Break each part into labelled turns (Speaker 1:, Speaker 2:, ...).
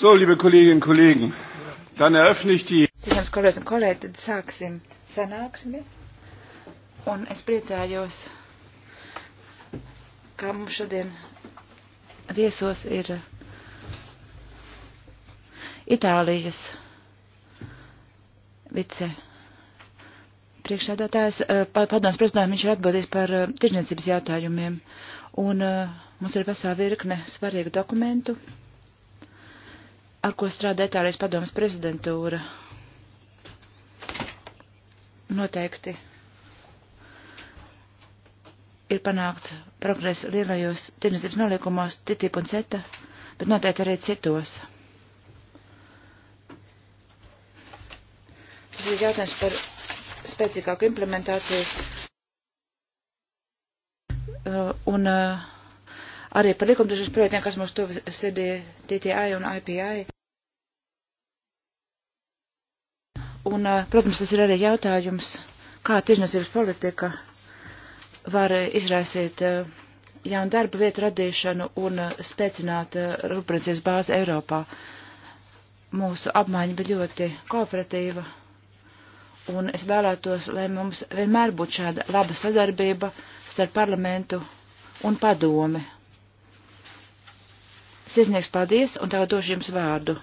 Speaker 1: So, liebe Kolleginnen und Kollegen, dann eröffne ich die.
Speaker 2: Zināms, kolēģis un kolēģi, tad sāksim sanāksmi. Un es priecājos, kā mums šodien viesos ir Itālijas vice priekšsēdētājs, eh, padoms prezidents, viņš ir atbildīgs par eh, tirzniecības jautājumiem. Un eh, mums ir vesā virkne svarīgu dokumentu ar ko strādā Itālijas padomas prezidentūra. Noteikti ir panākts progress lielajos tirdzniecības noliekumos TTIP un CETA, bet noteikti arī citos. Tas ir jautājums par spēcīgāku implementāciju. Uh, un uh, arī par likumdošanas projektiem, kas mums tuvi sirdī TTI un IPI. Un, eh, protams, tas ir arī jautājums, kā tirzniecības politika var izraisīt eh, jaunu darba vietu radīšanu un eh, spēcināt rūpniecības bāzi Eiropā. Mūsu apmaiņa bija ļoti kooperatīva, un es vēlētos, lai mums vienmēr būtu šāda laba sadarbība starp parlamentu un padomi. Sirsnieks, paldies, un tagad došu jums vārdu.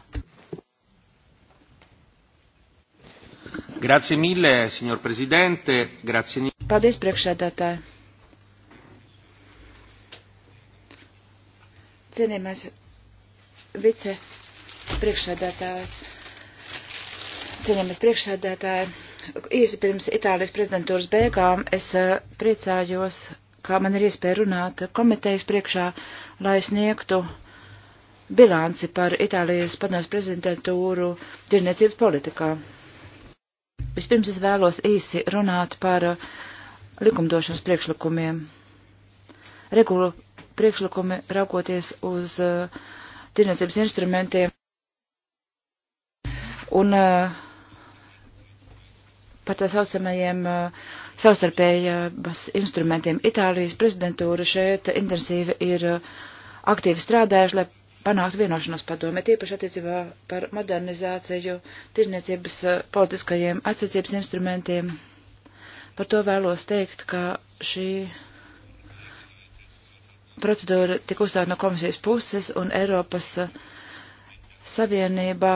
Speaker 1: Grazie mille, signor Presidente. Grazie mille.
Speaker 2: Paldies, priekšsēdētāji. Cienījamais vice priekšsēdētāji. Cienījamais priekšsēdētāji. Īsi pirms Itālijas prezidentūras beigām es eh, priecājos, kā man ir iespēja runāt komitejas priekšā, lai sniegtu uh, bilanci par Itālijas padomus prezidentūru tirniecības politikā. Vispirms es vēlos īsi runāt par uh, likumdošanas priekšlikumiem. Regulu priekšlikumi raugoties uz uh, tirniecības instrumentiem un uh, par tā saucamajiem uh, savstarpējās instrumentiem. Itālijas prezidentūra šeit intensīvi ir uh, aktīvi strādājuši, lai panākt vienošanos padomē, tiepaši attiecībā par modernizāciju, tirzniecības eh, politiskajiem atsacības instrumentiem. Par to vēlos teikt, ka šī procedūra tika uzsākta no komisijas puses un Eiropas eh, Savienībā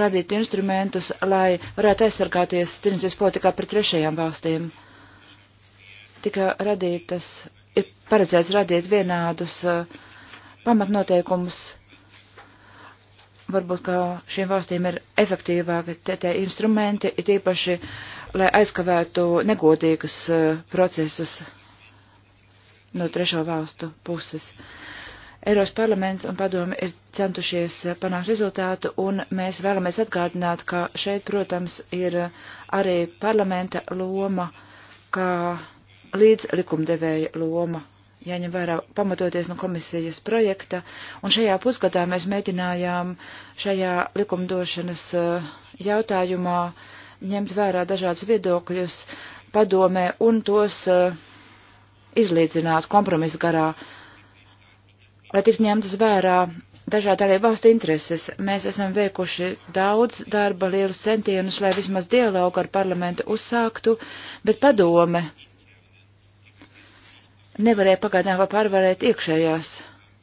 Speaker 2: radīt instrumentus, lai varētu aizsargāties tirdzniecības politikā pret trešajām valstīm. Tika radītas, ir paredzēts radīt vienādus uh, pamatnoteikumus. Varbūt, ka šīm valstīm ir efektīvāki tie, tie instrumenti, it īpaši, lai aizkavētu negodīgus e, procesus no trešo valstu puses. Eiros parlaments un padomi ir centušies panākt rezultātu, un mēs vēlamies atgādināt, ka šeit, protams, ir arī parlamenta loma, kā līdz likumdevēja loma jāņem vērā pamatoties no komisijas projekta, un šajā pusgadā mēs mēģinājām šajā likumdošanas eh, jautājumā ņemt vērā dažādas viedokļus padomē un tos eh, izlīdzināt kompromisu garā, lai tik ņemtas vērā dažādi arī valstu intereses. Mēs esam veikuši daudz darba, lielus centienus, lai vismaz dialogu ar parlamentu uzsāktu, bet padome nevarēja pagaidām vēl pārvarēt iekšējās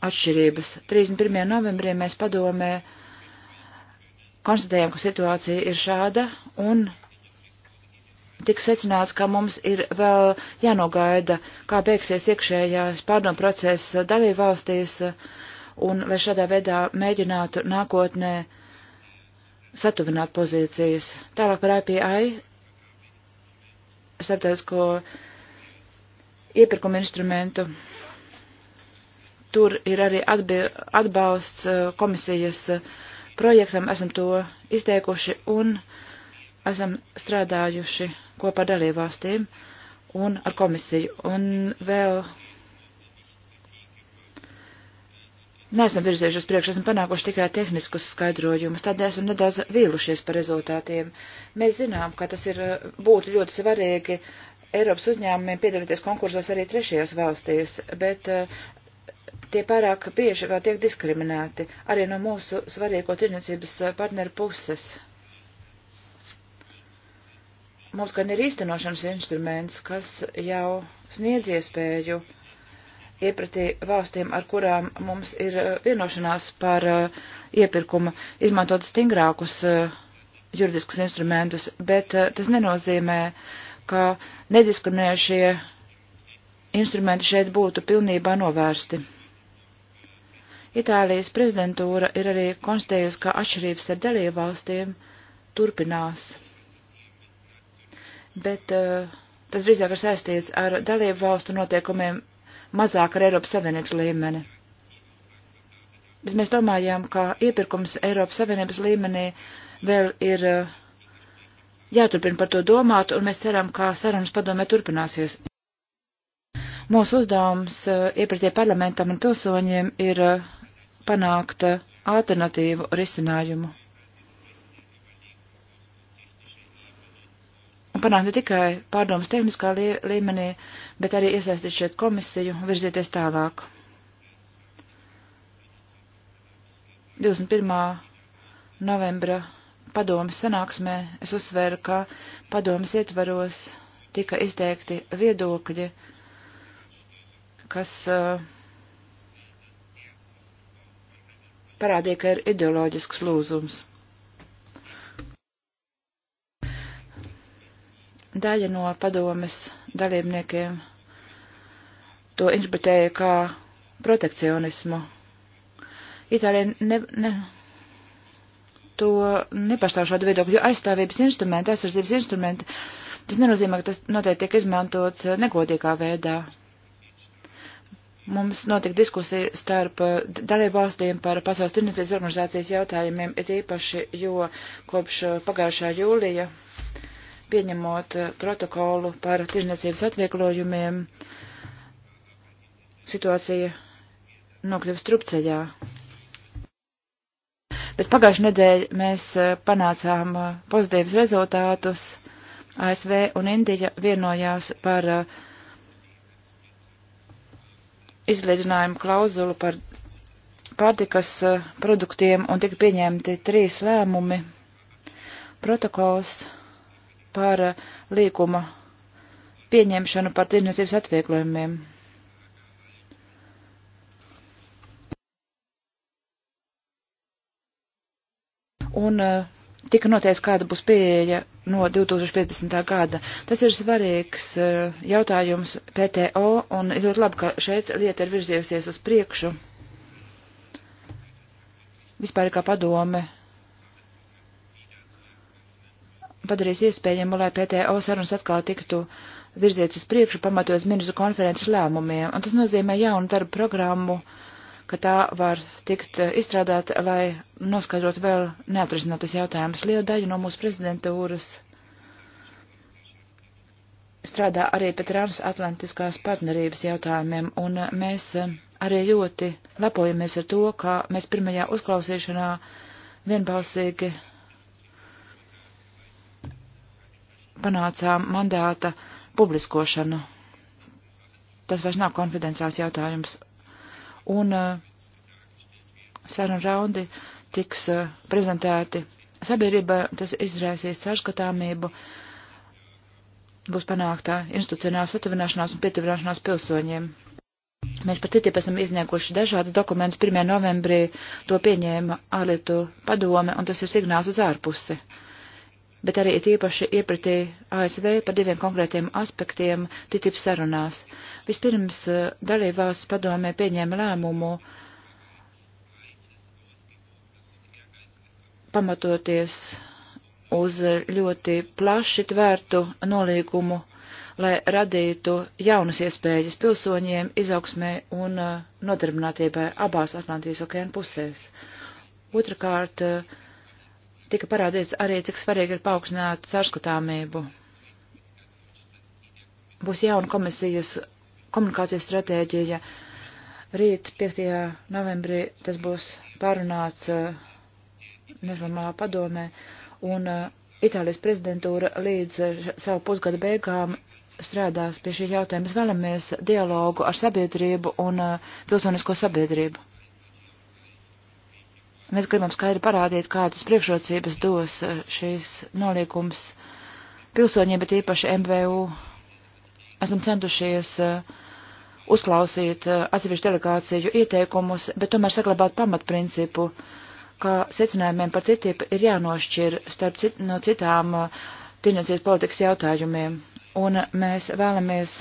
Speaker 2: atšķirības. 31. novembrī mēs padomē konstatējām, ka situācija ir šāda un tik secināts, ka mums ir vēl jānogaida, kā beigsies iekšējās pārdomu procesa dalībvalstīs un lai šādā veidā mēģinātu nākotnē satuvināt pozīcijas. Tālāk par IPI starptautisko iepirkuma instrumentu. Tur ir arī atbalsts eh, komisijas eh, projektam, esam to izteikuši un esam strādājuši kopā ar dalībvalstīm un ar komisiju. Un vēl neesam virzījuši uz priekšu, esam panākuši tikai tehniskus skaidrojumus, tādēļ esam nedaudz vīlušies par rezultātiem. Mēs zinām, ka tas ir, eh, būtu ļoti svarīgi Eiropas uzņēmumiem piedalīties konkursos arī trešajās valstīs, bet eh, tie pārāk bieži vēl tiek diskriminēti arī no mūsu svarīgo tirniecības eh, partneru puses. Mums gan ir īstenošanas instruments, kas jau sniedz iespēju iepratī valstīm, ar kurām mums ir eh, vienošanās par iepirkumu, izmantot stingrākus juridiskus instrumentus, bet tas nenozīmē, uh, ka nediskriminējušie instrumenti šeit būtu pilnībā novērsti. Itālijas prezidentūra ir arī konstatējusi, ka atšķirības ar dalību valstīm turpinās. Bet uh, tas drīzāk ir saistīts ar dalību valstu noteikumiem mazāk ar Eiropas Savienības līmeni. Bet mēs domājām, ka iepirkums Eiropas Savienības līmenī vēl ir uh, jāturpina par to domāt, un mēs ceram, ka sarunas padomē turpināsies. Mūsu uzdevums eh, iepratie parlamentam un pilsoņiem ir eh, panākt eh, alternatīvu risinājumu. Un panākt ne tikai pārdomas tehniskā līmenī, bet arī iesaistīt šeit komisiju un virzīties tālāk. 21. novembra padomas sanāksmē es uzsveru, ka padomas ietvaros tika izteikti viedokļi, kas uh, parādīja, ka ir ideoloģisks lūzums. Daļa no padomes dalībniekiem to interpretēja kā protekcionismu. Itālija ne, ne, to nepastāv šādu viedokļu, jo aizstāvības instrumenti, aizsardzības instrumenti, tas nenozīmē, ka tas noteikti tiek izmantots eh, negodīgā veidā. Mums notika diskusija starp eh, dalību valstīm par pasaules tirnicības organizācijas jautājumiem, ir īpaši, jo kopš eh, pagājušā jūlija pieņemot protokolu par tirnicības atvieglojumiem, situācija nokļuva strupceļā. Bet pagājušajā nedēļā mēs eh, panācām eh, pozitīvus rezultātus. ASV un Indija vienojās par eh, izlīdzinājumu klauzulu par pārtikas produktiem un tika pieņemti trīs lēmumi. Protokols par līkuma pieņemšanu par tirdzniecības atvieglojumiem. un eh, tika noteikts, kāda būs pieeja no 2050. gada. Tas ir svarīgs eh, jautājums PTO, un ir ļoti labi, ka šeit lieta ir virzījusies uz priekšu. Vispār kā padome padarīs iespējamu, lai PTO sarunas atkal tiktu virzīts uz priekšu, pamatojas ministru konferences lēmumiem, un tas nozīmē jaunu darbu programmu ka tā var tikt eh, izstrādāta, lai noskaidrot vēl neatrisinātas jautājumas. Liela daļa no mūsu prezidentūras strādā arī pie transatlantiskās partnerības jautājumiem, un mēs eh, arī ļoti lepojamies ar to, ka mēs pirmajā uzklausīšanā vienbalsīgi panācām mandāta publiskošanu. Tas vairs nav konfidenciāls jautājums un uh, sarunu raundi tiks uh, prezentēti sabiedrība, tas izraisīs caurskatāmību, būs panāktā institucionāla satuvināšanās un pietuvināšanās pilsoņiem. Mēs par TTIP esam iznieguši dažādas dokumentus. 1. novembrī to pieņēma ārlietu padome, un tas ir signāls uz ārpusi bet arī tīpaši iepratī ASV par diviem konkrētiem aspektiem TTIP sarunās. Vispirms eh, dalībvalsts padomē pieņēma lēmumu pamatoties uz ļoti plaši tvērtu nolīgumu, lai radītu jaunas iespējas pilsoņiem, izaugsmē un eh, nodarbinātībai abās Atlantijas okeāna pusēs. Otrakārt, uh, tika parādīts arī, cik svarīgi ir paaugstināt sārskatāmību. Būs jauna komisijas komunikācijas stratēģija. Rīt 5. novembrī tas būs pārunāts eh, neformālā padomē, un eh, Itālijas prezidentūra līdz eh, savu pusgada beigām strādās pie šī jautājuma. Mēs vēlamies dialogu ar sabiedrību un pilsonisko sabiedrību. Mēs gribam skaidri parādīt, kādas priekšrocības dos eh, šīs nolīgums pilsoņiem, bet īpaši MVU. Esam centušies eh, uzklausīt eh, atsevišķu delegāciju ieteikumus, bet tomēr saglabāt pamatprincipu, ka secinājumiem par citību ir jānošķir starp cit, no citām tirnācijas politikas jautājumiem. Un mēs vēlamies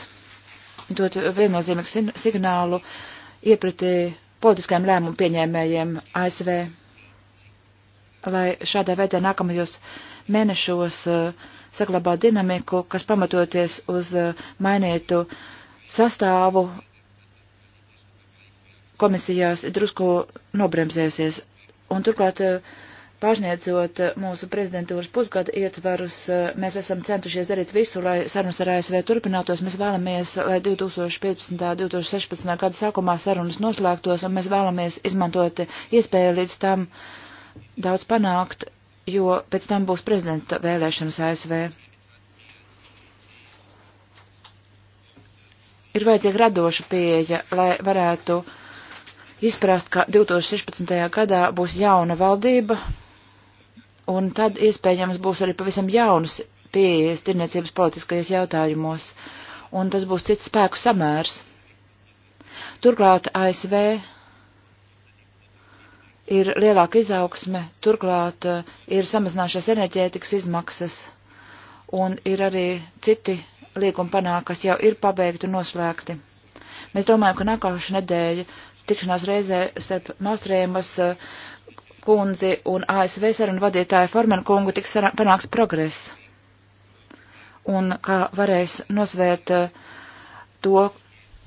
Speaker 2: dot viennozīmīgu signālu iepratī politiskajiem lēmumu pieņēmējiem ASV lai šādā veidā nākamajos mēnešos uh, saglabā dinamiku, kas pamatoties uz uh, mainītu sastāvu komisijās ir drusku nobremzējusies. Un turklāt uh, pārsniedzot mūsu prezidentūras pusgada ietvarus, mēs esam centušies darīt visu, lai sarunas ar ASV turpinātos. Mēs vēlamies, lai 2015. un 2016. gada sākumā sarunas noslēgtos, un mēs vēlamies izmantot iespēju līdz tam, uh, daudz panākt, jo pēc tam būs prezidenta vēlēšanas ASV. Ir vajadzīga radoša pieeja, lai varētu izprast, ka 2016. gadā būs jauna valdība, un tad iespējams būs arī pavisam jaunas pieejas tirniecības politiskajos jautājumos, un tas būs cits spēku samērs. Turklāt ASV ir lielāka izaugsme, turklāt eh, ir samazinājušās enerģētikas izmaksas, un ir arī citi līgumi panāk, kas jau ir pabeigti un noslēgti. Mēs domājam, ka nākošu nedēļu tikšanās reizē starp Māstrējumas eh, kundzi un ASV sarunu vadītāju Forman kungu tiks panāks progress, un kā varēs nosvērt eh, to,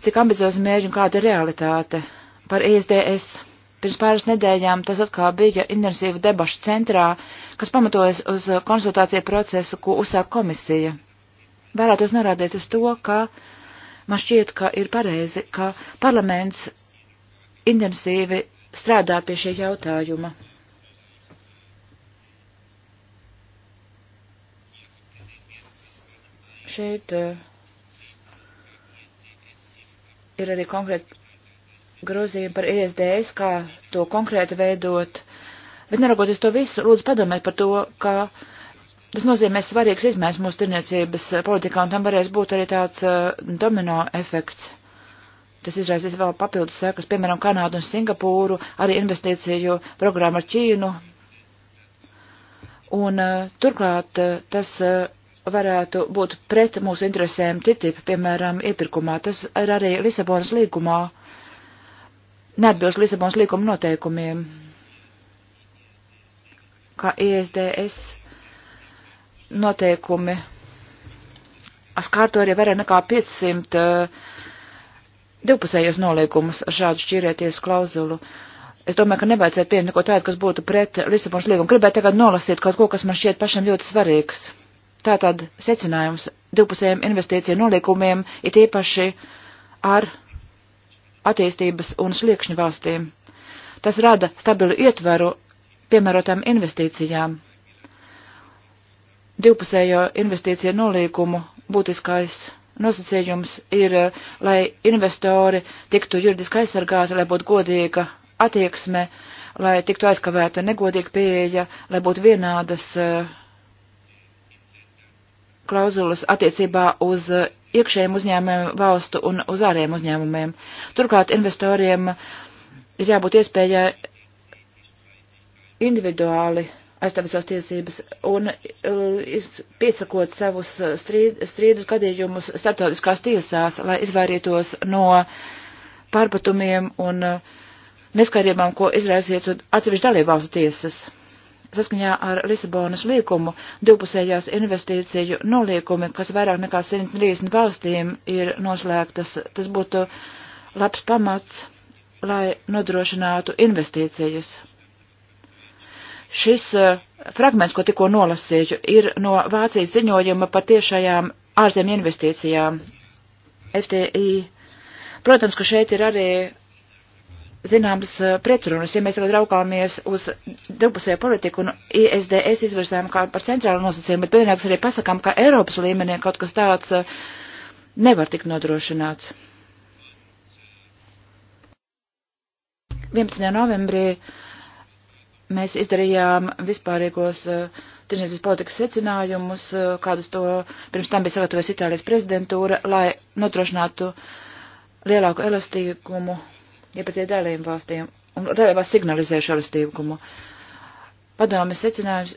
Speaker 2: cik ambiciozi mērķi un kāda ir realitāte par ESDS. Pirms pāris nedēļām tas atkal bija intensīva debašu centrā, kas pamatojas uz konsultāciju procesu, ko uzsāk komisija. Vēlētos norādīt uz to, ka man šķiet, ka ir pareizi, ka parlaments intensīvi strādā pie šī jautājuma. šeit uh, ir arī konkrēti grozījumu par ISDS, kā to konkrēti veidot, bet neraugoties to visu, lūdzu padomēt par to, ka tas nozīmē svarīgs izmērs mūsu tirniecības politikā, un tam varēs būt arī tāds uh, domino efekts. Tas izraisīs vēl papildus sekas, piemēram, Kanādu un Singapūru, arī investīciju programmu ar Ķīnu. Un uh, turklāt uh, tas. Uh, varētu būt pret mūsu interesēm TTIP, piemēram, iepirkumā. Tas ir arī Lisabonas līgumā neatbilst Lisabonas līguma noteikumiem, kā ISDS noteikumi. Askārto arī vairāk nekā 500 uh, eh, divpusējos nolīgumus ar šādu šķīrieties klauzulu. Es domāju, ka nevajadzētu pieņemt neko tādu, kas būtu pret Lisabonas līgumu. Gribētu tagad nolasīt kaut ko, kas man šķiet pašam ļoti svarīgs. Tātad secinājums divpusējiem investīciju nolīgumiem ir īpaši ar attīstības un sliekšņu valstīm. Tas rada stabilu ietveru piemērotām investīcijām. Divpusējo investīciju nolīgumu būtiskais nosacījums ir, eh, lai investori tiktu juridiski aizsargāti, lai būtu godīga attieksme, lai tiktu aizkavēta negodīga pieeja, lai būtu vienādas uh, klauzulas attiecībā uz uh, iekšējiem uzņēmumiem valstu un uz ārējiem uzņēmumiem. Turklāt investoriem ir jābūt iespējai individuāli aizstāvēt savas tiesības un uh, piesakot savus uh, strīd, strīdus gadījumus starptautiskās tiesās, lai izvairītos no pārpratumiem un neskaidrībām, ko izraisītu atsevišķi dalībvalstu tiesas saskaņā ar Lisabonas līkumu divpusējās investīciju nolīkumi, kas vairāk nekā 130 valstīm ir noslēgtas. Tas būtu labs pamats, lai nodrošinātu investīcijas. Šis eh, fragments, ko tikko nolasīju, ir no Vācijas ziņojuma par tiešajām ārzemju investīcijām FTI. Protams, ka šeit ir arī zināmas pretrunas, ja mēs tagad raukāmies uz divpusēju politiku un ISDS izvirzām kā par centrālu nosacījumu, bet vienlaikus arī pasakām, ka Eiropas līmenī kaut kas tāds nevar tikt nodrošināts. 11. novembrī mēs izdarījām vispārīgos tirsniecības politikas secinājumus, kādus to pirms tam bija sagatavojis Itālijas prezidentūra, lai nodrošinātu lielāku elastīgumu ja par tie dalību valstīm un relevās signalizē šo elastīgumu. Padomes secinājums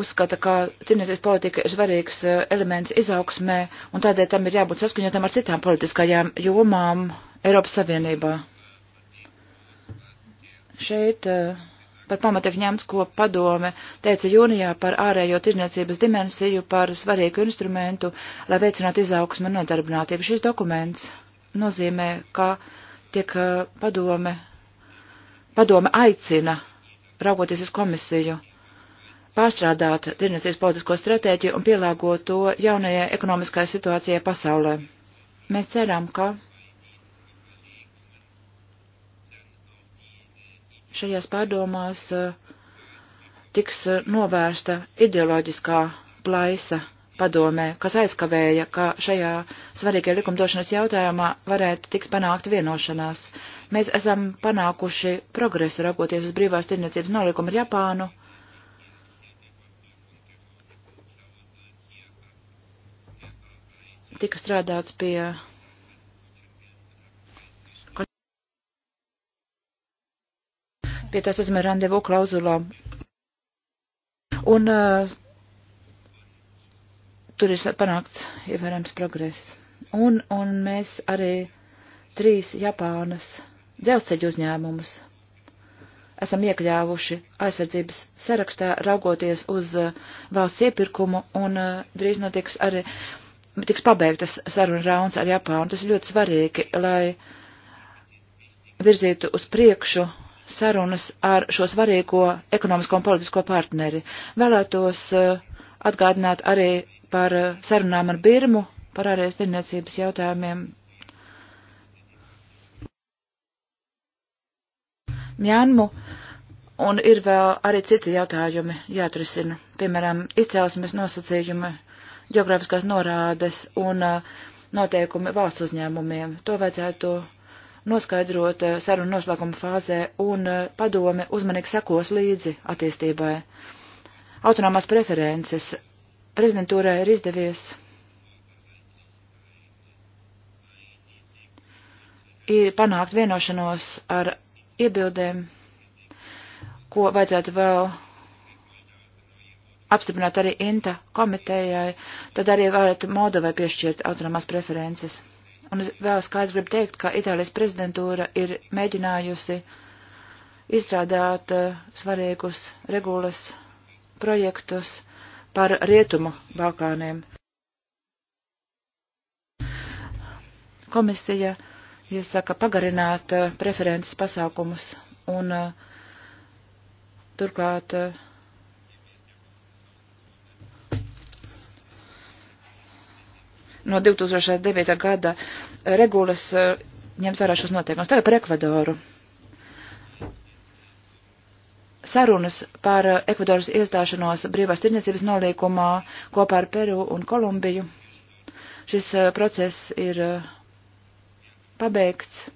Speaker 2: uzskata, ka tirnēsies politika ir svarīgs eh, elements izaugsmē, un tādēļ tam ir jābūt saskaņotam ar citām politiskajām jomām Eiropas Savienībā. Šeit eh, par pamatu ir ņemts, ko padome teica jūnijā par ārējo tirniecības dimensiju, par svarīgu instrumentu, lai veicinātu izaugsmu un nodarbinātību. Šis dokuments nozīmē, ka tiek eh, padome, padome aicina, raugoties uz komisiju, pārstrādāt tirnēcības politisko stratēģiju un pielāgot to jaunajai ekonomiskajai situācijai pasaulē. Mēs ceram, ka šajās pārdomās eh, tiks novērsta ideoloģiskā plaisa padomē, kas aizkavēja, ka šajā svarīgajā likumdošanas jautājumā varētu tikt panākt vienošanās. Mēs esam panākuši progresu raugoties uz brīvās tirniecības nolikumu ar Japānu. Tika strādāts pie pie tās, esmu randevu klauzulām. Un uh, tur ir panākts ievērams progress. Un, un mēs arī trīs Japānas dzelzceļu uzņēmumus esam iekļāvuši aizsardzības sarakstā, raugoties uz uh, valsts iepirkumu, un uh, drīz notiks arī, tiks pabeigtas saruna rauns ar Japānu. Tas ir ļoti svarīgi, lai virzītu uz priekšu sarunas ar šo svarīgo ekonomisko un politisko partneri. Vēlētos uh, atgādināt arī par eh, sarunām ar Birmu, par ārējas tirniecības jautājumiem. Mjānmu, un ir vēl arī citi jautājumi jāatrisina, piemēram, izcelsmes nosacījumi, geogrāfiskās norādes un eh, noteikumi valsts uzņēmumiem. To vajadzētu noskaidrot eh, sarunu noslēguma fāzē un padome uzmanīgi sekos līdzi attīstībai. Autonomās preferences prezidentūrai ir izdevies ir panākt vienošanos ar iebildēm, ko vajadzētu vēl apstiprināt arī INTA komitejai, tad arī varētu Moldovai piešķirt autonomās preferences. Un es vēl skaidri gribu teikt, ka Itālijas prezidentūra ir mēģinājusi izstrādāt eh, svarīgus regulas projektus, par Rietumu Balkāniem. Komisija iesaka pagarināt eh, preferences pasākumus un eh, turklāt eh, no 2009. gada regulas ņemt vērā šos noteikumus. Tagad par Ekvadoru sarunas par eh, Ekvadoras iestāšanos brīvās tirniecības nolīkumā kopā ar Peru un Kolumbiju. Šis eh, process ir eh, pabeigts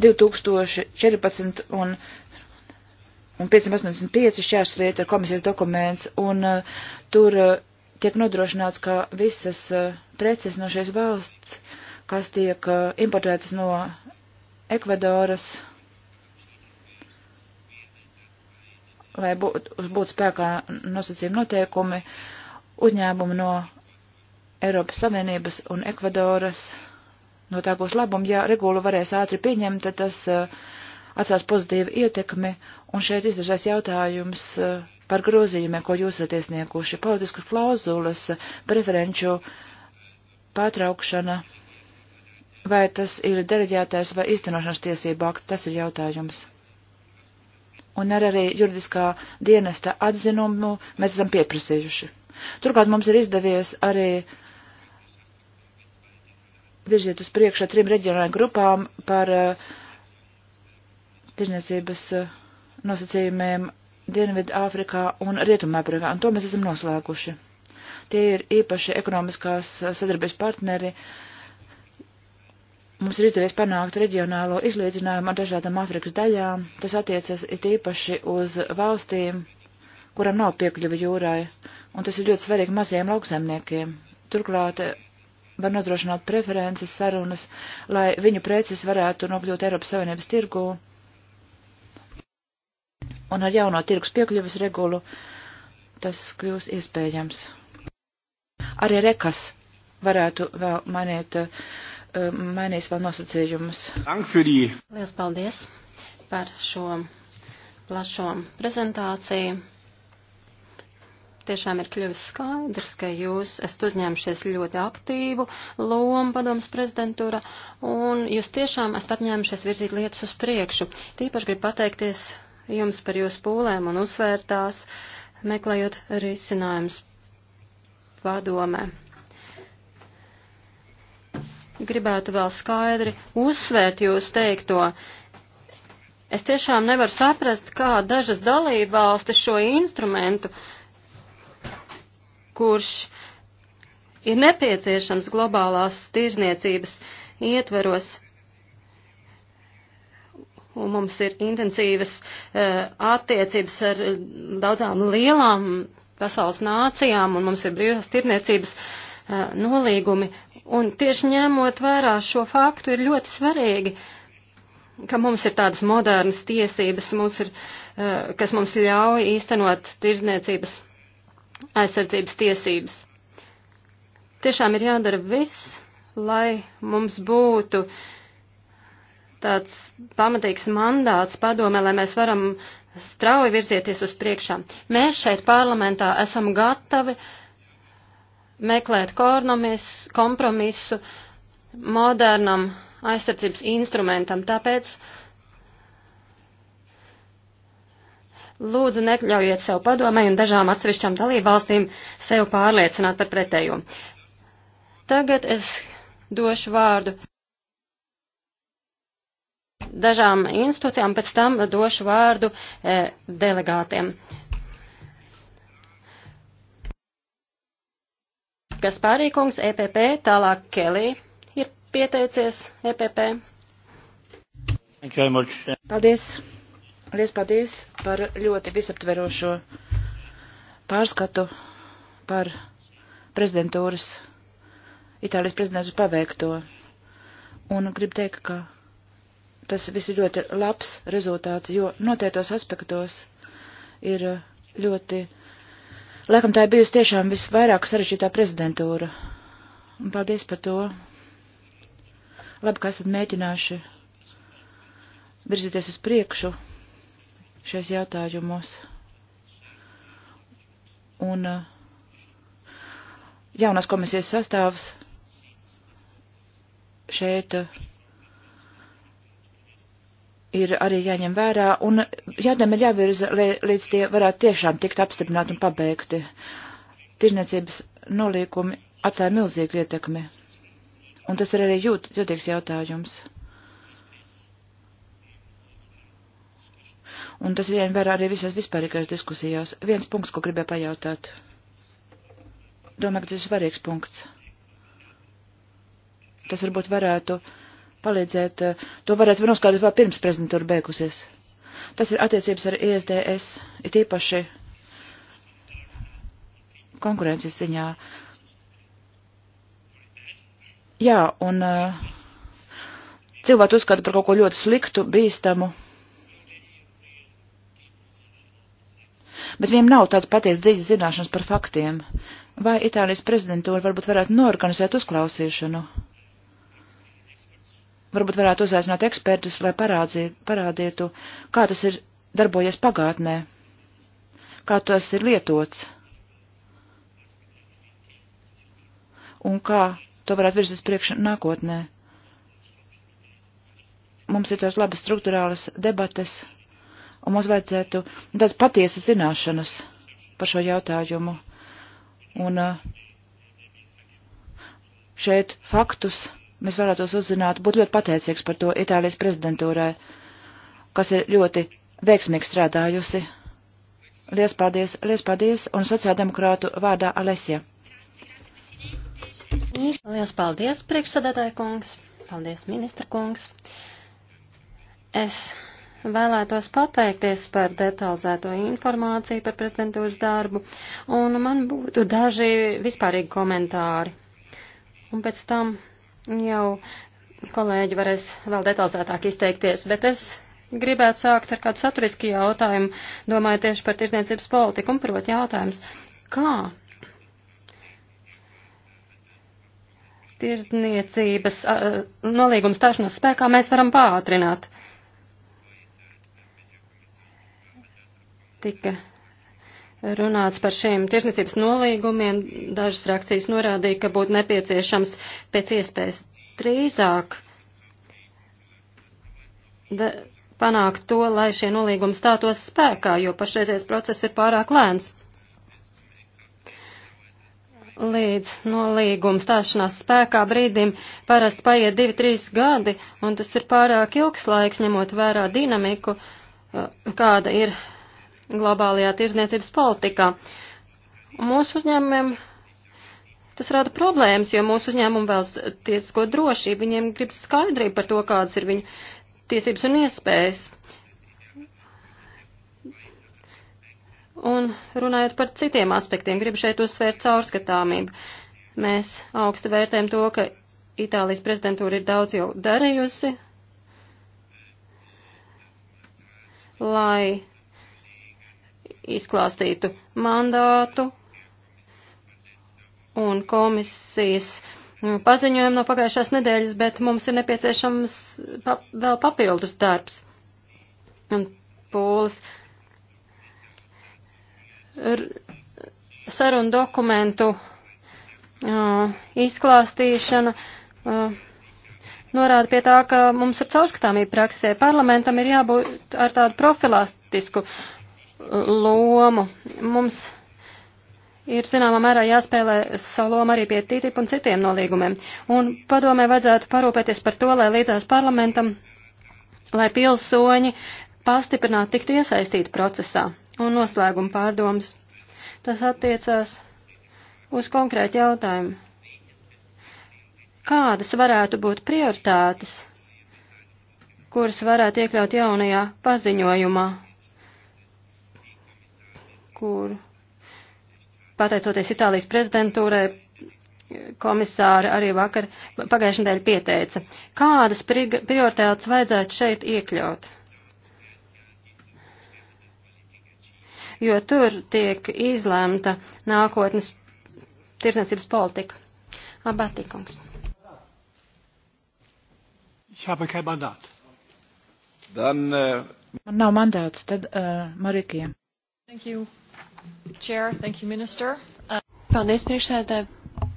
Speaker 2: 2014 un, un 585 šķērsvieta ir komisijas dokuments, un uh, tur uh, tiek nodrošināts, ka visas uh, preces no šīs valsts, kas tiek uh, importētas no Ekvadoras, uh, lai būtu būt spēkā nosacījumi noteikumi, uzņēmumi no Eiropas Savienības un Ekvadoras no tā būs labumu. Ja regulu varēs ātri pieņemt, tad tas uh, atstās pozitīvu ietekmi, un šeit izvirzās jautājums uh, par grozījumiem, ko jūs esat iesnieguši. Politiskas klauzulas, preferenču pārtraukšana, vai tas ir dereģētais vai īstenošanas tiesība akts, tas ir jautājums un ar arī juridiskā dienesta atzinumu mēs esam pieprasījuši. Turklāt mums ir izdevies arī virziet uz priekšu ar trim reģionālajām grupām par uh, tirzniecības uh, nosacījumiem Dienvidu Āfrikā un Rietumā Āfrikā, un to mēs esam noslēguši. Tie ir īpaši ekonomiskās eh, sadarbības partneri, uh, mums ir izdevies panākt reģionālo izlīdzinājumu ar dažādām Afrikas daļām. Tas attiecas it īpaši uz valstīm, kuram nav piekļuvi jūrai, un tas ir ļoti svarīgi maziem lauksaimniekiem. Turklāt eh, var nodrošināt preferences sarunas, lai viņu preces varētu nokļūt Eiropas Savienības tirgū. Un ar jauno tirgus piekļuvis regulu tas kļūs iespējams. Arī rekas varētu vēl mainīt uh, Um, mainīs vēl nosacījumus. Lielas paldies par šo plašo
Speaker 1: prezentāciju. Tiešām ir kļuvis skaidrs, ka jūs esat uzņēmušies ļoti aktīvu lomu padomas prezidentūra, un jūs tiešām esat apņēmušies virzīt lietas uz priekšu. Tīpaši gribu pateikties jums par jūsu pūlēm un uzsvērtās, meklējot risinājumus padomē gribētu vēl skaidri uzsvērt jūs teikto. Es tiešām nevaru saprast, kā dažas dalībvalstis šo instrumentu, kurš ir nepieciešams globālās tirzniecības ietveros, un mums ir intensīvas uh, attiecības ar daudzām lielām pasaules nācijām, un mums ir brīvās tirzniecības uh, nolīgumi, Un tieši ņemot vērā šo faktu ir ļoti svarīgi, ka mums ir tādas modernas tiesības, mums ir, eh, kas mums ļauj īstenot tirzniecības aizsardzības tiesības. Tiešām ir jādara viss, lai mums būtu tāds pamatīgs mandāts padome, lai mēs varam strauji virzieties uz priekšā. Mēs šeit parlamentā esam gatavi uh, meklēt kornomis, kompromisu modernam aizsardzības instrumentam. Tāpēc lūdzu nekļaujiet sev padomē un dažām atsevišķām dalībvalstīm sev pārliecināt par pretējo. Tagad es došu vārdu dažām institūcijām, pēc tam došu vārdu e, delegātiem. E, Gaspārī kungs, EPP, tālāk Kelī ir pieteicies EPP.
Speaker 2: Paldies. Lies paldies par ļoti visaptverošo pārskatu par prezidentūras, Itālijas prezidentūras paveikto. Un gribu teikt, ka tas viss ir ļoti labs rezultāts, jo noteiktos aspektos ir ļoti Laikam tā ir bijusi tiešām visvairāk sarežģītā prezidentūra. Un paldies par to. Labi, ka esat mēģinājuši virzīties uz priekšu šais jautājumos. Un eh, jaunās komisijas sastāvs šeit uh, ir arī jāņem vērā un jādam ir jāvirza, līdz tie varētu tiešām tikt apstiprināti un pabeigti. Tirzniecības nolīkumi atstāja milzīgu ietekmi. Un tas ir arī jūt, jūtīgs jautājums. Un tas ir jāņem vērā arī visās vispārīgās diskusijās. Viens punkts, ko gribēju pajautāt. Domāju, ka tas ir svarīgs punkts. Tas varbūt varētu uh, palīdzēt, eh, to varētu vēl noskaidrot vēl pirms prezidentūra beigusies. Tas ir attiecības ar ISDS, it īpaši konkurences ziņā. Jā, un uh, cilvēki uzskata par kaut ko ļoti sliktu, bīstamu. Bet viņiem nav tāds paties dziļas zināšanas par faktiem. Vai Itālijas prezidentūra varbūt varētu norganizēt uzklausīšanu? varbūt varētu uzaicināt ekspertus, lai parādzi, parādītu, kā tas ir darbojies pagātnē, kā tas ir lietots un kā to varētu virzīt priekš nākotnē. Mums ir tās labas struktūrālas debates, un mums vajadzētu tādas patiesas zināšanas par šo jautājumu. Un uh, šeit faktus mēs vēlētos uzzināt, būtu ļoti pateicīgs par to Itālijas prezidentūrai, kas ir ļoti veiksmīgi strādājusi. Lies paldies, lies paldies, un sociāldemokrātu vārdā Alesija. Lies paldies, priekšsadātāja kungs, paldies, ministra kungs.
Speaker 1: Es vēlētos pateikties par detalizēto informāciju par prezidentūras darbu, un man būtu daži vispārīgi komentāri. Un pēc tam Jau kolēģi varēs vēl detalizētāk izteikties, bet es gribētu sākt ar kādu saturisku jautājumu, domāju tieši par tirzniecības politiku, un proti jautājums, kā tirzniecības nolīguma stāšanās spēkā mēs varam pātrināt? Tika runāts par šiem tirsniecības nolīgumiem. Dažas frakcijas norādīja, ka būtu nepieciešams pēc iespējas drīzāk panākt to, lai šie nolīgumi stātos spēkā, jo pašreizies process ir pārāk lēns. Līdz nolīguma stāšanās spēkā brīdim parasti paiet 2-3 gadi, un tas ir pārāk ilgs laiks, ņemot vērā dinamiku, uh, kāda ir globālajā tirzniecības politikā. Mūsu uzņēmumiem tas rada problēmas, jo mūsu uzņēmumi vēlas tiesisko drošību, viņiem grib skaidrību par to, kādas ir viņu tiesības un iespējas. Un runājot par citiem aspektiem, gribu šeit uzsvērt caurskatāmību. Mēs augsti vērtējam to, ka Itālijas prezidentūra ir daudz jau darījusi, lai izklāstītu mandātu un komisijas paziņojumu no pagājušās nedēļas, bet mums ir nepieciešams pa vēl papildus darbs un pūles. R sarunu dokumentu uh, izklāstīšana uh, norāda pie tā, ka mums ir caurskatāmība praksē. Parlamentam ir jābūt ar tādu profilātisku uh, lomu. Mums ir zināmā mērā jāspēlē savu lomu arī pie TTIP un citiem nolīgumiem. Un padomē vajadzētu parūpēties par to, lai līdzās parlamentam, lai pilsoņi pastiprināti tiktu iesaistīti procesā un noslēguma pārdomas. Tas attiecās uz konkrētu jautājumu. Kādas varētu būt prioritātes, kuras varētu iekļaut jaunajā paziņojumā? kur, pateicoties Itālijas prezidentūrai, komisāri arī vakar pagājušajā nedēļā pieteica, kādas prioritātes vajadzētu šeit iekļaut. Jo tur tiek izlēmta nākotnes tirdzniecības
Speaker 2: politika. Abatīkums.
Speaker 1: Äh, Man
Speaker 2: nav mandāts, tad uh, äh, Marikija.
Speaker 3: Thank you. Chair, thank you, Minister. Paldies priekšsēdē,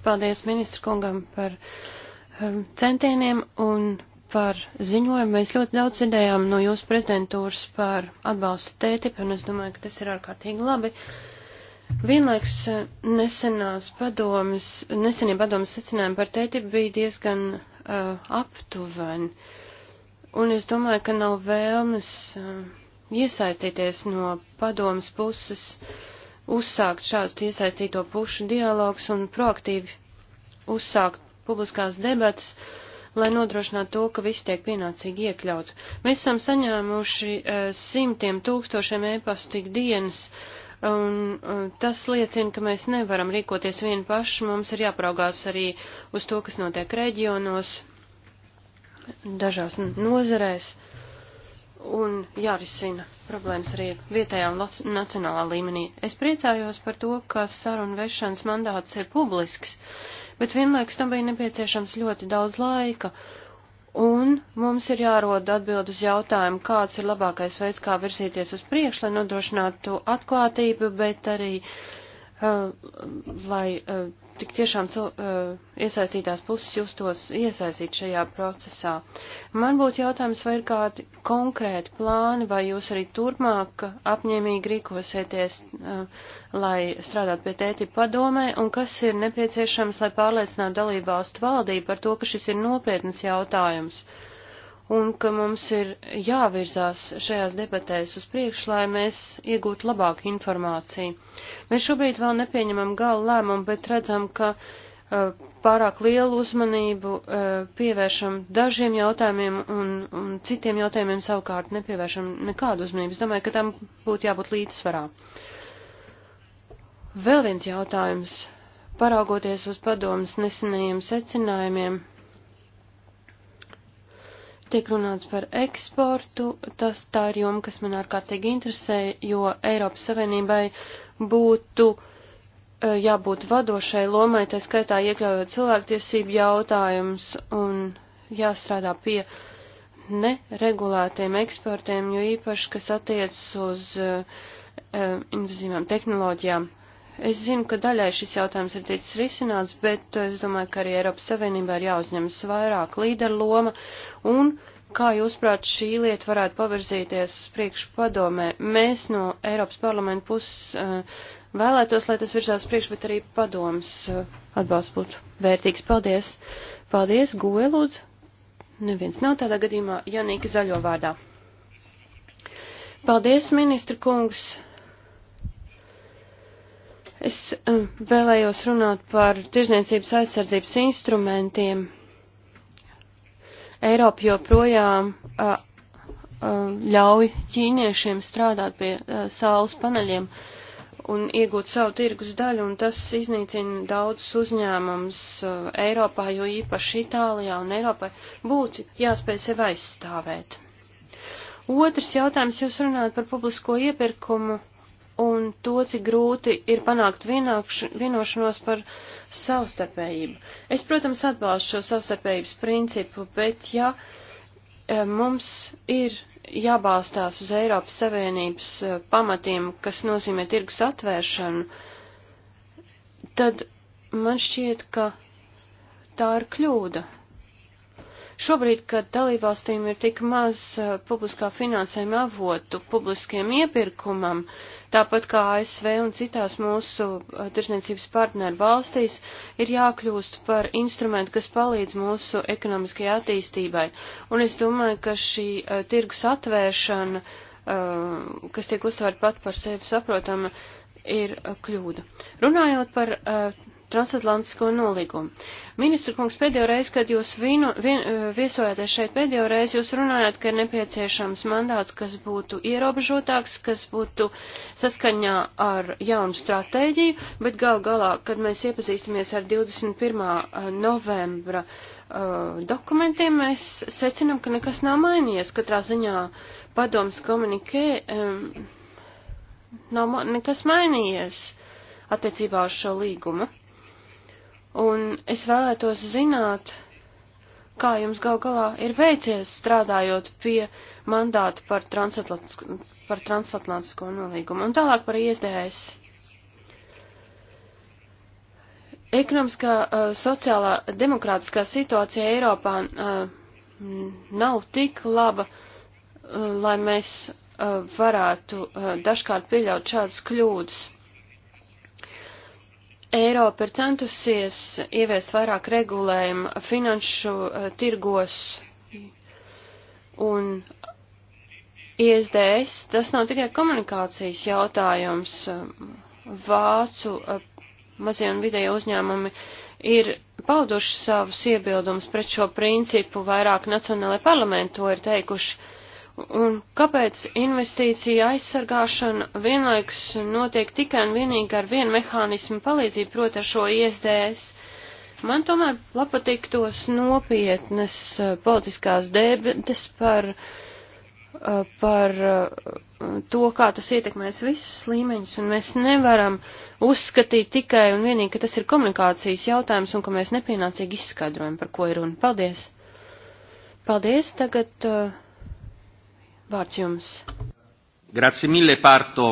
Speaker 3: paldies ministru kungam par um, centieniem un par ziņojumu. Mēs ļoti daudz dzirdējām no jūsu prezidentūras par atbalstu tētipi, un es domāju, ka tas ir ārkārtīgi labi. Vienlaiks uh, nesenās padomas, nesenie padomas secinājumi par tētipi bija diezgan uh, aptuveni, un es domāju, ka nav vēlmes uh, iesaistīties no padomas puses. Uh, uzsākt šādus iesaistīto pušu dialogus un proaktīvi uzsākt publiskās debatas, lai nodrošinātu to, ka viss tiek pienācīgi iekļauts. Mēs esam saņēmuši uh, simtiem tūkstošiem e-pastu tik dienas, un uh, tas liecina, ka mēs nevaram rīkoties vieni paši, mums ir jāpraugās arī uz to, kas notiek reģionos, dažās nozerēs. Uh, un jārisina problēmas arī vietējā un nacionālā līmenī. Es priecājos par to, ka sarunu vešanas mandāts ir publisks, bet vienlaikus tam bija nepieciešams ļoti daudz laika, un mums ir jārod atbild uz jautājumu, kāds ir labākais veids, kā virzīties uz priekšu, lai nodrošinātu atklātību, bet arī uh, Eh, lai eh, tik tiešām eh, iesaistītās puses justos iesaistīt šajā procesā. Man būtu jautājums, vai ir kādi konkrēti plāni, vai jūs arī turpmāk apņēmīgi rīkosieties, lai strādātu pie tēti padomē, un kas ir nepieciešams, lai pārliecinātu dalībvalstu valdību par to, ka šis ir nopietnas jautājums. Uh, un ka mums ir jāvirzās šajās debatēs uz priekšu, lai mēs iegūtu labāku informāciju. Mēs šobrīd vēl nepieņemam galu lēmumu, bet redzam, ka uh, pārāk lielu uzmanību uh, pievēršam dažiem jautājumiem un, un citiem jautājumiem savukārt nepievēršam nekādu uzmanību. Es domāju, ka tam būtu jābūt līdzsvarā. Vēl viens jautājums. Paraugoties uz padomas nesenajiem secinājumiem, Tiek runāts par eksportu, tas tā ir joma, kas man ārkārtīgi interesē, jo Eiropas Savienībai būtu e, jābūt vadošai lomai, tā skaitā iekļaujot cilvēktiesību jautājumus un jāstrādā pie neregulētiem eksportiem, jo īpaši, kas attiecas uz uh, invazīvām tehnoloģijām. Es zinu, ka daļai šis jautājums ir ticis risināts, bet es domāju, ka arī Eiropas Savienībā ir jāuzņemas vairāk līderu loma. Un, kā jūs prāt, šī lieta varētu pavirzīties uz priekšu padomē? Mēs no Eiropas parlamenta puses uh, vēlētos, lai tas virzās priekš, bet arī padoms uh, eh, atbalsts būtu vērtīgs. Paldies! Paldies, Goe, lūdzu! Neviens nav tādā gadījumā Janīka Zaļo vārdā. Paldies, ministra kungs! Es eh, vēlējos runāt par tirzniecības aizsardzības instrumentiem. Eiropa joprojām a, eh, a, eh, ļauj ķīniešiem strādāt pie a, saules paneļiem un iegūt savu tirgus daļu, un tas iznīcina daudzus uzņēmumus Eiropā, jo īpaši Itālijā un Eiropai būtu jāspēj sevi aizstāvēt. Otrs jautājums, jūs runājat par publisko iepirkumu un to, cik grūti ir panākt vienošanos par savstarpējību. Es, protams, atbalstu šo savstarpējības principu, bet ja e, mums ir jābalstās uz Eiropas Savienības e, pamatiem, kas nozīmē tirgus atvēršanu, tad man šķiet, ka tā ir kļūda. Šobrīd, kad dalībvalstīm ir tik maz uh, publiskā finansējuma avotu publiskiem iepirkumam, tāpat kā ASV un citās mūsu uh, tirsniecības partneru valstīs, ir jākļūst par instrumentu, kas palīdz mūsu ekonomiskajai attīstībai. Un es domāju, ka šī uh, tirgus atvēršana, kas tiek uztvērta pat par sevi saprotama, ir kļūda. Runājot par uh, transatlantisko nolīgumu. Ministra kungs, pēdējo reizi, kad jūs vino, vien, eh, viesojāties šeit, pēdējo reizi jūs runājāt, ka ir nepieciešams mandāts, kas būtu ierobežotāks, kas būtu saskaņā ar jaunu stratēģiju, bet gal galā, kad mēs iepazīstamies ar 21. Eh, novembra uh, dokumentiem, mēs secinām, ka nekas nav mainījies. Katrā ziņā padoms komunikē. Um, nav nekas mainījies attiecībā uz šo līgumu. Un es vēlētos zināt, kā jums gal galā ir veicies strādājot pie mandāta par, transatlantisko, par transatlantisko nolīgumu. Un tālāk par iesdējas. Ekonomiskā, uh, sociālā, demokrātiskā situācija Eiropā uh, nav tik laba, uh, lai mēs uh, varētu uh, dažkārt pieļaut šādas kļūdas. Eiropa ir centusies ieviest vairāk regulējumu finanšu uh, tirgos un ISDS. Tas nav tikai komunikācijas jautājums. Vācu uh, mazie un vidēji uzņēmumi ir pauduši savus iebildumus pret šo principu, vairāk nacionālajie parlamenti to ir teikuši. Uh, Un kāpēc investīcija aizsargāšana vienlaikus notiek tikai un vienīgi ar vienu mehānismu palīdzību, proti ar šo ISDS? Man tomēr patiktos nopietnas eh, politiskās debates par, eh, par eh, to, kā tas ietekmēs visus līmeņus, un mēs nevaram uzskatīt tikai un vienīgi, ka tas ir komunikācijas jautājums un ka mēs nepienācīgi izskaidrojam, par ko ir runa. Paldies! Paldies! Tagad
Speaker 1: uh, Vārds jums.
Speaker 3: Grazie mille, Pārto.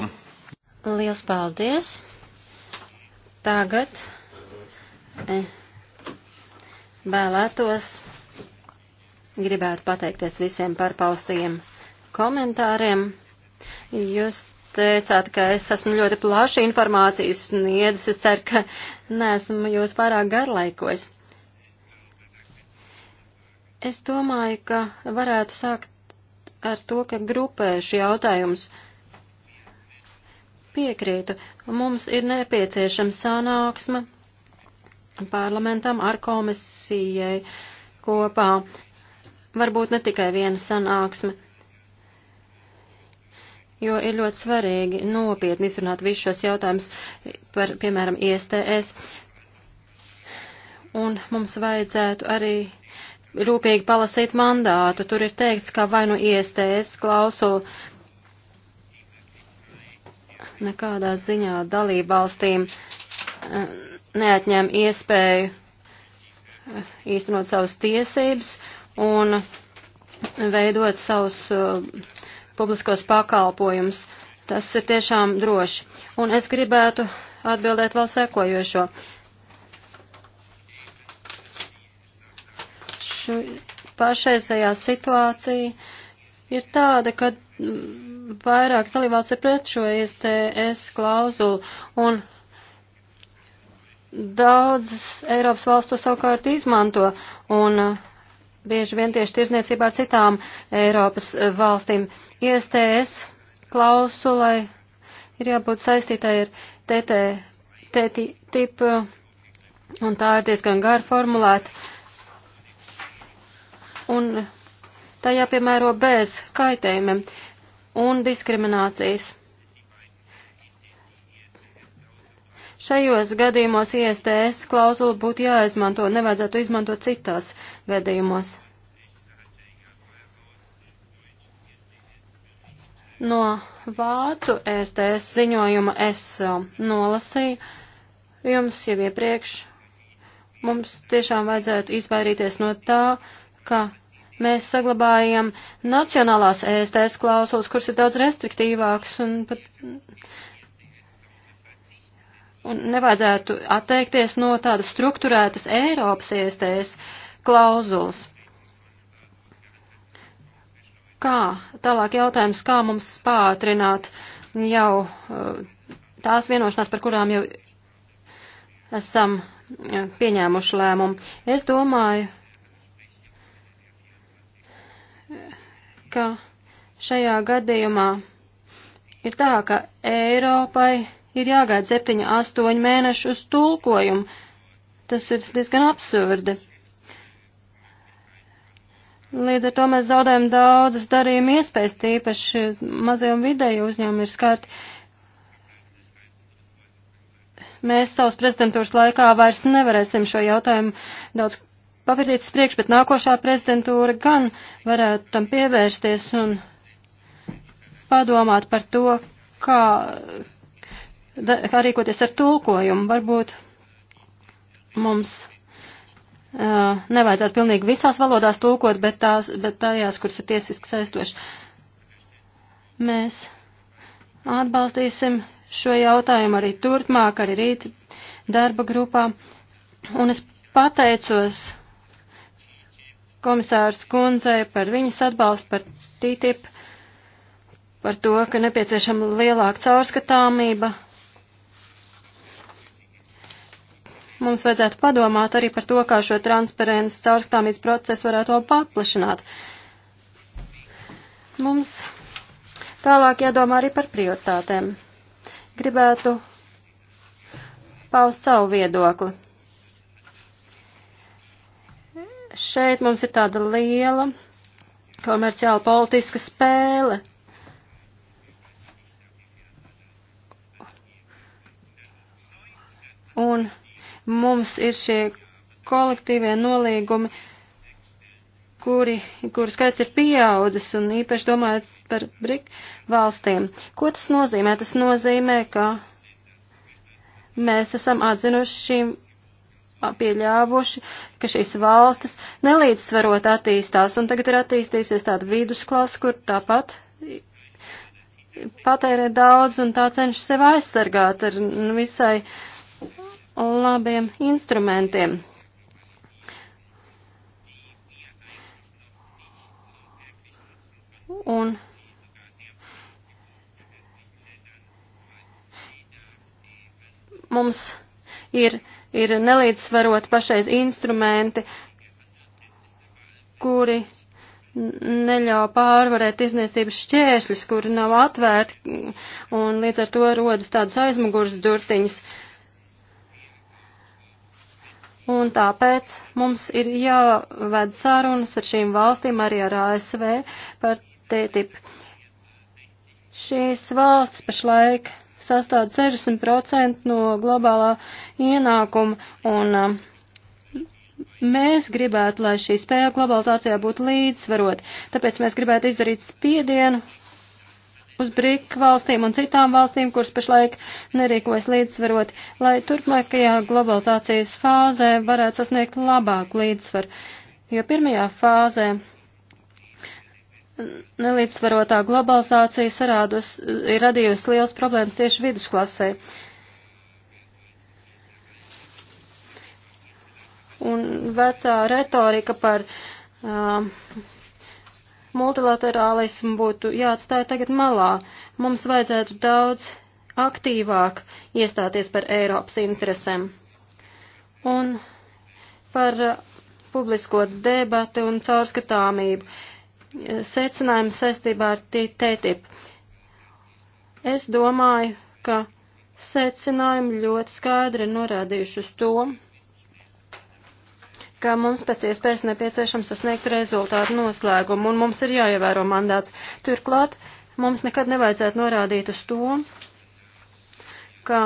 Speaker 1: Liels paldies. Tagad eh, vēlētos gribētu pateikties visiem par paustajiem komentāriem. Jūs teicāt, ka es esmu ļoti plaši informācijas sniedzis. Es ceru, ka neesmu jūs pārāk garlaikos. Es domāju, ka varētu sākt ar to, ka grupēšu jautājumus. Piekrītu, mums ir nepieciešama sanāksme parlamentam ar komisijai kopā. Varbūt ne tikai viena sanāksme, jo ir ļoti svarīgi nopietni izrunāt visus šos jautājumus par, piemēram, ISTS. Un mums vajadzētu arī rūpīgi palasīt mandātu. Tur ir teikts, ka vai nu iestēs klausulu nekādā ziņā dalībvalstīm eh, neatņem iespēju eh, īstenot savas tiesības un veidot savus eh, publiskos pakalpojumus. Tas ir tiešām droši. Un es gribētu atbildēt vēl sekojošo. Uh, taču pašreizējā situācija ir tāda, ka mm, vairāk dalībvalsts ir pret šo ISTS klauzulu un daudzas Eiropas valsts to savukārt izmanto un mm, bieži vien tieši tirzniecībā ar citām Eiropas mm, valstīm. ISTS klausulai ir jābūt saistītai ar TT, TTIP un tā ir diezgan gara formulēta un tā jāpiemēro bez kaitējumiem un diskriminācijas. Šajos gadījumos ISTS klauzula būtu jāizmanto, nevajadzētu izmantot citās gadījumos. No vācu ESTS ziņojuma es um, nolasīju jums jau iepriekš. Mums tiešām vajadzētu izvairīties no tā, ka mēs saglabājam nacionālās ESTS klausulas, kuras ir daudz restriktīvākas un pat. Un nevajadzētu atteikties no tādas struktūrētas Eiropas ESTS klauzulas. Kā? Tālāk jautājums, kā mums pātrināt jau eh, tās vienošanās, par kurām jau esam eh, pieņēmuši lēmumu. Es domāju, ka šajā gadījumā ir tā, ka Eiropai ir jāgaida 7-8 mēnešu uz tulkojumu. Tas ir diezgan absurdi. Līdz ar to mēs zaudējam daudzas darījuma iespējas, tīpaši mazie un vidēji uzņēmumi ir skarti. Mēs savas prezidentūras laikā vairs nevarēsim šo jautājumu daudz pavirzītas priekš, bet nākošā prezidentūra gan varētu tam pievērsties un padomāt par to, kā, kā rīkoties ar tulkojumu. Varbūt mums uh, nevajadzētu pilnīgi visās valodās tulkot, bet, tās, bet tajās, kuras ir tiesiski saistošas. Mēs atbalstīsim šo jautājumu arī turpmāk, arī rīt darba grupā. Un es pateicos komisārs kundzei par viņas atbalstu par TTIP, par to, ka nepieciešama lielāka caurskatāmība. Mums vajadzētu padomāt arī par to, kā šo transparents caurskatāmības procesu varētu paplašināt. Mums tālāk jādomā arī par prioritātēm. Gribētu paust savu viedokli. šeit mums ir tāda liela komerciāla politiska spēle. Un mums ir šie kolektīvie nolīgumi, kuri, kuru skaits ir pieaudzis, un īpaši domājot par BRIK valstīm. Ko tas nozīmē? Tas nozīmē, ka mēs esam atzinuši šīm pieļāvuši, ka šīs valstis nelīdzsvarot attīstās, un tagad ir attīstīsies tāda vidusklasa, kur tāpat patērē daudz un tā cenšas sev aizsargāt ar visai labiem instrumentiem. Un mums ir ir nelīdzsvarot pašreiz instrumenti, kuri neļauj pārvarēt izniecības šķēršļus, kuri nav atvērti, un līdz ar to rodas tādas aizmugures durtiņas. Un tāpēc mums ir jāved sarunas ar šīm valstīm, arī ar ASV par TTIP. Šīs valsts pašlaik sastāv 60% no globālā ienākuma, un um, mēs gribētu, lai šī spēle globalizācijā būtu līdzsvarot. Tāpēc mēs gribētu izdarīt spiedienu uz BRIK valstīm un citām valstīm, kuras pašlaik nerīkojas līdzsvarot, lai turpmākajā globalizācijas fāzē varētu sasniegt labāku līdzsvaru. Jo pirmajā fāzē Nelīdzsvarotā globalizācija sarādus, ir radījusi liels problēmas tieši vidusklasē. Un vecā retorika par uh, multilaterālismu būtu jāatstāja tagad malā. Mums vajadzētu daudz aktīvāk iestāties par Eiropas interesēm. Un par uh, publisko debatu un caurskatāmību. Uh, secinājumu saistībā ar TTIP. Es domāju, ka secinājumi ļoti skaidri norādījuši uz to, ka mums pēc iespējas nepieciešams sasniegt rezultātu noslēgumu, un mums ir jāievēro mandāts. Turklāt mums nekad nevajadzētu norādīt uz to, ka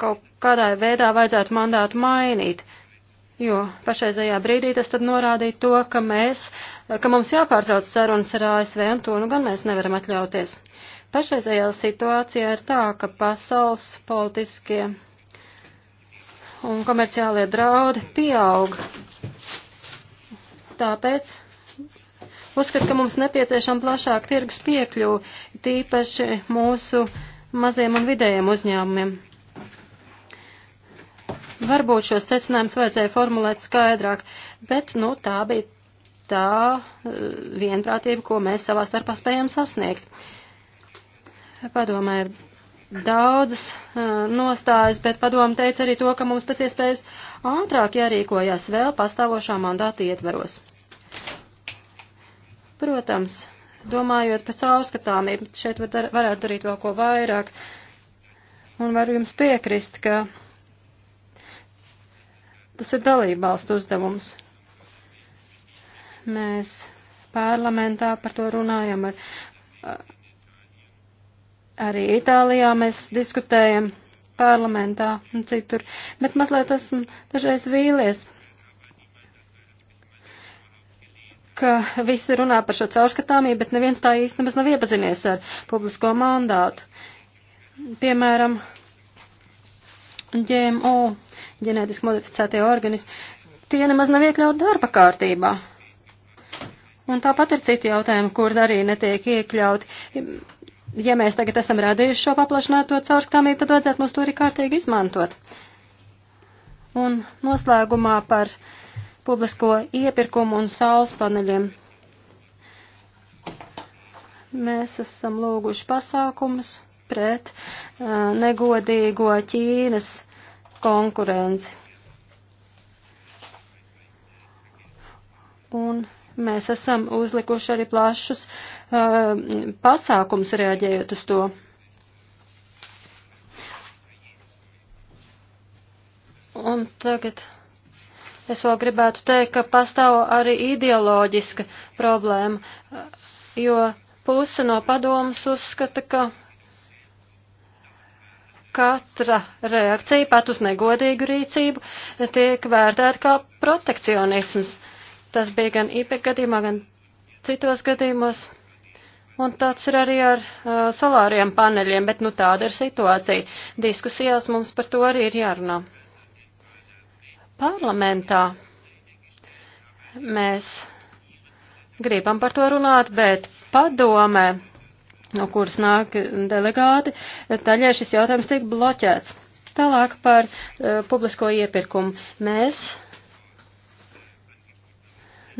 Speaker 1: kaut kādā veidā vajadzētu mandātu mainīt jo pašreizajā brīdī tas tad norādīja to, ka mēs, ka mums jāpārtrauc sarunas ar ASV, un to nu gan mēs nevaram atļauties. Pašreizajā situācijā ir tā, ka pasaules politiskie un komerciālie draudi pieaug. Tāpēc uzskat, ka mums nepieciešama plašāka tirgus piekļuva, tīpaši mūsu maziem un vidējiem uzņēmumiem. Varbūt šos secinājumus vajadzēja formulēt skaidrāk, bet, nu, tā bija tā eh, vienprātība, ko mēs savā starpā spējam sasniegt. Padomē ir daudzas eh, nostājas, bet padomu teica arī to, ka mums pēc iespējas ātrāk jārīkojas vēl pastāvošā mandāta ietveros. Protams, domājot par caurskatāmību, šeit var, varētu darīt vēl ko vairāk, un varu jums piekrist, ka Tas ir dalībvalstu uzdevums. Mēs parlamentā par to runājam ar, arī Itālijā mēs diskutējam parlamentā un citur, bet mazliet esmu dažreiz vīlies, ka visi runā par šo caurskatāmību, bet neviens tā īsti nemaz nav iepazinies ar publisko mandātu. Piemēram, GMO ģenētiski modificētie organismi, tie nemaz nav iekļaut darba kārtībā. Un tāpat ir citi jautājumi, kur arī netiek iekļauti. Ja mēs tagad esam radījuši šo paplašināto caurskatāmību, tad vajadzētu mums to arī kārtīgi izmantot. Un noslēgumā par publisko iepirkumu un saules paneļiem. Mēs esam lūguši pasākumus pret uh, negodīgo Ķīnas konkurenci. Un mēs esam uzlikuši arī plašus uh, pasākums reaģējot uz to. Un tagad es vēl gribētu teikt, ka pastāv arī ideoloģiska problēma, jo puse no padomas uzskata, ka katra reakcija, pat uz negodīgu rīcību, tiek vērtēta kā protekcionisms. Tas bija gan IPEC gadījumā, gan citos gadījumos. Un tāds ir arī ar uh, solāriem paneļiem, bet nu tāda ir situācija. Diskusijās mums par to arī ir jārunā. Parlamentā mēs gribam par to runāt, bet padomē no kuras nāk delegāti, daļai šis jautājums tiek bloķēts. Tālāk par uh, publisko iepirkumu. Mēs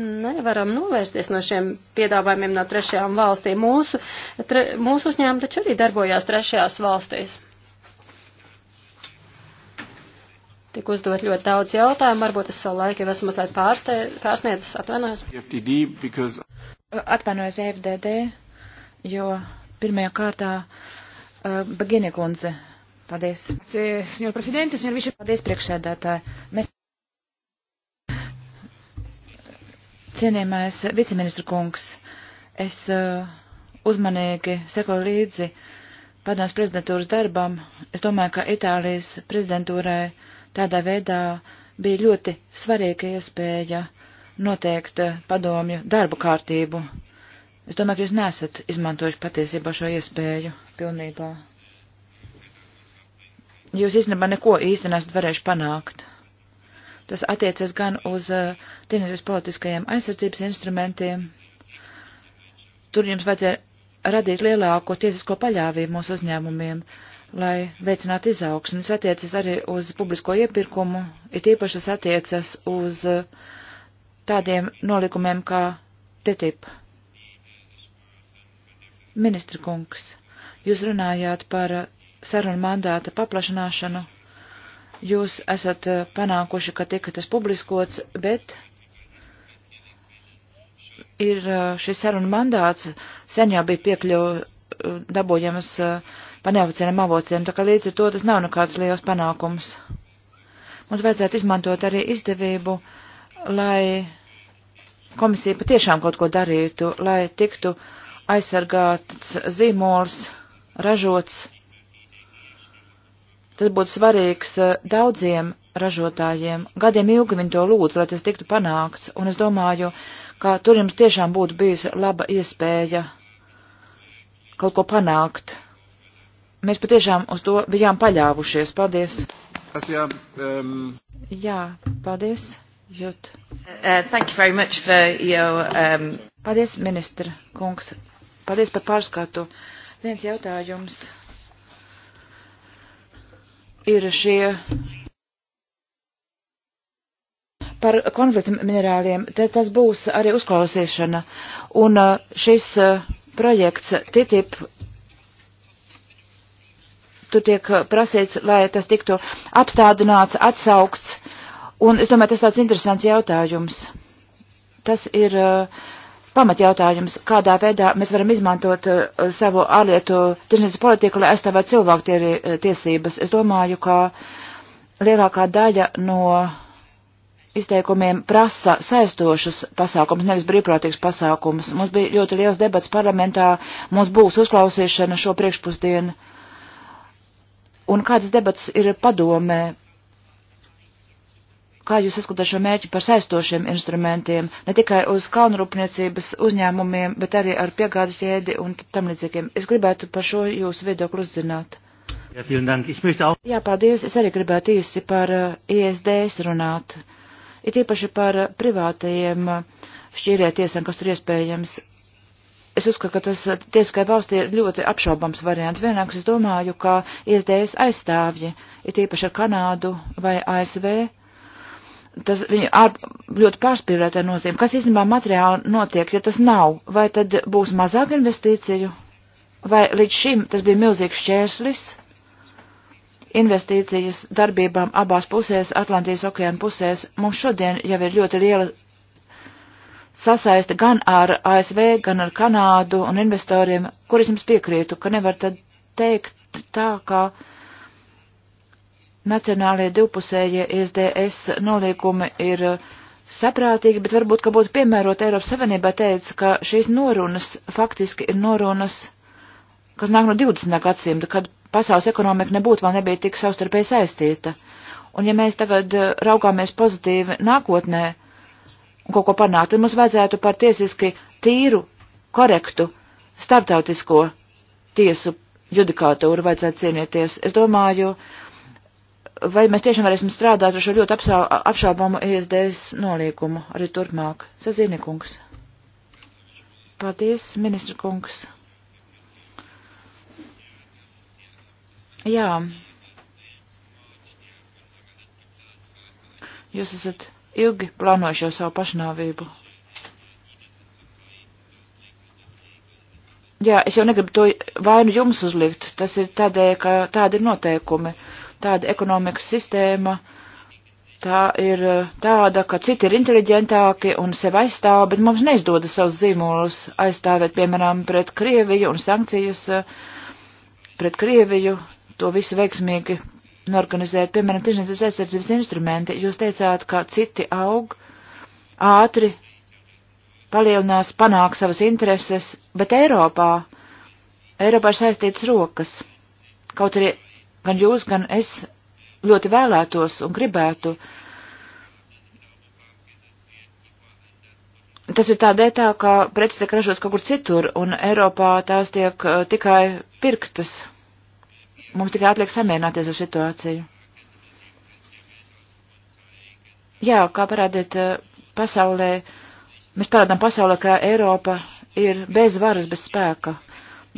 Speaker 1: nevaram novērsties no šiem piedāvājumiem no trešajām valstīm. Mūsu, tre, mūsu uzņēmumi taču arī darbojās trešajās valstīs. Tik uzdot ļoti daudz jautājumu, varbūt es savu laiku jau esmu mazliet pārsniedzis, atvainojos. FTD, because...
Speaker 2: Atvainojos FDD, jo pirmajā kārtā uh, eh, Bagini kundze. Paldies. Signor Presidente, signor Vice. Paldies, priekšsēdētāji. Mēs... Cienījamais viceministra kungs, es uh, uzmanīgi sekoju līdzi padomus prezidentūras darbam. Es domāju, ka Itālijas prezidentūrai tādā veidā bija ļoti svarīga iespēja noteikt eh, padomju darbu kārtību Es domāju, ka jūs nesat izmantojuši patiesībā šo iespēju pilnībā. Jūs īstenībā neko īsti nesat varējuši panākt. Tas attiecas gan uz uh, tirnesies politiskajiem aizsardzības instrumentiem. Tur jums vajadzēja radīt lielāko tiesisko paļāvību mūsu uzņēmumiem, lai veicinātu izaugsmu. Tas attiecas arī uz publisko iepirkumu, it īpaši tas attiecas uz uh, tādiem nolikumiem kā TTIP Ministra kungs, jūs runājāt par uh, sarunu mandāta paplašanāšanu. Jūs esat uh, panākuši, ka tika tas publiskots, bet ir uh, šis sarunu mandāts sen jau bija piekļuvu dabūjamas pa neoficiāliem avotiem, tā kā līdz ar to tas nav nekāds liels panākums. Mums vajadzētu izmantot arī izdevību, lai komisija patiešām kaut ko darītu, lai tiktu uh, aizsargāts zīmols, ražots. Tas būtu svarīgs eh, daudziem ražotājiem. Gadiem ilgi viņi to lūdz, lai tas tiktu panākts, un es domāju, ka tur jums tiešām būtu bijusi laba iespēja kaut ko panākt. Mēs patiešām uz to bijām paļāvušies. Paldies! Tas jā, um... jā paldies, Jut. Uh, thank you very much for your, um... Paldies, ministra kungs, Paldies par pārskatu. Viens jautājums ir šie par konfliktu minerāliem. Te tas būs arī uzklausīšana. Un uh, šis uh, projekts TTIP, tur tiek uh, prasīts, lai tas tiktu apstādināts, atsaukts. Un es domāju, tas tāds interesants jautājums. Tas ir uh, pamatjautājums, kādā veidā mēs varam izmantot uh, savu ārlietu tirsniecības politiku, lai aizstāvētu cilvēku tie, uh, eh, tiesības. Es domāju, ka lielākā daļa no izteikumiem prasa saistošus pasākumus, nevis brīvprātīgus pasākumus. Mums bija ļoti liels debats parlamentā, mums būs uzklausīšana šo priekšpusdienu. Un kādas debats ir padomē kā jūs saskatāt šo mērķi par saistošiem instrumentiem, ne tikai uz kalnrūpniecības uzņēmumiem, bet arī ar piegādes ķēdi un tam līdzīgiem. Es gribētu par šo jūsu viedokli uzzināt. Jā, Jā, paldies. Es arī gribētu īsi par uh, ISDS runāt. It īpaši par uh, privātajiem uh, šķīrietiesiem, kas tur iespējams. Es uzskatu, ka tas tieskai valstī ir ļoti apšaubams variants. Vienāks es domāju, ka ISDS aizstāvji, it īpaši ar Kanādu vai ASV, tas viņu ārp, ļoti pārspīlētē nozīme. Kas īstenībā materiāli notiek, ja tas nav? Vai tad būs mazāk investīciju? Vai līdz šim tas bija milzīgs šķērslis? Investīcijas darbībām abās pusēs, Atlantijas okeāna pusēs, mums šodien jau ir ļoti liela sasaiste gan ar ASV, gan ar Kanādu un investoriem, kuriem es piekrītu, ka nevar tad teikt tā, ka. Kā nacionālie divpusējie ISDS nolīgumi ir uh, saprātīgi, bet varbūt, ka būtu piemērot Eiropas Savienībā teica, ka šīs norunas faktiski ir norunas, kas nāk no 20. gadsimta, kad pasaules ekonomika nebūtu vēl nebija tik savstarpēji saistīta. Un ja mēs tagad uh, raugāmies pozitīvi nākotnē un kaut ko panākt, tad mums vajadzētu par tiesiski tīru, korektu, starptautisko tiesu judikātūru vajadzētu cīnīties. Es domāju, vai mēs tiešām varēsim strādāt ar šo ļoti apšaubamu ISDS noliekumu arī turpmāk. Sazīnikungs. Paldies, ministra kungs. Jā. Jūs esat ilgi plānojuši jau savu pašnāvību. Jā, es jau negribu to vainu jums uzlikt, tas ir tādēļ, ka tādi ir noteikumi. Uh, tāda ekonomikas sistēma, tā ir eh, tāda, ka citi ir inteliģentāki un sev aizstāv, bet mums neizdodas savus zīmolus aizstāvēt, piemēram, pret Krieviju un sankcijas eh, pret Krieviju, to visu veiksmīgi norganizēt, piemēram, tiešniecības aizsardzības instrumenti. Jūs teicāt, ka citi aug ātri, palielinās, panāk savas intereses, bet Eiropā, Eiropā ir saistītas rokas. Kaut arī gan jūs, gan es ļoti vēlētos un gribētu. Tas ir tādēļ tā, ka preces tiek ražotas kaut kur citur, un Eiropā tās tiek uh, tikai pirktas. Mums tikai atliek samierināties ar situāciju. Jā, kā parādīt uh, eh, pasaulē, mēs parādām pasaulē, ka Eiropa ir bez varas, bez spēka.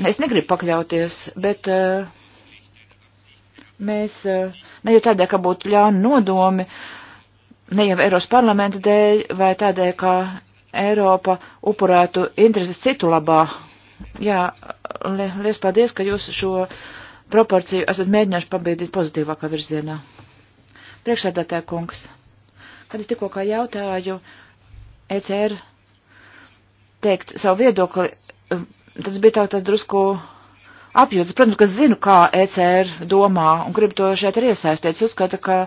Speaker 2: Es negribu pakļauties, bet uh, Mēs, eh, ne jau tādēļ, ka būtu ļauni nodomi, ne jau Eiropas parlamenta dēļ, vai tādēļ, ka Eiropa upurētu intereses citu labā. Jā, liels paldies, ka jūs šo proporciju esat mēģinājuši pabiedīt pozitīvākā virzienā. Priekšsēdētāja kungs, kad es tikko kā jautāju ECR teikt savu viedokli, eh, tas bija tā, tā drusku apjūtas. Protams, ka zinu, kā ECR domā un gribu to šeit arī iesaistīt. Es uzskatu, ka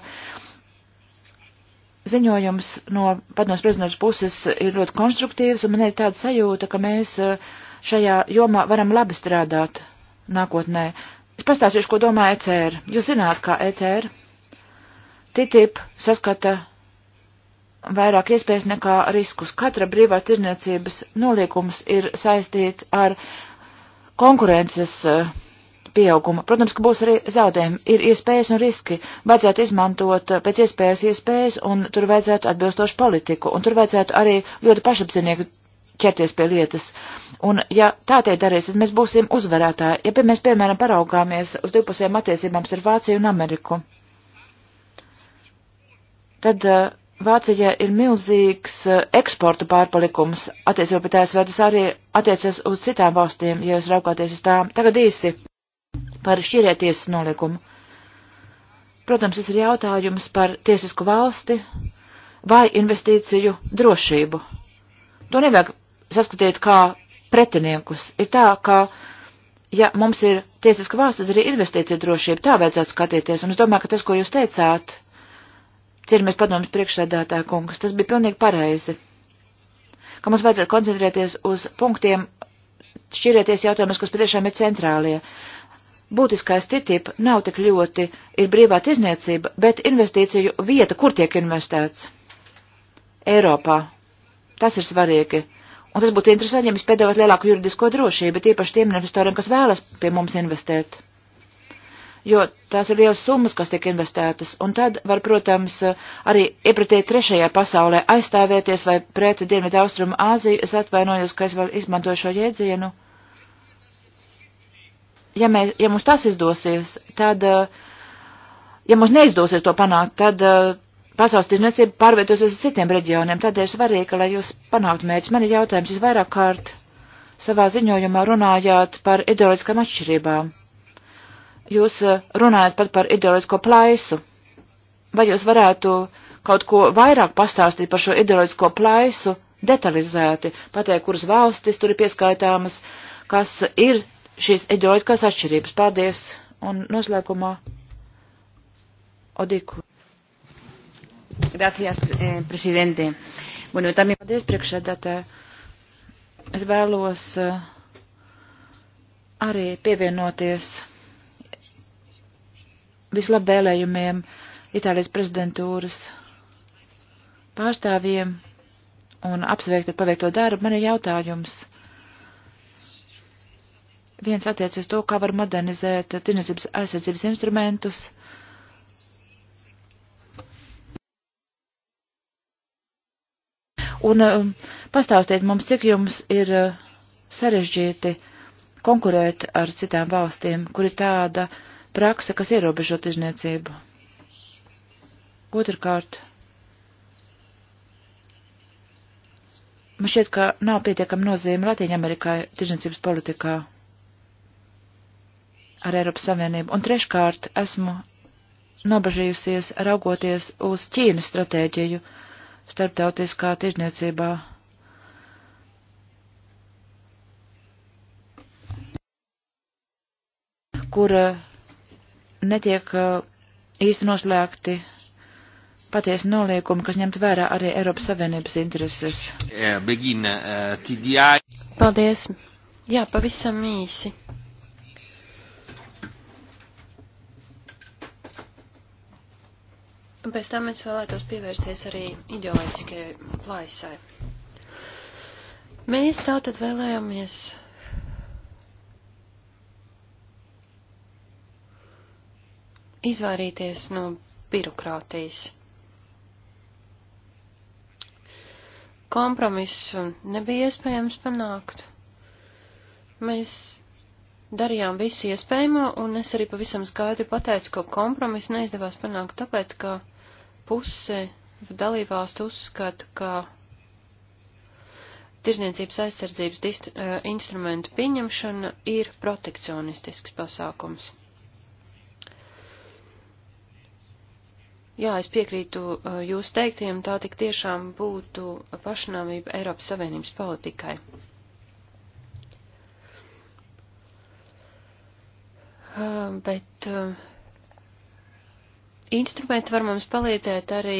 Speaker 2: ziņojums no padomus prezidents puses ir ļoti konstruktīvs un man ir tāda sajūta, ka mēs eh, šajā jomā varam labi strādāt nākotnē. Es pastāstīšu, ko domā ECR. Jūs zināt, kā ECR TTIP saskata vairāk iespējas nekā riskus. Katra brīvā tirniecības noliekums ir saistīts ar konkurences eh, pieauguma. Protams, ka būs arī zaudējumi, ir iespējas un riski. Vajadzētu izmantot eh, pēc iespējas iespējas, un tur vajadzētu atbilstošu politiku, un tur vajadzētu arī ļoti pašapzinieku ķerties pie lietas. Un, ja tā tie darīs, tad mēs būsim uzvarētāji. Ja pie mēs, piemēram, paraugāmies uz divpusējām attiecībām starp Vāciju un Ameriku, tad uh, Vācijā ir milzīgs eh, eksporta pārpalikums attiecībā pret ASV, tas arī attiecas uz citām valstīm, ja jūs raugāties uz tām. Tagad īsi par šķirieties nolikumu. Protams, tas ir jautājums par tiesisku valsti vai investīciju drošību. To nevajag saskatīt kā pretiniekus. Ir tā, ka, ja mums ir tiesiska valsts, tad arī investīcija drošība. Tā vajadzētu skatīties. Un es domāju, ka tas, ko jūs teicāt, Cienījamies padomus priekšsēdētā kungs, tas bija pilnīgi pareizi, ka mums vajadzētu koncentrēties uz punktiem, šķirieties jautājumus, kas patiešām ir centrālie. Būtiskais TTIP nav tik ļoti ir brīvā tirzniecība, bet investīciju vieta, kur tiek investēts. Eiropā. Tas ir svarīgi. Un tas būtu interesanti, ja mēs piedāvāt lielāku juridisko drošību, tīpaši tiem investoriem, kas vēlas pie mums investēt jo tās ir lielas summas, kas tiek investētas, un tad var, protams, arī iepratīt trešajā pasaulē, aizstāvēties vai pret Dienvidu Austrumu Āziju, es atvainojos, ka es vēl izmantoju šo jēdzienu. Ja, mē, ja mums tas izdosies, tad, ja mums neizdosies to panākt, tad pasaules tirzniecība pārvietosies uz citiem reģioniem, tādēļ svarīgi, lai jūs panāktu mērķis. Man ir jautājums, jūs vairāk kārt savā ziņojumā runājāt par ideoloģiskām atšķirībām Jūs eh, runājat pat par ideoloģisko plaisu. Vai jūs varētu kaut ko vairāk pastāstīt par šo ideoloģisko plaisu detalizēti, pateikt, kuras valstis tur ir pieskaitāmas, kas ir šīs ideoloģiskās atšķirības. Paldies! Un noslēgumā Odiku. Gracias, eh, prezidente. Bueno, también... Paldies, priekšsēdētē. Es vēlos eh, arī pievienoties vislabēlējumiem Itālijas prezidentūras pārstāvjiem un apsveikt ar paveikto darbu. Man ir jautājums. Viens attiecas to, kā var modernizēt tirnedzības aizsardzības instrumentus. Un um, pastāstiet mums, cik jums ir uh, sarežģīti konkurēt ar citām valstīm, kur ir tāda uh, prakse, kas ierobežo tirzniecību. Otrkārt, man šķiet, ka nav pietiekama nozīme Latīņamerikai tirzniecības politikā ar Eiropas Savienību. Un treškārt, esmu nobažījusies raugoties uz Ķīnas stratēģiju starptautiskā tirzniecībā. kur netiek uh, īsti noslēgti patiesi nolīgumi, kas ņemt vērā arī Eiropas Savienības intereses.
Speaker 3: Eh, eh,
Speaker 2: Paldies. Jā, pavisam īsi.
Speaker 3: Un pēc tam es vēlētos pievērsties arī ideoloģiskajai plaisai. Mēs tātad vēlējāmies izvairīties no birokrātijas. Kompromisu nebija iespējams panākt. Mēs darījām visu iespējamo, un es arī pavisam skaidri pateicu, ka kompromisu neizdevās panākt tāpēc, ka puse dalībvalstu uzskata, ka tirzniecības aizsardzības eh, instrumentu pieņemšana ir protekcionistisks pasākums. Jā, es piekrītu uh, jūs teiktiem, tā tik tiešām būtu pašnāvība Eiropas Savienības politikai. Uh, bet uh, instrumenti var mums palīdzēt arī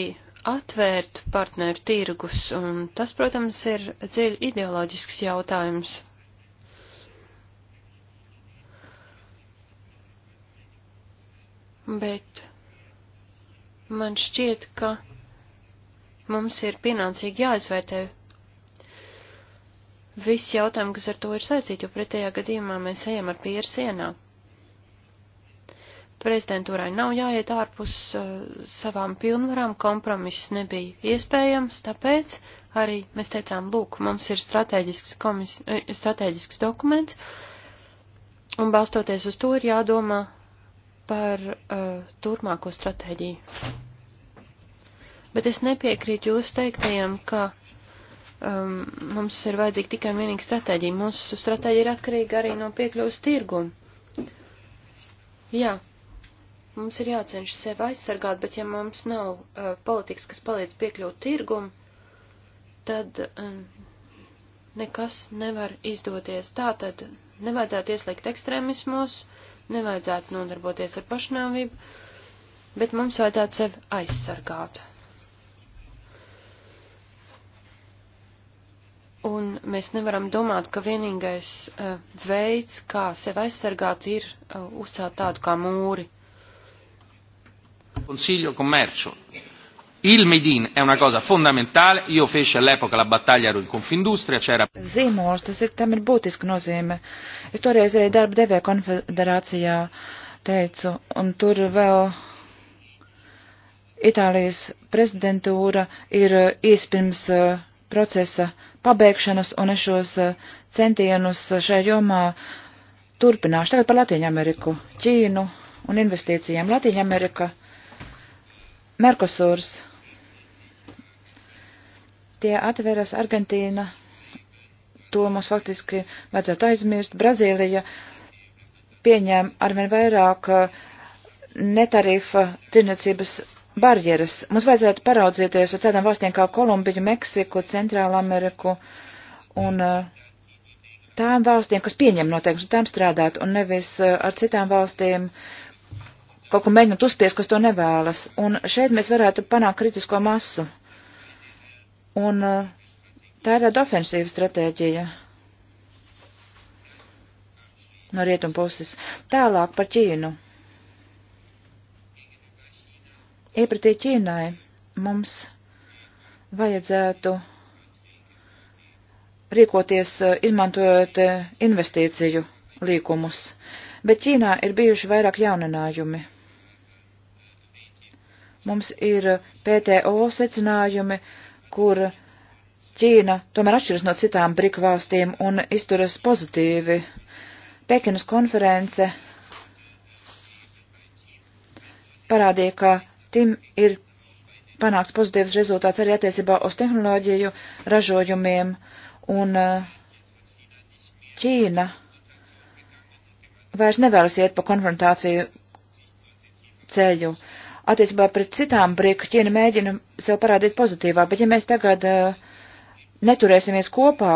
Speaker 3: atvērt partneru tirgus, un tas, protams, ir dziļi ideoloģisks jautājums. Bet Man šķiet, ka mums ir pienācīgi jāizvērtē visi jautājumi, kas ar to ir saistīti, jo pretējā gadījumā mēs ejam ar pieru sienā. Prezidentūrai nav jāiet ārpus uh, savām pilnvarām, kompromiss nebija iespējams, tāpēc arī mēs teicām, lūk, mums ir strateģisks, komis, eh, strateģisks dokuments, un balstoties uz to ir jādomā par uh, turpmāko stratēģiju. Bet es nepiekrītu jūs teiktajam, ka um, mums ir vajadzīga tikai un vienīga stratēģija. Mūsu stratēģija ir atkarīga arī no piekļuvas tirguma. Jā, mums ir jācenšas sevi aizsargāt, bet ja mums nav uh, politikas, kas palīdz piekļūt tirgumu, tad um, nekas nevar izdoties. Tā tad nevajadzētu ieslēgt ekstrēmismus. Uh, nevajadzētu nodarboties ar pašnāvību, bet mums vajadzētu sevi aizsargāt. Un mēs nevaram domāt, ka vienīgais uh, veids, kā sevi aizsargāt, ir uh, uzcelt tādu kā mūri.
Speaker 1: Consiglio commercio Il made in è una cosa fondamentale, io feci all'epoca la battaglia ero in Confindustria, c'era...
Speaker 2: Zīmols, tas ir, tam ir būtiska nozīme. Es toreiz arī darba devēja konfederācijā teicu, un tur vēl Itālijas prezidentūra ir eh, īs pirms eh, procesa pabeigšanas, un es šos eh, centienus šajā jomā turpināšu. Tagad par Latīņu Ameriku, Ķīnu un investīcijām. Latīņa Amerika, Merkosurs tie atveras Argentīna, to mums faktiski vajadzētu aizmirst. Brazīlija pieņēma arvien vairāk uh, netarifa tirniecības barjeras. Mums vajadzētu paraudzīties ar tādām valstīm kā Kolumbiju, Meksiku, Centrālu Ameriku un uh, tām valstīm, kas pieņem noteikumus, tām strādāt un nevis uh, ar citām valstīm, kaut ko mēģināt uzspies, kas to nevēlas. Un šeit mēs varētu panākt kritisko masu. Un eh, tā ir tāda ofensīva stratēģija no rietum puses. Tālāk par Ķīnu. Iepratī Ķīnai mums vajadzētu rīkoties eh, izmantojot eh, investīciju līkumus, bet Ķīnā ir bijuši vairāk jauninājumi. Mums ir PTO secinājumi, uh, kur Ķīna tomēr atšķiras no citām briku valstīm un izturas pozitīvi. Pekinas konference parādīja, ka tim ir panāks pozitīvs rezultāts arī attiecībā uz tehnoloģiju ražojumiem, un eh, Ķīna vairs nevēlas iet pa konfrontāciju ceļu. Uh, attiecībā pret citām brīku Ķīna mēģina sev parādīt pozitīvā, bet ja mēs tagad uh, neturēsimies kopā,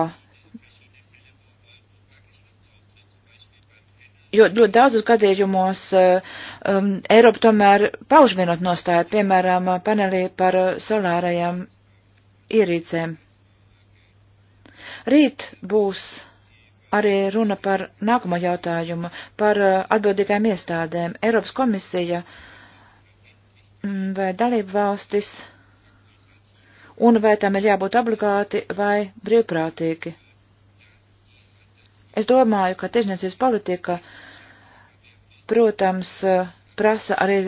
Speaker 2: jo ļoti daudzos gadījumos uh, um, Eiropa tomēr pauž vienot nostāju, piemēram, panelī par uh, solārajām ierīcēm. Rīt būs arī runa par nākamo jautājumu, par uh, atbildīgām iestādēm. Eiropas komisija uh, Mm, vai dalību valstis, un vai tam ir jābūt obligāti vai brīvprātīgi. Es domāju, ka tirzniecības politika, protams, prasa arī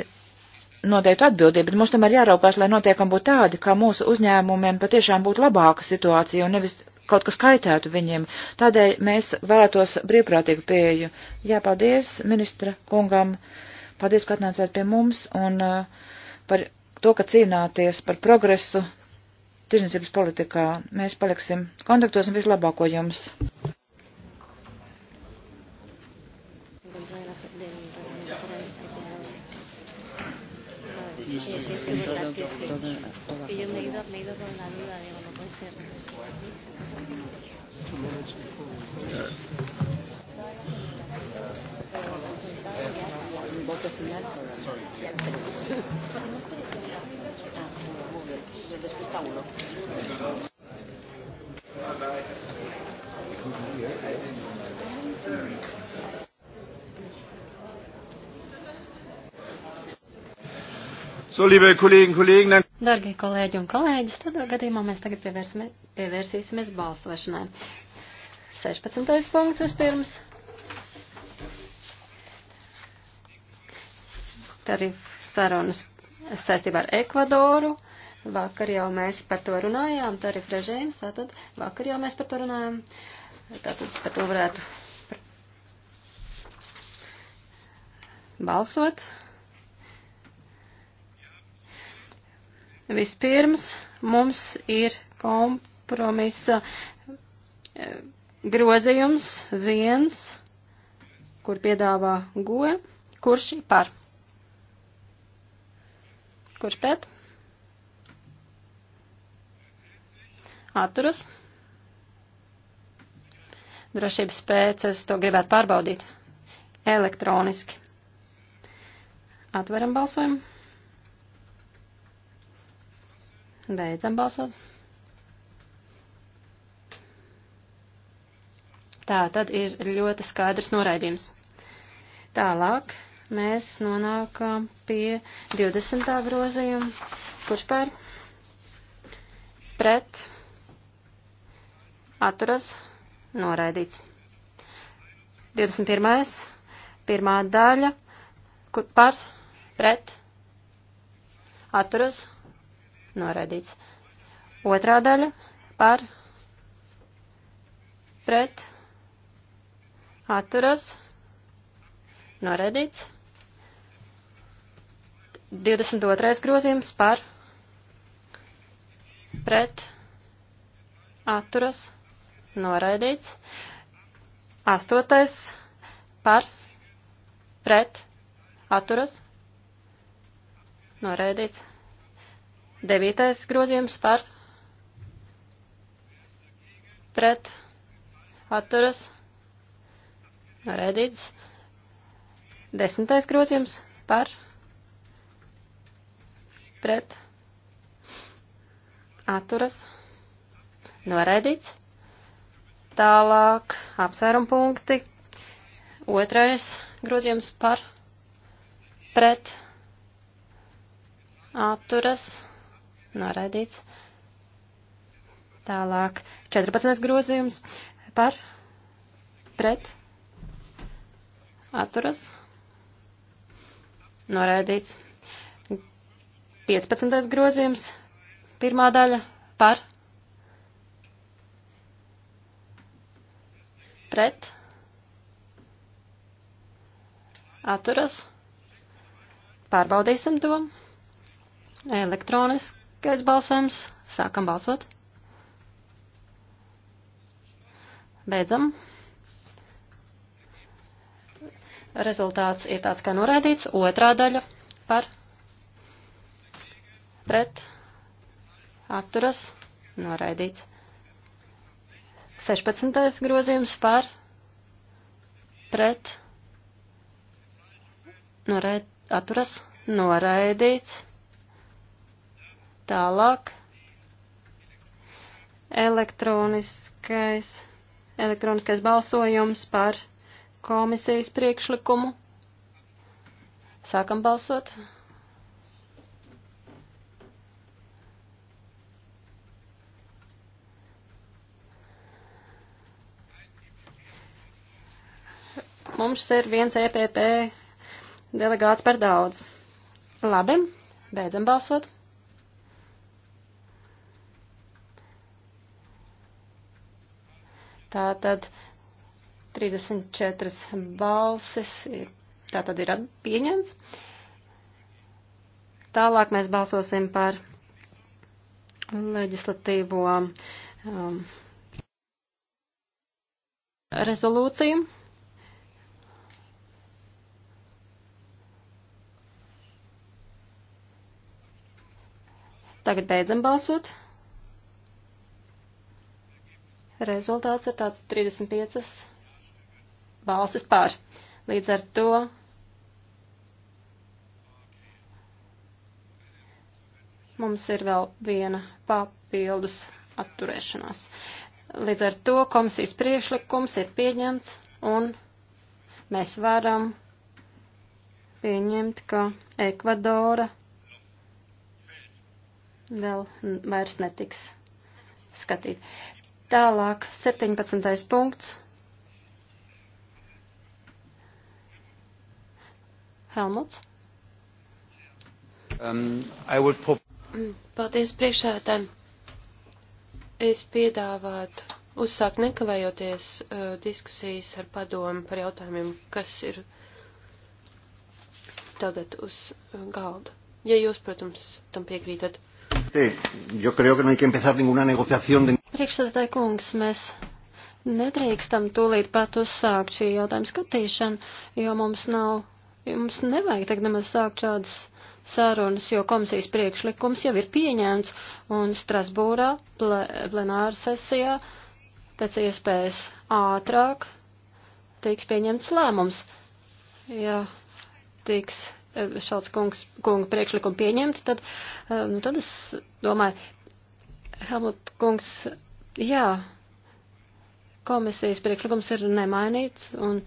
Speaker 2: noteiktu atbildību, bet mums tomēr jāraukās, lai notiekam būtu tādi, kā mūsu uzņēmumiem patiešām būtu labāka situācija un nevis kaut kas kaitētu viņiem. Tādēļ mēs vēlētos brīvprātīgu pieeju. Jā, paldies ministra kungam, paldies, ka atnācāt pie mums, un uh, par to, ka cīnāties par progresu tirzniecības politikā. Mēs paliksim kontaktos un vislabāko jums!
Speaker 1: sí, sí, sí, es verdad que sí. Es que yo me he ido, me he ido con la duda, digo, no puede ser voto
Speaker 3: final. Sorry. Ya tenemos. ah, muy bien. Pues después está uno.
Speaker 2: So, liebe Kollegen, Kollegen, dann
Speaker 1: Dargie kolēģi un kolēģis, tādā gadījumā mēs tagad pievērsime, pievērsīsimies balsošanai. 16. punkts vispirms. tarifu sarunas saistībā ar Ekvadoru. Vakar jau mēs par to runājām, tarifu režīms, tātad vakar jau mēs par to runājām. Tātad par to varētu balsot. Vispirms mums ir kompromisa e, grozījums viens, kur piedāvā goe, kurš par. Kurš pret? Atturas. Drošības pēc es to gribētu pārbaudīt. Elektroniski. Atveram balsojumu. Beidzam balsot. Tā tad ir ļoti skaidrs noraidījums. Tālāk mēs nonākam pie 20. grozījuma, kurš pār pret atturas noraidīts. 21. pirmā daļa, kur par pret atturas noraidīts. Otrā daļa par pret atturas noraidīts. 22. grozījums par pret atturas noraidīts. 8. par pret atturas noraidīts. 9. grozījums par pret atturas noraidīts. 10. grozījums par pret pret atturas noraidīts. Tālāk apsvērum punkti. Otrais grozījums par pret atturas noraidīts. Tālāk 14. grozījums par pret atturas noraidīts. 15. grozījums, pirmā daļa par, pret, atturas, pārbaudīsim to, elektroniskais balsojums, sākam balsot, beidzam. Rezultāts ir tāds, kā norādīts, otrā daļa par pret, atturas, noraidīts. 16. grozījums par, pret, noraid, atturas, noraidīts. Tālāk elektroniskais, elektroniskais balsojums par komisijas priekšlikumu. Sākam balsot. mums ir viens EPP delegāts par daudz. Labi, beidzam balsot. Tātad 34 balsis ir, tātad ir pieņemts. Tālāk mēs balsosim par leģislatīvo um, rezolūciju. Tagad beidzam balsot. Rezultāts ir tāds 35 balsis pār. Līdz ar to mums ir vēl viena papildus atturēšanās. Līdz ar to komisijas priekšlikums ir pieņemts un mēs varam pieņemt, ka Ekvadora vēl vairs netiks skatīt. Tālāk, 17. punkts. Helmuts. Um, would...
Speaker 3: Paldies priekšsētājiem. Es piedāvātu uzsākt nekavējoties uh, diskusijas ar padomu par jautājumiem, kas ir tagad
Speaker 1: uz uh, galda. Ja jūs, protams, tam piekrītat. Priekšsēdētāji kungs, mēs nedrīkstam tūlīt pat uzsākt šī jautājuma skatīšanu, jo mums nav, mums nevajag tagad nemaz sākt šādas sarunas, jo komisijas priekšlikums jau ir pieņemts un Strasbūrā ple, plenāra sesijā pēc iespējas ātrāk tiks pieņemts lēmums. Ja tiks šāds kungs, kunga priekšlikumu pieņemt, tad, eh, nu, tad es domāju, Helmut kungs, jā, komisijas priekšlikums ir nemainīts, un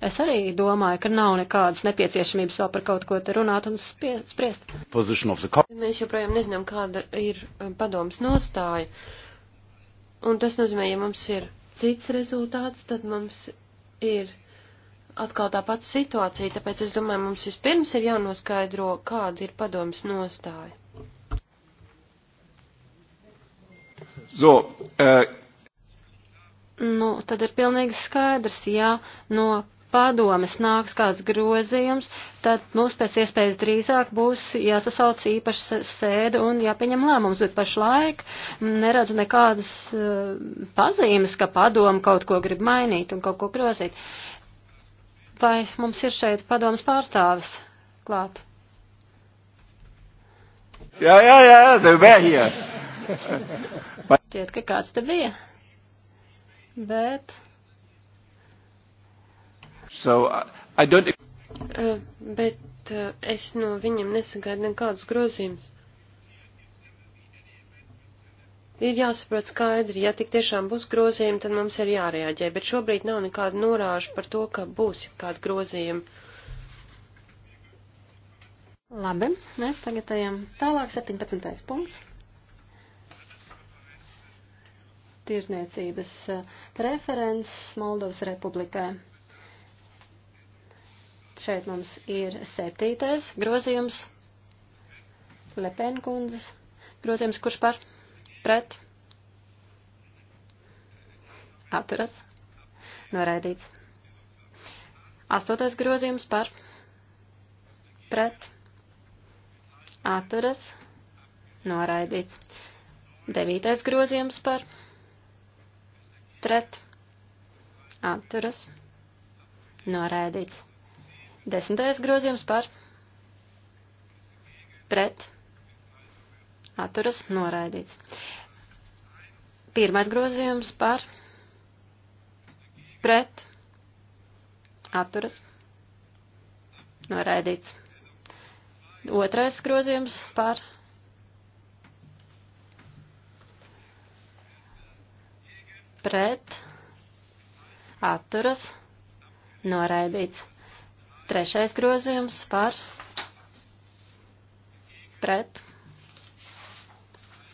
Speaker 1: es arī domāju, ka nav nekādas nepieciešamības vēl par kaut ko te runāt un spriest. Mēs
Speaker 3: joprojām nezinām, kāda ir eh, padomas nostāja, un tas nozīmē, ja mums ir cits rezultāts, tad mums ir atkal tā pati situācija, tāpēc es domāju, mums vispirms ir jānoskaidro, kāda ir padomas nostāja.
Speaker 2: So, uh...
Speaker 1: Nu, tad ir pilnīgi skaidrs, ja no padomes nāks kāds grozījums, tad mums pēc iespējas drīzāk būs jāsasauc īpaša sēde un jāpieņem lēmums, bet pašlaik neredzu nekādas uh, pazīmes, ka padoma kaut ko grib mainīt un kaut ko grozīt. Uh, Vai mums ir šeit padomas pārstāvis klāt?
Speaker 2: Jā, jā, jā, tev bija.
Speaker 1: Šķiet, ka kāds te bija. Bet. So, I don't... Eh, bet eh,
Speaker 3: es no viņiem nesagaidu nekādus grozījumus ir jāsaprot skaidri, ja tik tiešām būs grozījumi, tad mums ir jārēģē, bet šobrīd nav
Speaker 1: nekāda norāža par to, ka būs kāda grozījuma. Labi, mēs tagad ejam tālāk, 17. punkts. Tirzniecības eh, preferences Moldovas republikai. Šeit mums ir septītais grozījums, Lepenkundzes grozījums, kurš par? pret, atturas, noraidīts. Astotais grozījums par, pret, atturas, noraidīts. Devītais grozījums par, pret, atturas, noraidīts. Desmitais grozījums par, pret, atturas atturas noraidīts. Pirmais grozījums par pret atturas noraidīts. Otrais grozījums par pret atturas noraidīts. Trešais grozījums par pret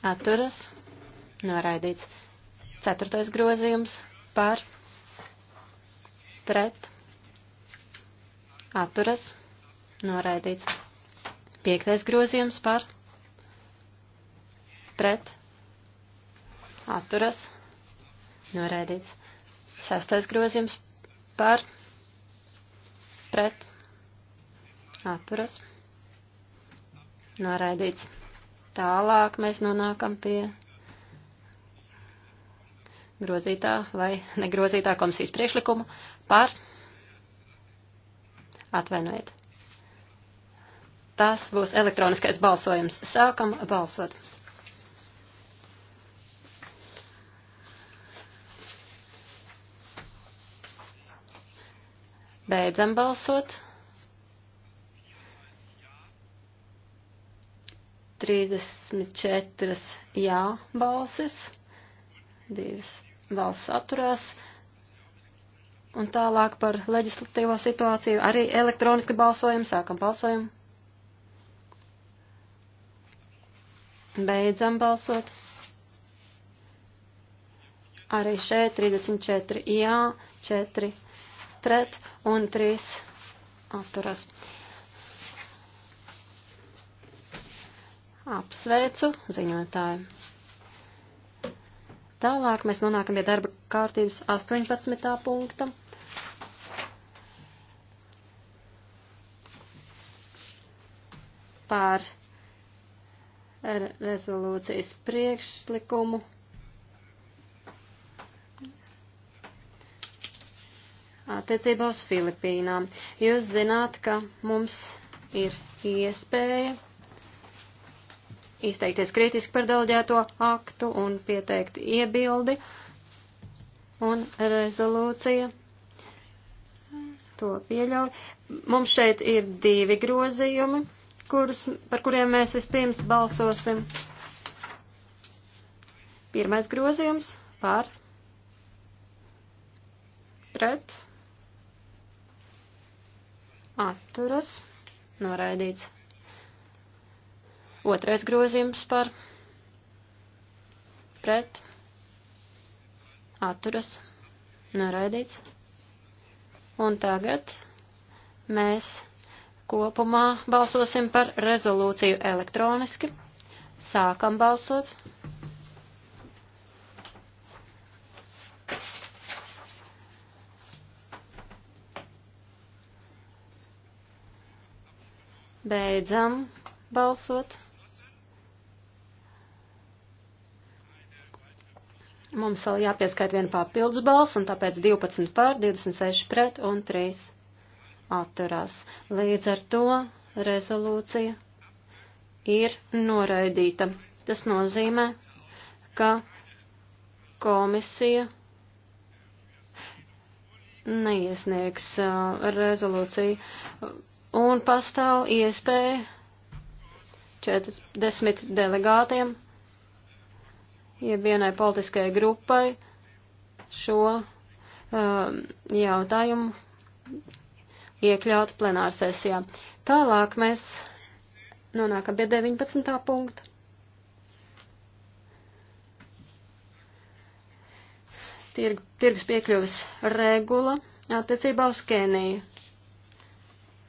Speaker 1: atturas, noraidīts. Ceturtais grozījums par, pret, atturas, noraidīts. Piektais grozījums par, pret, atturas, noraidīts. Sestais grozījums par, pret, atturas, noraidīts. Tālāk mēs nonākam pie grozītā vai negrozītā komisijas priekšlikumu par atvainojiet. Tas būs elektroniskais balsojums. Sākam balsot. Beidzam balsot. 34 jā balsis, 2 balsis atturās. Un tālāk par leģislatīvo situāciju arī elektroniski balsojam, sākam balsojumu. Beidzam balsot. Arī šeit 34 jā, 4 pret un 3 atturas. Apsveicu ziņotāju. Tālāk mēs nonākam pie darba kārtības 18. punkta. Pār rezolūcijas priekšlikumu. Attiecībā uz Filipīnām. Jūs zināt, ka mums ir iespēja izteikties kritiski par delģēto aktu un pieteikt iebildi un rezolūcija. To pieļauj. Mums šeit ir divi grozījumi, kurus, par kuriem mēs vispirms balsosim. Pirmais grozījums par pret atturas noraidīts. Otrais grozījums par pret atturas noraidīts. Un tagad mēs kopumā balsosim par rezolūciju elektroniski. Sākam balsot. Beidzam balsot. Mums vēl jāpieskait viena papildus balss, un tāpēc 12 pār, 26 pret un 3 atturās. Līdz ar to rezolūcija ir noraidīta. Tas nozīmē, ka komisija neiesniegs uh, rezolūciju un pastāv iespēja 40 delegātiem ja vienai politiskajai grupai šo um, jautājumu iekļaut plenārsesijā. Tālāk mēs nonākam pie 19. punkta. Tirg, tirgus piekļuvis regula attiecībā uz Keniju.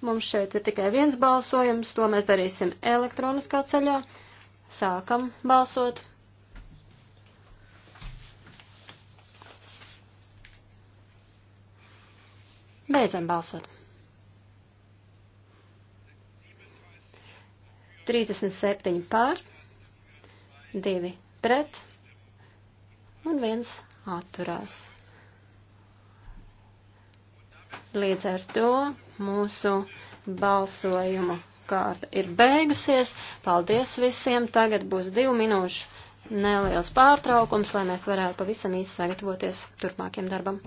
Speaker 1: Mums šeit ir tikai viens balsojums, to mēs darīsim elektroniskā ceļā. Sākam balsot. Beidzam balsot. 37 pār, 2 pret un 1 atturās. Līdz ar to mūsu balsojumu kārta ir beigusies. Paldies visiem! Tagad būs divu minūšu neliels pārtraukums, lai mēs varētu pavisam īsi sagatavoties turpmākiem darbam.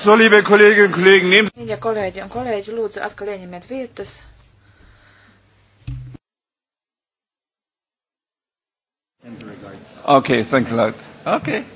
Speaker 2: So, liebe Kolleginnen und Kollegen, nehmen Sie. Ja, kolēģi un kolēģi, lūdzu, atkal ieņemiet vietas. Okay, thanks
Speaker 1: a lot. Okay.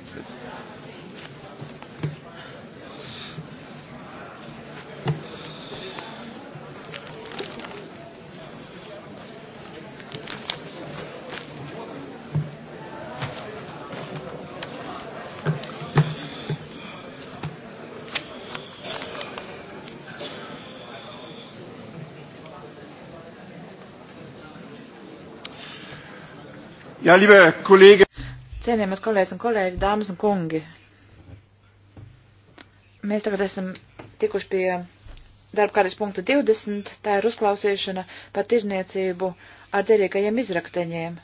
Speaker 2: Jā, liebe kolēģi. Cienījamas kolēģis un kolēģi, dāmas un kungi. Mēs tagad esam tikuši pie darba kārtas punktu 20. Tā ir uzklausīšana par tirniecību ar derīgajiem izrakteņiem,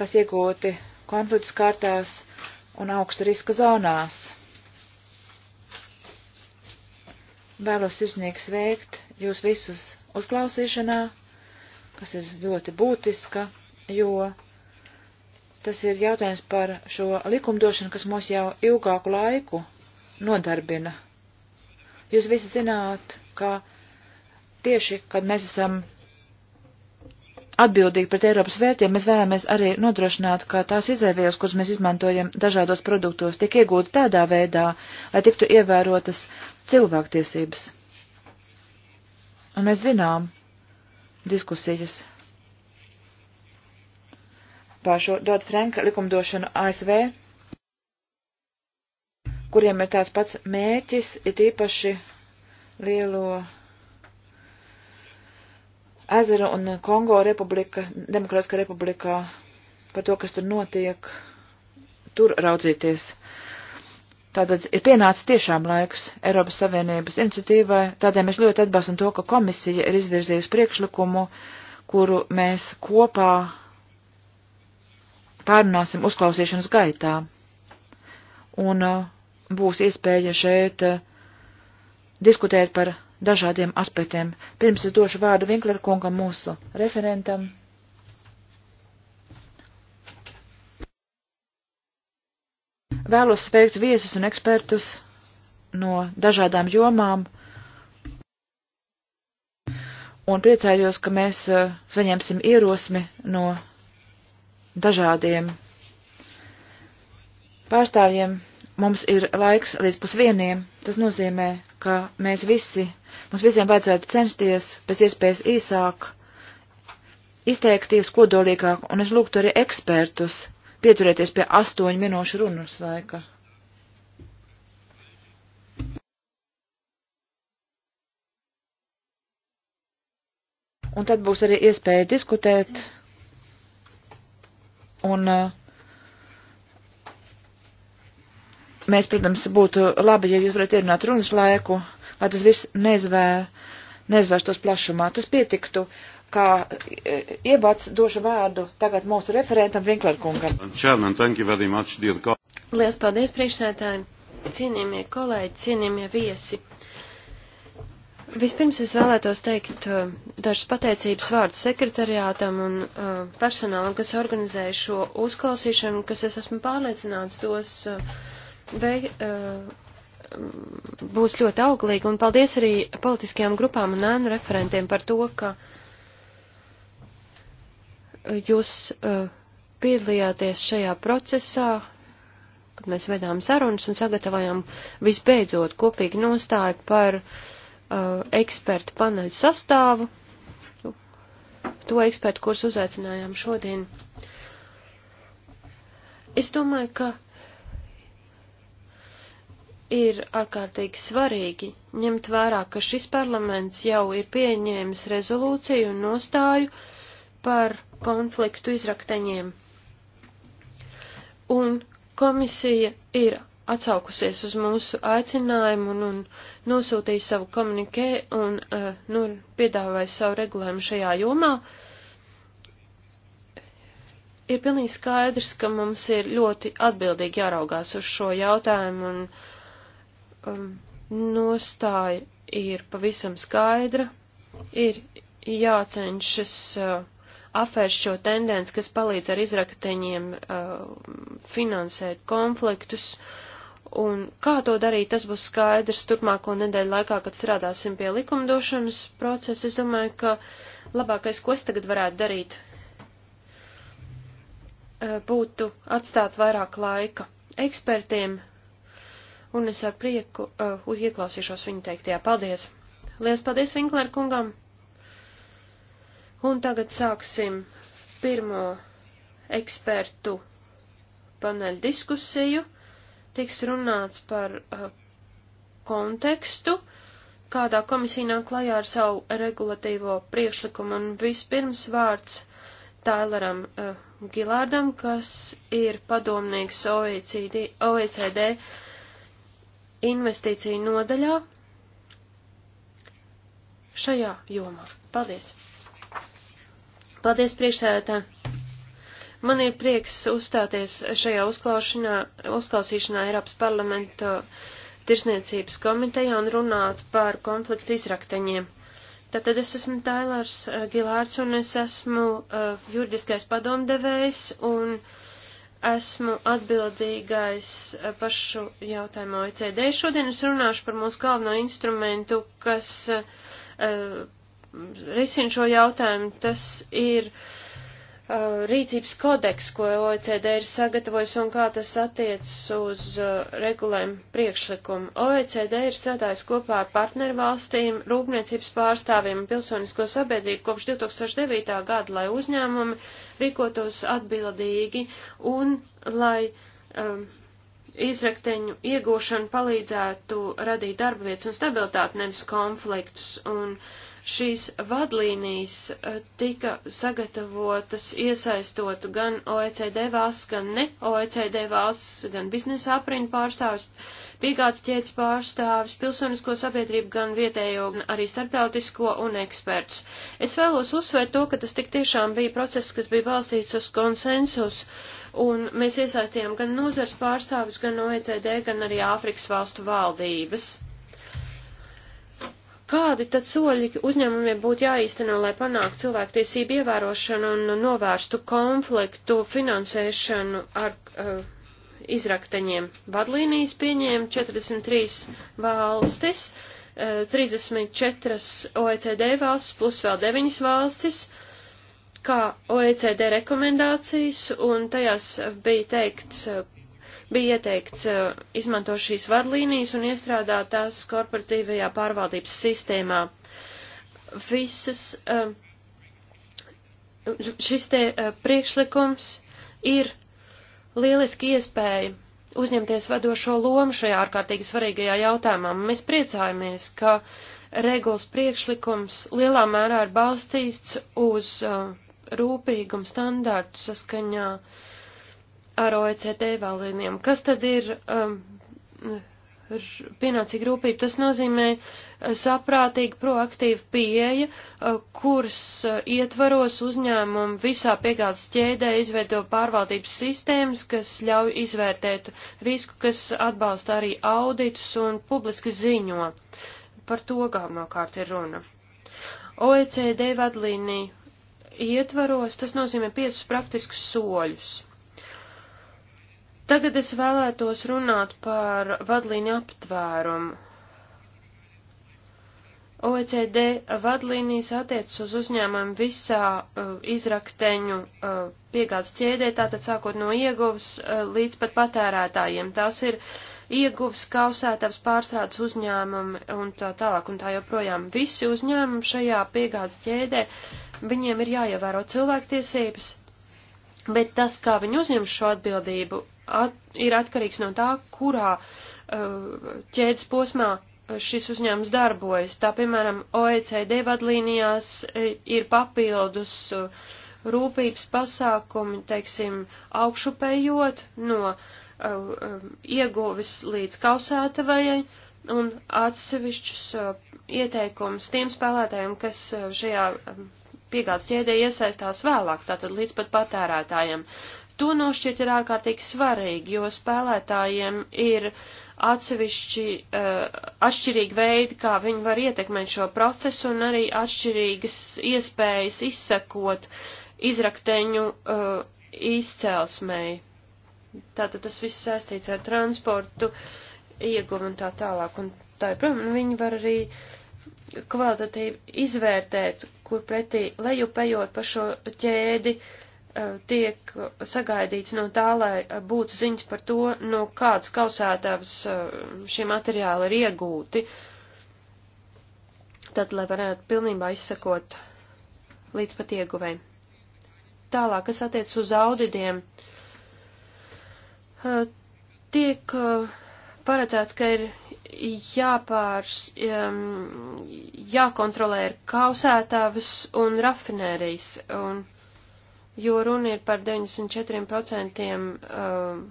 Speaker 2: kas iegūti konfliktus kārtās un augsta riska zonās. Vēlos sirsnīgi sveikt jūs visus uzklausīšanā, kas ir ļoti būtiska, jo Tas ir jautājums par šo likumdošanu, kas mūs jau ilgāku laiku nodarbina. Jūs visi zināt, ka tieši, kad mēs esam atbildīgi pret Eiropas vērtiem, mēs vēlamies arī nodrošināt, ka tās izēvielas, kuras mēs izmantojam dažādos produktos, tiek iegūta tādā veidā, lai tiktu ievērotas cilvēktiesības. Un mēs zinām diskusijas pār šo Dodd Franka likumdošanu ASV, kuriem ir tāds pats mērķis, ir īpaši lielo ezeru un Kongo republika, Demokrātiskā republikā, par to, kas tur notiek, tur raudzīties. Tātad ir pienācis tiešām laiks Eiropas Savienības iniciatīvai, tādēļ mēs ļoti atbalstam to, ka komisija ir izvirzījusi priekšlikumu, kuru mēs kopā pārunāsim uzklausīšanas gaitā. Un uh, būs iespēja šeit uh, diskutēt par dažādiem aspektiem. Pirms es došu vārdu Vinklerkungam, mūsu referentam. Vēlos sveikt viesus un ekspertus no dažādām jomām un priecājos, ka mēs uh, saņemsim ierosmi no dažādiem pārstāvjiem. Mums ir laiks līdz pusvieniem. Tas nozīmē, ka mēs visi, mums visiem vajadzētu censties pēc iespējas īsāk izteikties kodolīgāk, un es lūgtu arī ekspertus pieturēties pie astoņu minūšu runas laika. Un tad būs arī iespēja diskutēt. Mm. Un eh, mēs, protams, būtu labi, ja jūs varētu ierunāt runas laiku, lai tas viss neizvēr, neizvērstos plašumā. Tas pietiktu, kā eh, ievads došu vārdu tagad mūsu referentam Vinklerkungam.
Speaker 3: Liels paldies priekšsētājiem, cienījamie kolēģi, cienījamie viesi. Vispirms es vēlētos teikt uh, dažas pateicības vārdus sekretariātam un uh, personālam, kas organizēja šo uzklausīšanu, kas es esmu pārliecināts dos uh, beig, uh, būs ļoti auglīgi. Un paldies arī politiskajām grupām un ēnu referentiem par to, ka jūs uh, piedalījāties šajā procesā, kad mēs vedām sarunas un sagatavojām visbeidzot kopīgi nostāju par uh, Uh, ekspertu paneļu sastāvu. To ekspertu, kurus uzaicinājām šodien. Es domāju, ka ir ārkārtīgi svarīgi ņemt vērā, ka šis parlaments jau ir pieņēmis rezolūciju un nostāju par konfliktu izrakteņiem. Un komisija ir atsaukusies uz mūsu aicinājumu un, un nosūtīja savu komunikē un uh, nu, piedāvāja savu regulējumu šajā jomā. Ir pilnīgi skaidrs, ka mums ir ļoti atbildīgi jāraugās uz šo jautājumu un um, nostāja ir pavisam skaidra. Ir jācenšas uh, apvērst šo tendenci, kas palīdz ar izrakteņiem uh, finansēt konfliktus. Uh, Un kā to darīt, tas būs skaidrs turpmāko nedēļu laikā, kad strādāsim pie likumdošanas procesa. Es domāju, ka labākais, ko es tagad varētu darīt, e, būtu atstāt vairāk laika ekspertiem, un es ar prieku uh, ieklausīšos viņu teiktajā. Paldies! Lielas paldies Vinklēra kungam! Un tagad sāksim pirmo ekspertu paneļu diskusiju tiks runāts par uh, kontekstu, kādā komisija nāk klajā ar savu regulatīvo priekšlikumu, un vispirms vārds Taileram uh, Gilārdam, kas ir padomnieks OECD, OECD investīciju nodaļā šajā jomā. Paldies! Paldies priekšsēdētājai! Man ir prieks uzstāties šajā uzklausīšanā Eiropas parlamenta tirsniecības komitejā un runāt par konfliktu izrakteņiem. Tātad es esmu Tailārs eh, Gilārds un es esmu uh, juridiskais padomdevējs un esmu atbildīgais eh, par šo jautājumu OECD. Šodien es runāšu par mūsu galveno instrumentu, kas uh, risina šo jautājumu. Tas ir uh, Uh, rīcības kodeks, ko OECD ir sagatavojis un kā tas attiecas uz uh, regulējumu priekšlikumu. OECD ir strādājis kopā ar partnervalstīm, rūpniecības pārstāvjiem un pilsonisko sabiedrību kopš 2009. gada, lai uzņēmumi rīkotos atbildīgi un lai um, izrakteņu iegūšana palīdzētu radīt darba vietas un stabilitāti, nevis konfliktus. Un, uh, Šīs vadlīnijas eh, tika sagatavotas iesaistot gan OECD valsts, gan ne OECD valsts, gan biznesa apriņu pārstāvis, piegādes ķēdes pārstāvis, pilsonisko sabiedrību, gan vietējo, gan arī starptautisko un ekspertus. Es vēlos uzsvērt to, ka tas tik tiešām bija process, kas bija balstīts uz konsensus un mēs iesaistījām gan nozars pārstāvis, gan OECD, gan arī Āfrikas valstu valdības. Kādi tad soļi uzņēmumiem būtu jāīsteno, lai panāktu cilvēktiesību ievērošanu un novērstu konfliktu finansēšanu ar uh, izrakteņiem? Vadlīnijas pieņēma 43 valstis, uh, 34 OECD valstis plus vēl 9 valstis, kā OECD rekomendācijas, un tajās bija teikts, uh, bija ieteikts uh, izmanto šīs vadlīnijas un iestrādāt tās korporatīvajā pārvaldības sistēmā. Visas uh, šis te uh, priekšlikums ir lieliski iespēja uzņemties vadošo lomu šajā ārkārtīgi svarīgajā jautājumā. Mēs priecājamies, ka regulas priekšlikums lielā mērā ir balstīts uz rūpīgumu standārtu saskaņā uh, ar OECD valdībiem. Kas tad ir um, pienācīga rūpība? Tas nozīmē uh, saprātīga, proaktīva pieeja, uh, kuras uh, ietvaros uzņēmumi visā piegādes ķēdē izveido pārvaldības sistēmas, kas ļauj izvērtēt risku, kas atbalsta arī auditus un publiski ziņo. Par to galvenokārt ir runa. OECD vadlīnija ietvaros, tas nozīmē piecus praktiskus soļus. Tagad es vēlētos runāt par vadlīņu aptvērumu. OECD vadlīnijas attiecas uz uzņēmumu visā uh, izrakteņu uh, piegādes ķēdē, tātad sākot no ieguvas uh, līdz pat patērētājiem. Tās ir ieguvas, kausētavas, pārstrādes uzņēmumi un tā tālāk un tā joprojām. Visi uzņēmumi šajā piegādes ķēdē, viņiem ir jāievēro cilvēktiesības, bet tas, kā viņi uzņem šo atbildību, at, ir atkarīgs no tā, kurā uh, ķēdes posmā uh, šis uzņēmums darbojas. Tā, piemēram, OECD vadlīnijās uh, ir papildus uh, rūpības pasākumi, teiksim, augšupējot no uh, um, ieguvis līdz kausētavajai un atsevišķus uh, ieteikumus tiem spēlētājiem, kas šajā um, piegādes ķēdē iesaistās vēlāk, tātad līdz pat patērētājiem. To nošķirt ir ārkārtīgi svarīgi, jo spēlētājiem ir atsevišķi, uh, atšķirīgi veidi, kā viņi var ietekmēt šo procesu un arī atšķirīgas iespējas izsekot izrakteņu uh, eh, izcelsmēji. Tātad tas viss saistīts ar transportu, ieguvu un tā tālāk. Un tā, protams, nu, viņi var arī kvalitatīvi izvērtēt, kur pretī lejupējot pa šo ķēdi eh, tiek sagaidīts no tā, lai būtu ziņas par to, no kādas kausētāvas eh, šie materiāli ir iegūti, tad, lai varētu pilnībā izsakot līdz pat ieguvēm. Tālāk, kas attiec uz auditiem, eh, tiek paredzēts, ka ir jāpārs, um, jākontrolē ir kausētāvas un rafinērijas, un, jo runa ir par 94% um,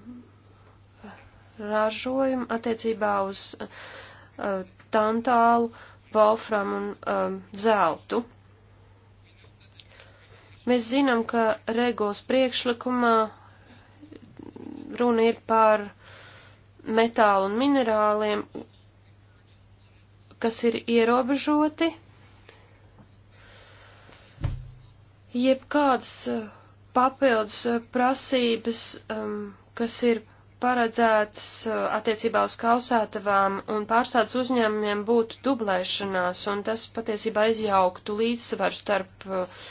Speaker 3: ražojumu attiecībā uz uh, tantālu, volfram un um, zeltu. Mēs zinām, ka regulas priekšlikumā runa ir par metālu un minerāliem, kas ir ierobežoti, jebkādas eh, papildus eh, prasības, um, kas ir paredzētas eh, attiecībā uz kausētavām un pārstādes uzņēmumiem būtu dublēšanās, un tas patiesībā izjauktu līdzsvaru starp uh,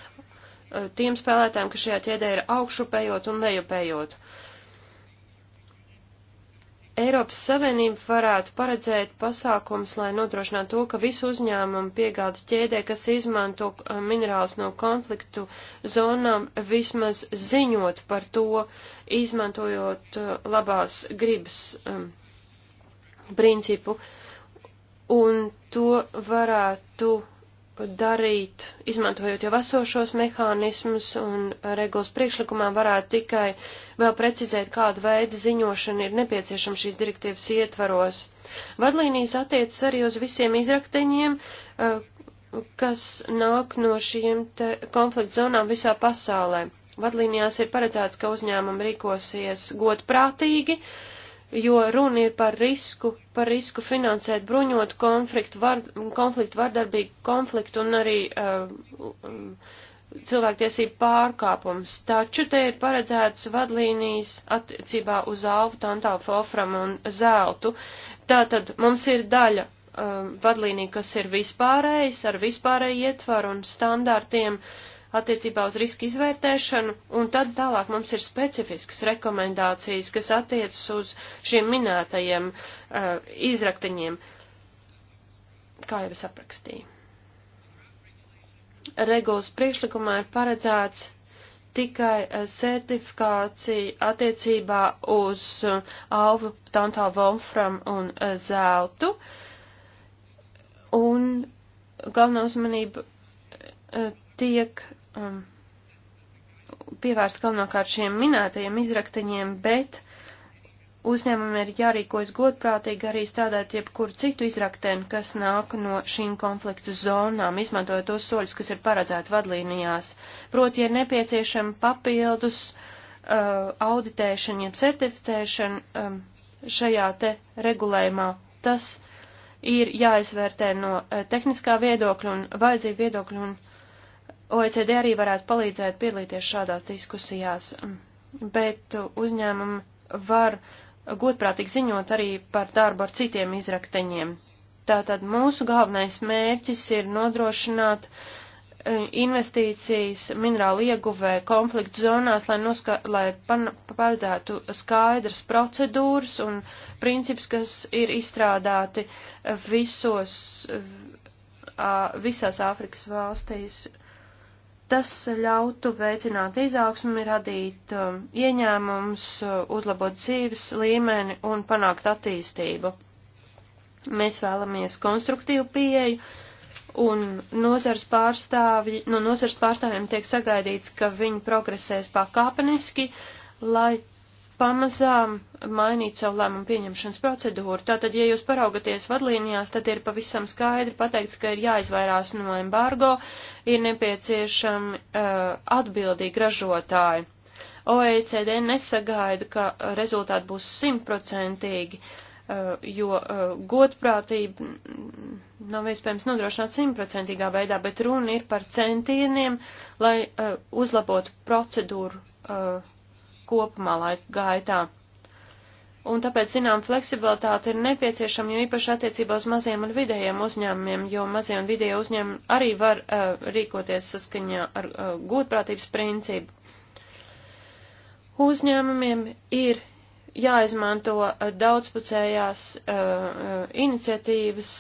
Speaker 3: tiem spēlētājiem, kas šajā ķēdē ir augšupējot un lejupējot. Uh, Eiropas Savienība varētu paredzēt pasākums, lai nodrošinātu to, ka visu uzņēmumu piegādes ķēdē, kas izmanto uh, minerālus no konfliktu zonām, vismaz ziņot par to, izmantojot uh, labās gribas um, principu, un to varētu darīt, izmantojot jau esošos mehānismus, un regulas priekšlikumā varētu tikai vēl precizēt, kāda veida ziņošana ir nepieciešama šīs direktīvas ietvaros. Vadlīnijas attiecas arī uz visiem izrakteņiem, eh, kas nāk no šiem konfliktu zonām visā pasaulē. Vadlīnijās ir paredzēts, ka uzņēmumi rīkosies godprātīgi, uh, jo runa ir par risku, par risku finansēt bruņotu konfliktu, var, konfliktu vardarbīgu konfliktu un arī uh, um, cilvēktiesību pārkāpums. Taču te ir paredzēts vadlīnijas attiecībā uz alvu, tantālu, fofram un zeltu. Tātad mums ir daļa uh, vadlīnija, kas ir vispārējais, ar vispārēju ietvaru un standārtiem. Uh, attiecībā uz riska izvērtēšanu, un tad tālāk mums ir specifiskas rekomendācijas, kas attiecas uz šiem minētajiem uh, eh, izraktaņiem, kā jau es aprakstīju. Regulas priekšlikumā ir paredzēts tikai eh, certifikācija attiecībā uz eh, alvu, tantālu, volfram un zeltu. Un galvenā uzmanība tiek um, pievērsta galvenokārt šiem minētajiem izraktaņiem, bet uzņēmumi ir jārīkojas godprātīgi arī strādāt jebkuru citu izraktēnu, kas nāk no šīm konfliktu zonām, izmantojot tos soļus, kas ir paredzēti vadlīnijās. Proti, ir nepieciešama papildus uh, auditēšana, jeb certificēšana um, šajā te regulējumā. Tas ir jāizvērtē no uh, tehniskā viedokļa un vajadzību viedokļa un uh, OECD arī varētu palīdzēt piedalīties šādās diskusijās, bet uzņēmumi var godprātīgi ziņot arī par darbu ar citiem izrakteņiem. Tātad mūsu galvenais mērķis ir nodrošināt e, investīcijas minerālu ieguvē konfliktu zonās, lai, noska, lai paredzētu skaidras procedūras un princips, kas ir izstrādāti visos, visās Āfrikas valstīs Tas ļautu veicināt izaugsmu, radīt um, ieņēmumus, uh, uzlabot dzīves līmeni un panākt attīstību. Mēs vēlamies konstruktīvu pieeju, un nozars pārstāvji, no nu, nozars pārstāvjiem tiek sagaidīts, ka viņi progresēs pakāpeniski, lai pamazām mainīt savu lēmumu pieņemšanas procedūru. Tātad, ja jūs paraugaties vadlīnijās, tad ir pavisam skaidri pateikts, ka ir jāizvairās no embargo, ir nepieciešami uh, atbildīgi ražotāji. OECD nesagaida, ka rezultāti būs simtprocentīgi, uh, jo uh, godprātība mm, nav iespējams nodrošināt simtprocentīgā veidā, bet runa ir par centieniem, lai uh, uzlabotu procedūru. Uh, kopumā laika gaitā. Un tāpēc, zinām, fleksibilitāte ir nepieciešama, jo īpaši attiecībā uz maziem un vidējiem uzņēmumiem, jo mazie un vidējie uzņēmumi arī var uh, rīkoties saskaņā ar uh, godprātības principu. Uzņēmumiem ir jāizmanto uh, daudzpucējās uh, uh, iniciatīvas,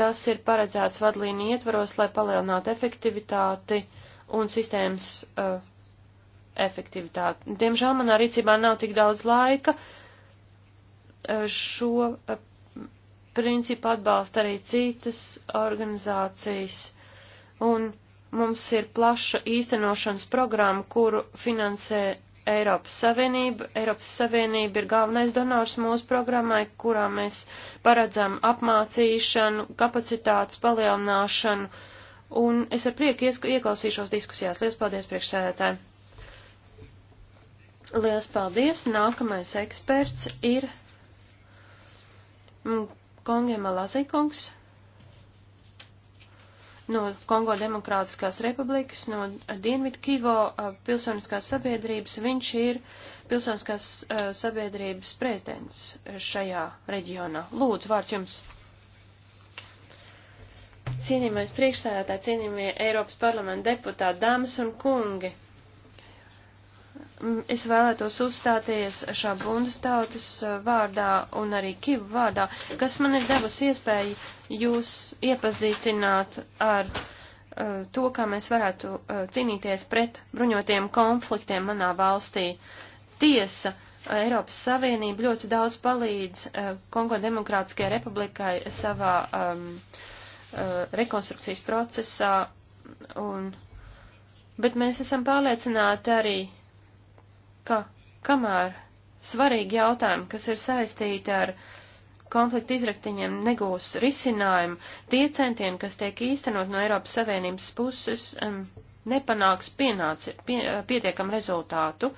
Speaker 3: tas ir paredzēts vadlīnija ietvaros, lai palielinātu efektivitāti un sistēmas uh, efektivitāti. Diemžēl manā rīcībā nav tik daudz laika. Šo principu atbalsta arī citas organizācijas. Un mums ir plaša īstenošanas programma, kuru finansē Eiropas Savienība. Eiropas Savienība ir galvenais donors mūsu programmai, kurā mēs paredzam apmācīšanu, kapacitātes palielināšanu, un es ar prieku ieklausīšos diskusijās. Lielas paldies priekšsēdētāji! Lielas paldies! Nākamais eksperts ir mm, Kongiem Alazikungs no Kongo Demokrātiskās republikas, no Dienvidu Kivo pilsoniskās sabiedrības. Viņš ir pilsoniskās sabiedrības prezidents šajā reģionā. Lūdzu, vārds jums! Cienījamais priekšsēdētāji, cienījamie Eiropas parlamenta deputāti, dāmas un kungi! Mm, es vēlētos uzstāties šā bundestautas eh, vārdā un arī kivu vārdā, kas man ir devusi iespēju jūs iepazīstināt ar uh, to, kā mēs varētu uh, cīnīties pret bruņotiem konfliktiem manā valstī. Tiesa, Eiropas Savienība ļoti daudz palīdz uh, Kongo Demokrātiskajai republikai savā um, rekonstrukcijas procesā, un, bet mēs esam pārliecināti arī ka kamēr svarīgi jautājumi, kas ir saistīti ar konfliktu izraktiņiem, negūs risinājumu, tie centieni, kas tiek īstenot no Eiropas Savienības puses, um, nepanāks pienāci, pie, pietiekam rezultātu.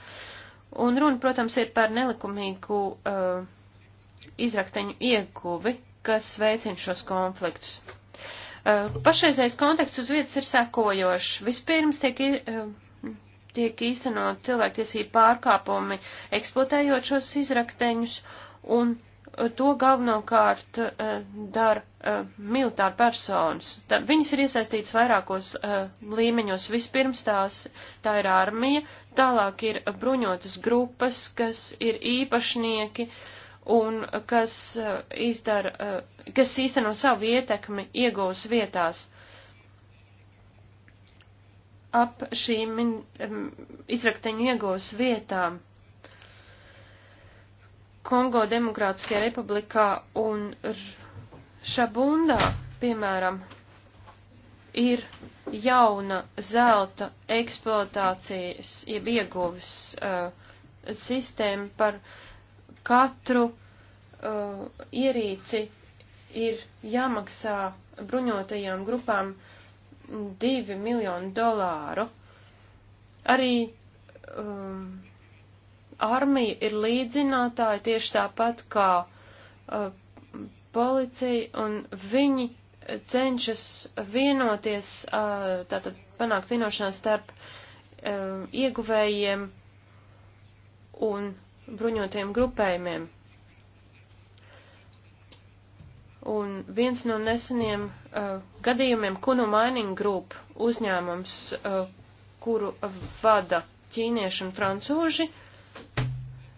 Speaker 3: Un runa, protams, ir par nelikumīgu uh, e, izrakteņu ieguvi, kas veicina šos konfliktus. Uh, pašreizējais konteksts uz vietas ir sekojošs. Vispirms tiek uh, tiek īstenot cilvēktiesību pārkāpumi, eksploatējot šos izrakteņus, un uh, to galvenokārt uh, dara uh, militāri personas. Tā, viņas ir iesaistīts vairākos līmeņos. Vispirms tās tā ir armija, tālāk ir bruņotas grupas, kas ir īpašnieki un kas, izdara, kas īsteno savu ietekmi iegūs vietās ap šīm um, izrakteņu iegūs vietām Kongo Demokrātiskajā republikā un Šabundā, piemēram, ir jauna zelta eksploatācijas, jeb ieguvis uh, eh, sistēma par katru uh, ierīci ir jāmaksā bruņotajām grupām uh, 2 miljoni dolāru. Arī um, armija ir līdzinātāja tieši tāpat kā uh, policija, un viņi cenšas vienoties, uh, tātad panākt vienošanās starp uh, ieguvējiem un bruņotiem grupējumiem. Un viens no neseniem uh, gadījumiem, Kunu Mining Group uzņēmums, uh, kuru vada ķīnieši un francūži,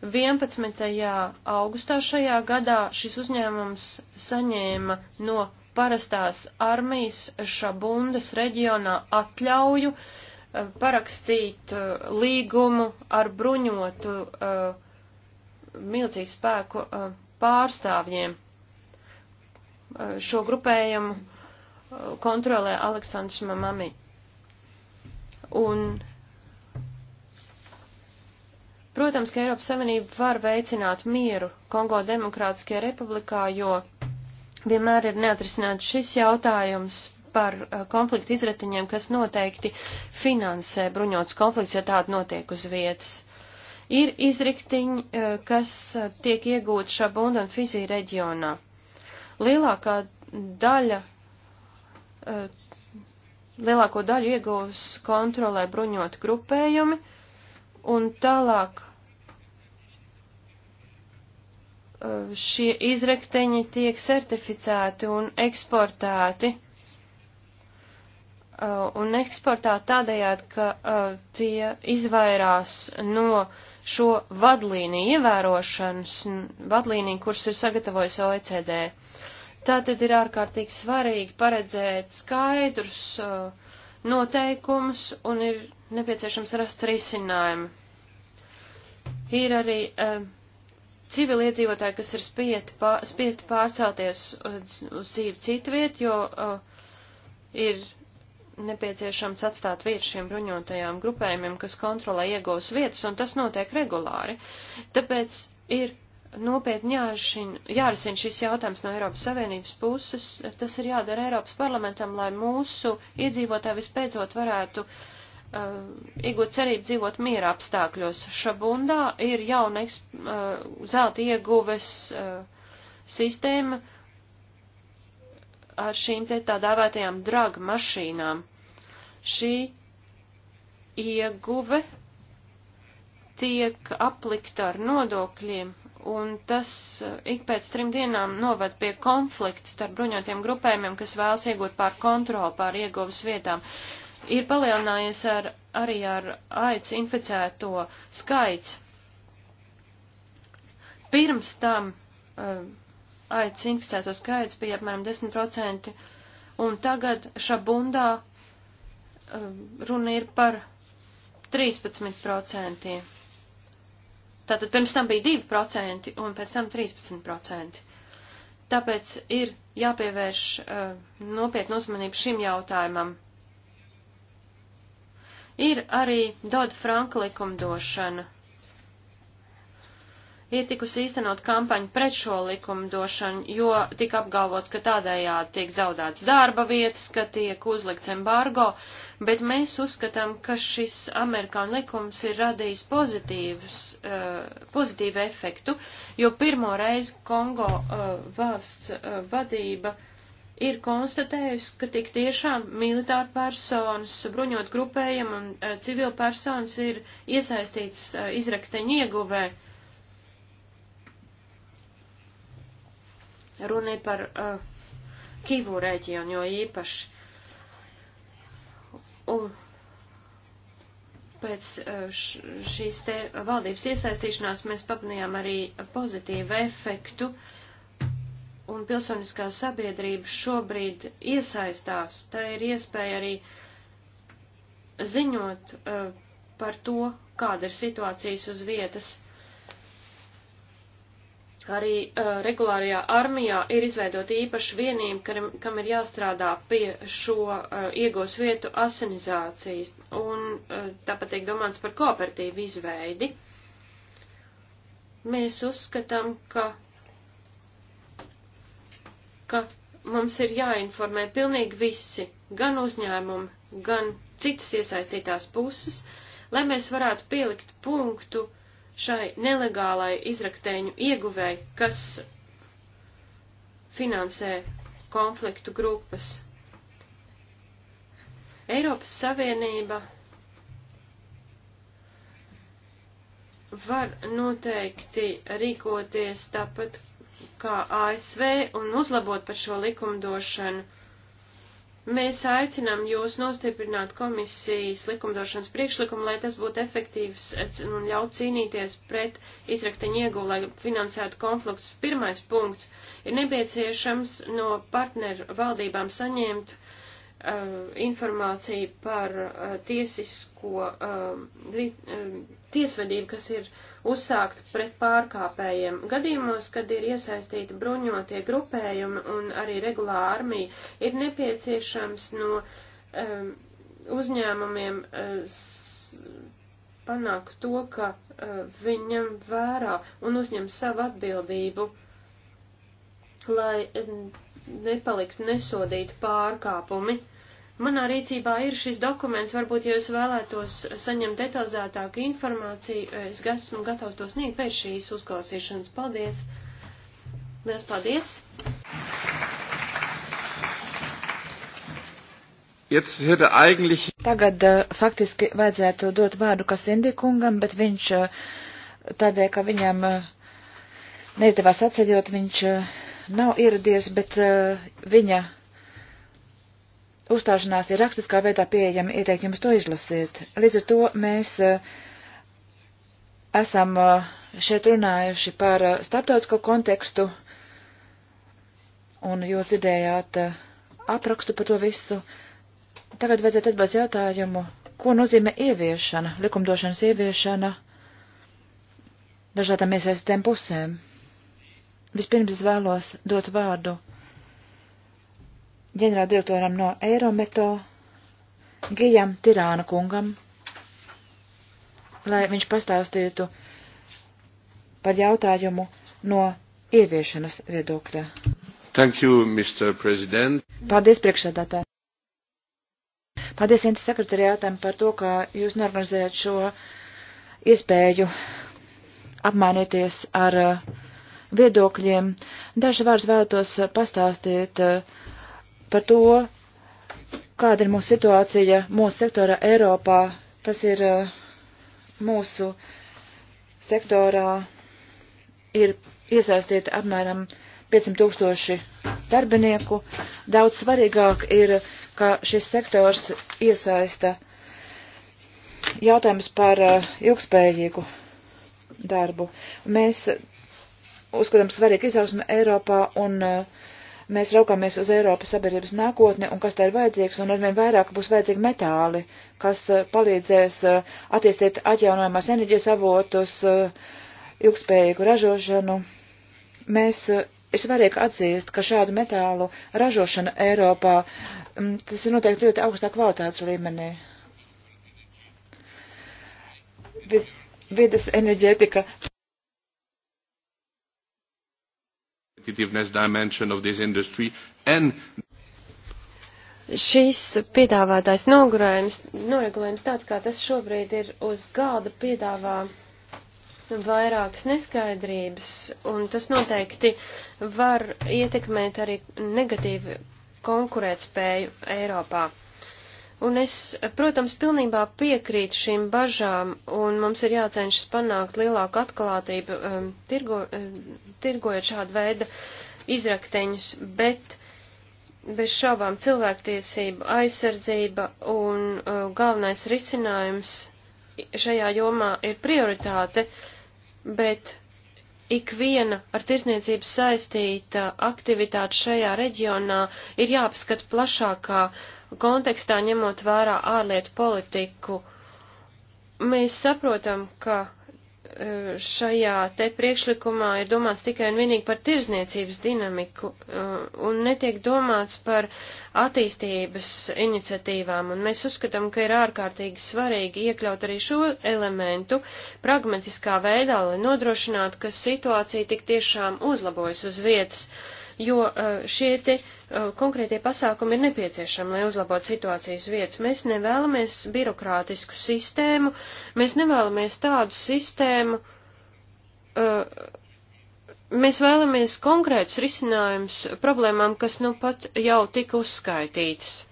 Speaker 3: 11. augustā šajā gadā šis uzņēmums saņēma no parastās armijas Šabundas reģionā atļauju uh, parakstīt uh, līgumu ar bruņotu uh, milicijas spēku uh, pārstāvjiem. Eh, šo grupējumu eh, kontrolē Aleksandrs Mamami. Un, protams, ka Eiropas Savienība var veicināt mieru Kongo Demokrātiskajā republikā, jo vienmēr ir neatrisināts šis jautājums par eh, konfliktu izretiņiem, kas noteikti finansē bruņots konflikts, ja tāda notiek uz vietas. Ir izriktiņi, kas tiek iegūti Šabunda un Fizī reģionā lielākā daļa, eh, lielāko daļu ieguvis kontrolē bruņot grupējumi, un tālāk eh, šie izrekteņi tiek certificēti un eksportēti, eh, un eksportēti tādējādi, ka tie izvairās no šo vadlīniju ievērošanas, vadlīniju, kuras ir sagatavojis OECD. Tātad ir ārkārtīgi svarīgi paredzēt skaidrus uh, noteikumus un ir nepieciešams rast risinājumu. Ir arī uh, civiliedzīvotāji, kas ir spieti, pā, spiesti pārcelties uz, uz dzīvi citviet, jo uh, ir nepieciešams atstāt vietu šiem bruņotajām grupējumiem, kas kontrolē iegūs vietas, un tas notiek regulāri. Tāpēc ir nopietni jārisina, jārisina šis jautājums no Eiropas Savienības puses. Tas ir jādara Eiropas parlamentam, lai mūsu iedzīvotāji vispēcot varētu uh, iegūt cerību dzīvot miera apstākļos. Šabundā ir jauna eksp, uh, zelta ieguves uh, sistēma ar šīm te tā dēvētajām draga mašīnām. Šī ieguve tiek aplikta ar nodokļiem un tas eh, ik pēc trim dienām novad pie konflikta starp bruņotiem grupējumiem, kas vēlas iegūt pār kontroli pār ieguvas vietām. Ir palielinājies ar, arī ar aids inficēto skaits. Pirms tam uh, aids inficēto skaits bija apmēram 10%, un tagad šabundā uh, runa ir par 13%. Tātad pirms tam bija 2% un pēc tam 13%. Tāpēc ir jāpievērš uh, eh, nopietnu uzmanību šim jautājumam. Ir arī Doda Franka likumdošana. Ir tikusi īstenot kampaņu pret šo likumdošanu, jo tika apgalvots, ka tādējādi tiek zaudēts darba vietas, ka tiek uzlikts embargo. Uh, bet mēs uzskatām, ka šis amerikāņu likums ir radījis pozitīvus, uh, pozitīvu efektu, jo pirmo reizi Kongo uh, valsts uh, vadība ir konstatējusi, ka tik tiešām militāri personas, bruņot grupējiem un uh, civil personas ir iesaistīts uh, izrakteņu ieguvē. Runa ir par uh, Kivu reģionu jo īpaši. Un pēc eh, šīs te valdības iesaistīšanās mēs pamanījām arī pozitīvu efektu, un pilsoniskā sabiedrība šobrīd iesaistās. Tā ir iespēja arī ziņot eh, par to, kāda ir situācijas uz vietas. Arī uh, regulārajā armijā ir izveidota īpaša vienība, kam, kam ir jāstrādā pie šo uh, iegūs vietu asinizācijas, un uh, tāpat tiek domāts par kooperatīvu izveidi. Mēs uzskatām, ka, ka mums ir jāinformē pilnīgi visi, gan uzņēmumi, gan citas iesaistītās puses, lai mēs varētu pielikt punktu šai nelegālai izrakteņu ieguvēji, kas finansē konfliktu grupas. Eiropas Savienība var noteikti rīkoties tāpat kā ASV un uzlabot par šo likumdošanu Mēs aicinām jūs nostiprināt komisijas likumdošanas priekšlikumu, lai tas būtu efektīvs eh, un ļaut cīnīties pret izrakteņu iegūlu, lai finansētu konfliktus. Pirmais punkts ir nepieciešams no partneru valdībām saņemt uh, Eh, informāciju par eh, tiesisko eh, tiesvedību, kas ir uzsākta pret pārkāpējiem. Gadījumos, kad ir iesaistīti bruņotie grupējumi un arī regulā armija, ir nepieciešams no uzņēmumiem panākt to, ka viņam vērā un uzņem savu atbildību, lai nepalikt nesodīti pārkāpumi. Manā rīcībā ir šis dokuments, varbūt, ja jūs vēlētos saņemt detalizētāku informāciju, es esmu gatavs to sniegt pēc šīs uzklausīšanas. Paldies!
Speaker 2: Liels paldies! Tagad eh, faktiski vajadzētu dot vārdu Kasindi kungam, bet viņš eh, tādēļ, ka viņam eh, neizdevās atceļot, viņš nav ieradies, bet viņa uzstāšanās ir rakstiskā veidā pieejami, ieteiktu jums to izlasiet. Līdz ar to mēs eh, esam eh, šeit runājuši par eh, starptautisko kontekstu, un jūs dzirdējāt aprakstu par to visu. Tagad vajadzētu atbāz jautājumu, ko nozīmē ieviešana, likumdošanas ieviešana dažādām iesaistēm pusēm. Vispirms es vēlos dot vārdu ģenerāldirektoram no Eirometo Gijam Tirāna kungam, lai viņš pastāstītu par jautājumu no ieviešanas viedokļa.
Speaker 1: Thank you, Mr. President.
Speaker 2: Paldies, priekšsēdētāji. Paldies Inti sekretariātam par to, ka jūs norganizējat šo iespēju apmainīties ar uh, viedokļiem. Daži vārds vēlētos pastāstīt uh, par to, kāda ir mūsu situācija mūsu sektorā Eiropā. Tas ir eh, mūsu sektorā ir iesaistīti apmēram 500 tūkstoši darbinieku. Daudz svarīgāk ir, ka šis sektors iesaista jautājums par eh, ilgspējīgu darbu. Mēs uzskatām svarīgu izaugsmu Eiropā un uh, mēs raugāmies uz Eiropas sabiedrības nākotni un kas tā ir vajadzīgs, un arvien vairāk būs vajadzīgi metāli, kas eh, palīdzēs eh, attīstīt atjaunojamās enerģijas avotus, eh, ilgspējīgu ražošanu. Mēs ir svarīgi atzīst, ka šādu metālu ražošana Eiropā, mm, tas ir noteikti ļoti augstā kvalitātes līmenī. Vides enerģētika. competitiveness dimension of this industry and
Speaker 3: Šis piedāvātais noregulējums, noregulējums tāds, kā tas šobrīd ir uz galda, piedāvā vairākas neskaidrības, un tas noteikti var ietekmēt arī negatīvi konkurētspēju Eiropā. Un es, protams, pilnībā piekrītu šīm bažām, un mums ir jācenšas panākt lielāku atklātību, um, tirgo, um, tirgojot šādu veidu izrakteņus, bet bez šābām cilvēktiesība, aizsardzība un uh, galvenais risinājums šajā jomā ir prioritāte, bet ikviena ar tirsniecību saistīta aktivitāte šajā reģionā ir jāpaskat plašākā uh, kontekstā, ņemot vērā ārlietu politiku, mēs saprotam, ka e, šajā te priekšlikumā ir domāts tikai un vienīgi par tirzniecības dinamiku e, un netiek domāts par attīstības iniciatīvām, un mēs uzskatām, ka ir ārkārtīgi svarīgi iekļaut arī šo elementu pragmatiskā veidā, lai nodrošinātu, ka situācija tik tiešām uzlabojas uz vietas. Uh, jo eh, šie te eh, konkrētie pasākumi ir nepieciešami, lai uzlabotu situācijas vietas. Mēs nevēlamies birokrātisku sistēmu, mēs nevēlamies tādu sistēmu, eh, mēs vēlamies konkrētus risinājumus problēmām, kas nu pat jau tika uzskaitītas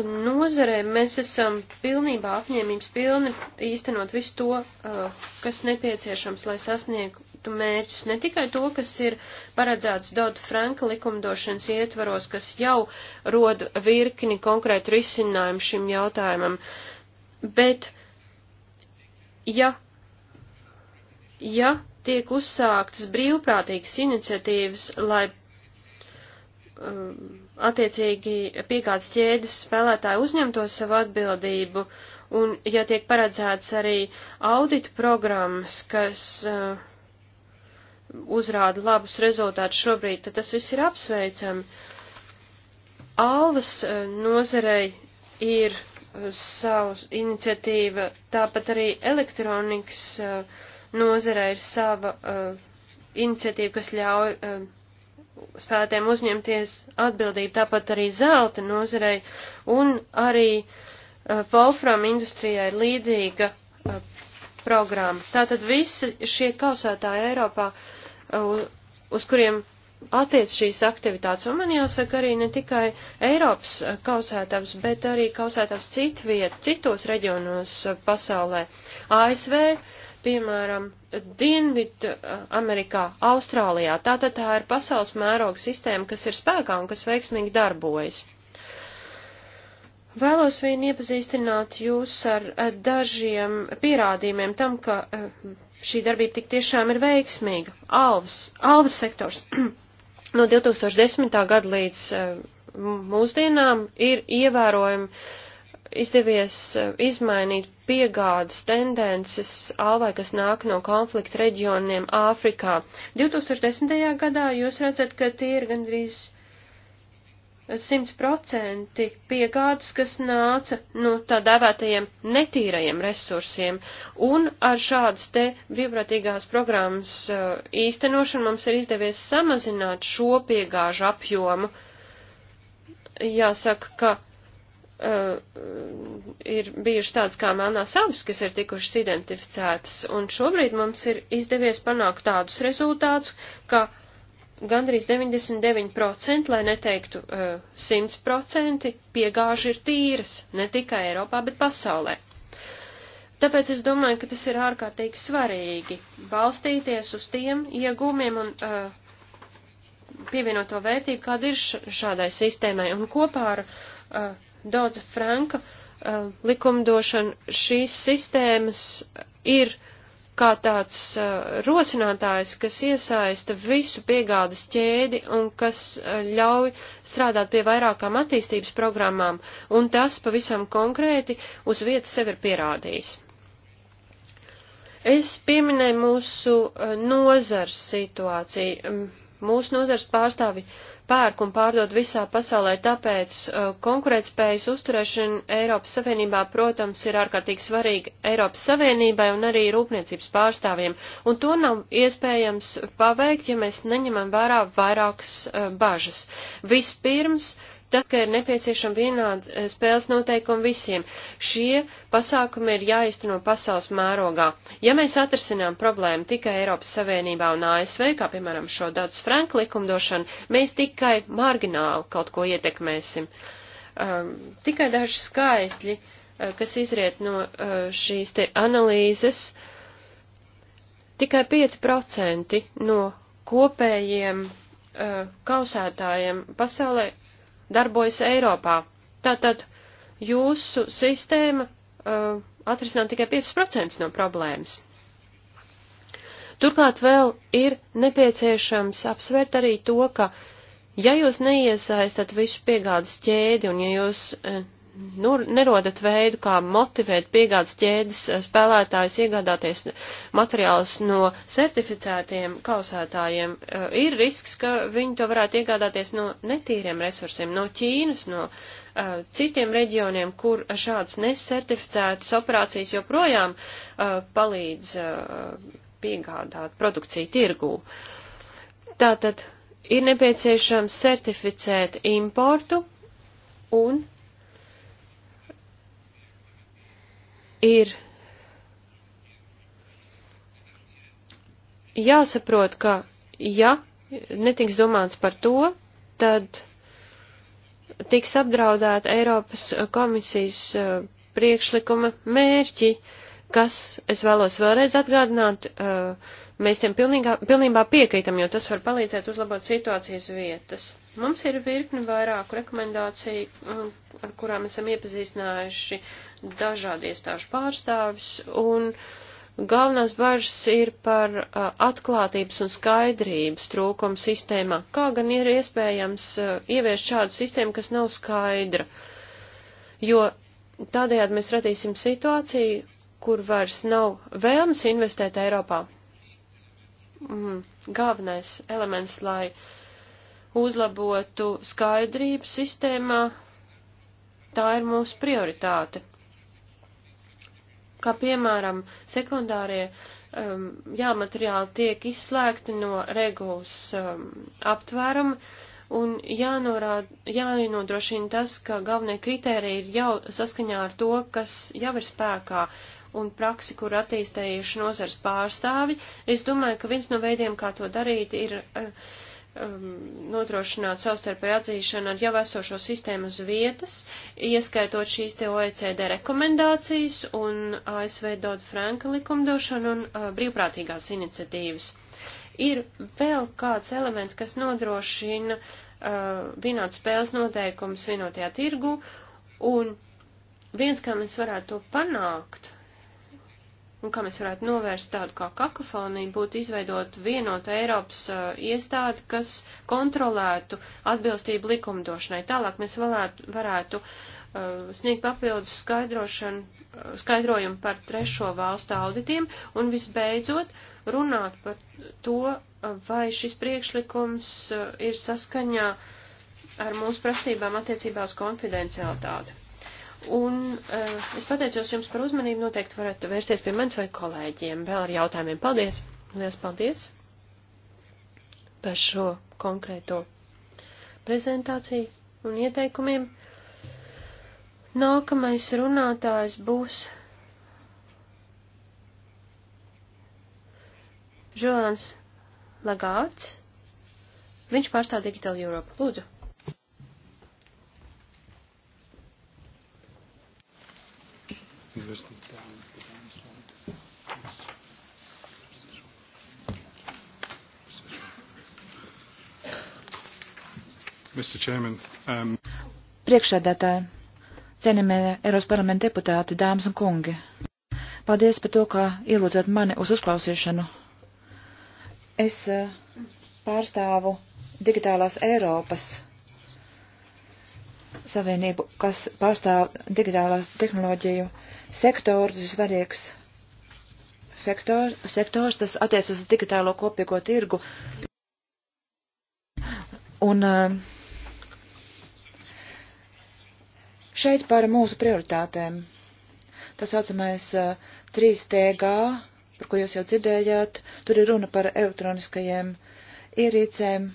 Speaker 3: nozarē mēs esam pilnībā apņēmības pilni īstenot visu to, kas nepieciešams, lai sasniegu, mērķus, ne tikai to, kas ir paredzēts Dodu Franka likumdošanas ietvaros, kas jau rod virkni konkrētu risinājumu šim jautājumam, bet ja, ja tiek uzsāktas brīvprātīgas iniciatīvas, lai um, attiecīgi piegādes ķēdes spēlētāji uzņemto savu atbildību, un ja tiek paredzēts arī audita programmas, kas uh, uzrāda labus rezultātus šobrīd, tad tas viss ir apsveicami. Alvas eh, nozarei ir eh, savu iniciatīva, tāpat arī elektronikas eh, nozarei ir sava iniciatīva, kas ļauj spēlētiem uzņemties atbildību, tāpat arī zelta nozarei un arī Wolfram industrijai ir līdzīga programma. Tātad visi šie kausētāji Eiropā uh, uz kuriem attiec šīs aktivitātes. Un man jāsaka arī ne tikai Eiropas eh, kausētavs, bet arī kausētavs citviet, citos reģionos eh, pasaulē. ASV, piemēram, Dienvid eh, Amerikā, Austrālijā. Tātad tā ir pasaules mēroga sistēma, kas ir spēkā un kas veiksmīgi darbojas. Vēlos vien iepazīstināt jūs ar dažiem pierādījumiem tam, ka šī darbība tik tiešām ir veiksmīga. Alvas, alvas sektors no 2010. gada līdz eh, mūsdienām ir ievērojami izdevies eh, izmainīt piegādes tendences alvai, kas nāk no konflikta reģioniem Āfrikā. 2010. gadā jūs redzat, ka tie ir gandrīz simtprocenti piegādes, kas nāca no nu, tā dēvētajiem netīrajiem resursiem. Un ar šādas te brīvprātīgās programmas uh, īstenošanu mums ir izdevies samazināt šo piegāžu apjomu. Jāsaka, ka uh, ir bijušas tādas kā melnās abas, kas ir tikušas identificētas, un šobrīd mums ir izdevies panākt tādus rezultātus, ka uh, gandrīz 99%, lai neteiktu 100%, eh, piegāži ir tīras, ne tikai Eiropā, bet pasaulē. Tāpēc es domāju, ka tas ir ārkārtīgi svarīgi balstīties uz tiem iegūmiem un uh, eh, pievienoto vērtību, kāda ir šādai sistēmai. Un kopā ar uh, daudza franka uh, likumdošanu šīs sistēmas ir uh, kā tāds uh, rosinātājs, kas iesaista visu piegādes ķēdi un kas uh, ļauj strādāt pie vairākām attīstības programmām, un tas pavisam konkrēti uz vietas sev ir pierādījis. Es pieminēju mūsu uh, nozars situāciju. Mūsu nozars pārstāvi uh, pērk un pārdod visā pasaulē, tāpēc uh, konkurētspējas uzturēšana Eiropas Savienībā, protams, ir ārkārtīgi svarīga Eiropas Savienībai un arī rūpniecības pārstāvjiem, un to nav iespējams paveikt, ja mēs neņemam vērā vairākas uh, bažas. Vispirms, uh, tad, ka ir nepieciešama vienāda eh, spēles noteikuma visiem. Šie pasākumi ir jāizteno pasaules mērogā. Ja mēs atrisinām problēmu tikai Eiropas Savienībā un ASV, kā piemēram šo daudz franku likumdošanu, mēs tikai margināli kaut ko ietekmēsim. Um, tikai daži skaitļi, eh, kas izriet no uh, šīs te analīzes, tikai 5% no kopējiem uh, kausētājiem pasaulē darbojas Eiropā. Tātad jūsu sistēma uh, atrisināt tikai 5% no problēmas. Turklāt vēl ir nepieciešams apsvērt arī to, ka, ja jūs neiesaistat visu piegādes ķēdi un ja jūs uh, nu, nerodat veidu, kā motivēt piegādes ķēdes spēlētājus iegādāties materiālus no certificētiem kausētājiem, eh, ir risks, ka viņi to varētu iegādāties no netīriem resursiem, no Ķīnas, no uh, citiem reģioniem, kur šādas nesertificētas operācijas joprojām uh, palīdz uh, piegādāt produkciju tirgū. Tātad ir nepieciešams certificēt importu un ir jāsaprot, ka ja netiks domāts par to, tad tiks apdraudēta Eiropas komisijas eh, priekšlikuma mērķi, uh, kas, es vēlos vēlreiz atgādināt, eh, mēs tiem pilnīgā, pilnībā piekrītam, jo tas var palīdzēt uzlabot situācijas vietas. Mums ir virkni vairāku rekomendāciju, eh, ar kurām esam iepazīstinājuši dažādi iestāžu pārstāvis, un galvenās bažas ir par eh, atklātības un skaidrības trūkumu sistēmā. Kā gan ir iespējams ieviest šādu sistēmu, kas nav skaidra? Jo tādējādi mēs radīsim situāciju, kur vairs nav vēlmes investēt Eiropā. Mm, galvenais elements, lai uzlabotu skaidrību sistēmā, tā ir mūsu prioritāte. Kā piemēram, sekundārie um, jāmateriāli tiek izslēgti no regulas um, aptvēruma, un jānorāda, jānodrošina tas, ka galvenie kriteriji ir jau saskaņā ar to, kas jau ir spēkā un praksi, kur attīstījuši nozars pārstāvi. Es domāju, ka viens no veidiem, kā to darīt, ir uh, um, nodrošināt savstarpēju atzīšanu ar jau esošo sistēmu uz vietas, ieskaitot šīs te OECD rekomendācijas un ASV Dodd Franka likumdošanu un uh, brīvprātīgās iniciatīvas. Ir vēl kāds elements, kas nodrošina uh, vienot spēles noteikumus vienotajā tirgu, un viens, kā mēs varētu to panākt, un kā mēs varētu novērst tādu kā kakofoniju, būtu izveidot vienotu Eiropas uh, iestādi, kas kontrolētu atbilstību likumdošanai. Tālāk mēs valētu, varētu uh, sniegt papildus skaidrošanu, uh, skaidrojumu par trešo valstu auditiem un visbeidzot runāt par to, uh, vai šis priekšlikums uh, ir saskaņā ar mūsu prasībām attiecībā uz konfidencialitāti. Un uh, es pateicos jums par uzmanību. Noteikti varat vērsties pie manis vai kolēģiem vēl ar jautājumiem. Paldies! Lielas paldies par šo konkrēto prezentāciju un ieteikumiem. Nākamais runātājs būs Žoans Lagārds. Viņš pārstāv Digital Europe. Lūdzu! Um...
Speaker 2: Priekšsēdētāji, cienījamie Eiropas parlamenta deputāti, dāmas un kungi, paldies par to, ka ielūdzat mani uz uzklausīšanu. Es uh, pārstāvu digitālās Eiropas Savienību, kas pārstāv digitālās tehnoloģiju sektors ir svarīgs. Sektor, sektors, tas attiecas uz digitālo kopīgo tirgu. Un eh, šeit par mūsu prioritātēm. Tas saucamais 3TG, eh, par ko jūs jau dzirdējāt, tur ir runa par elektroniskajiem ierīcēm,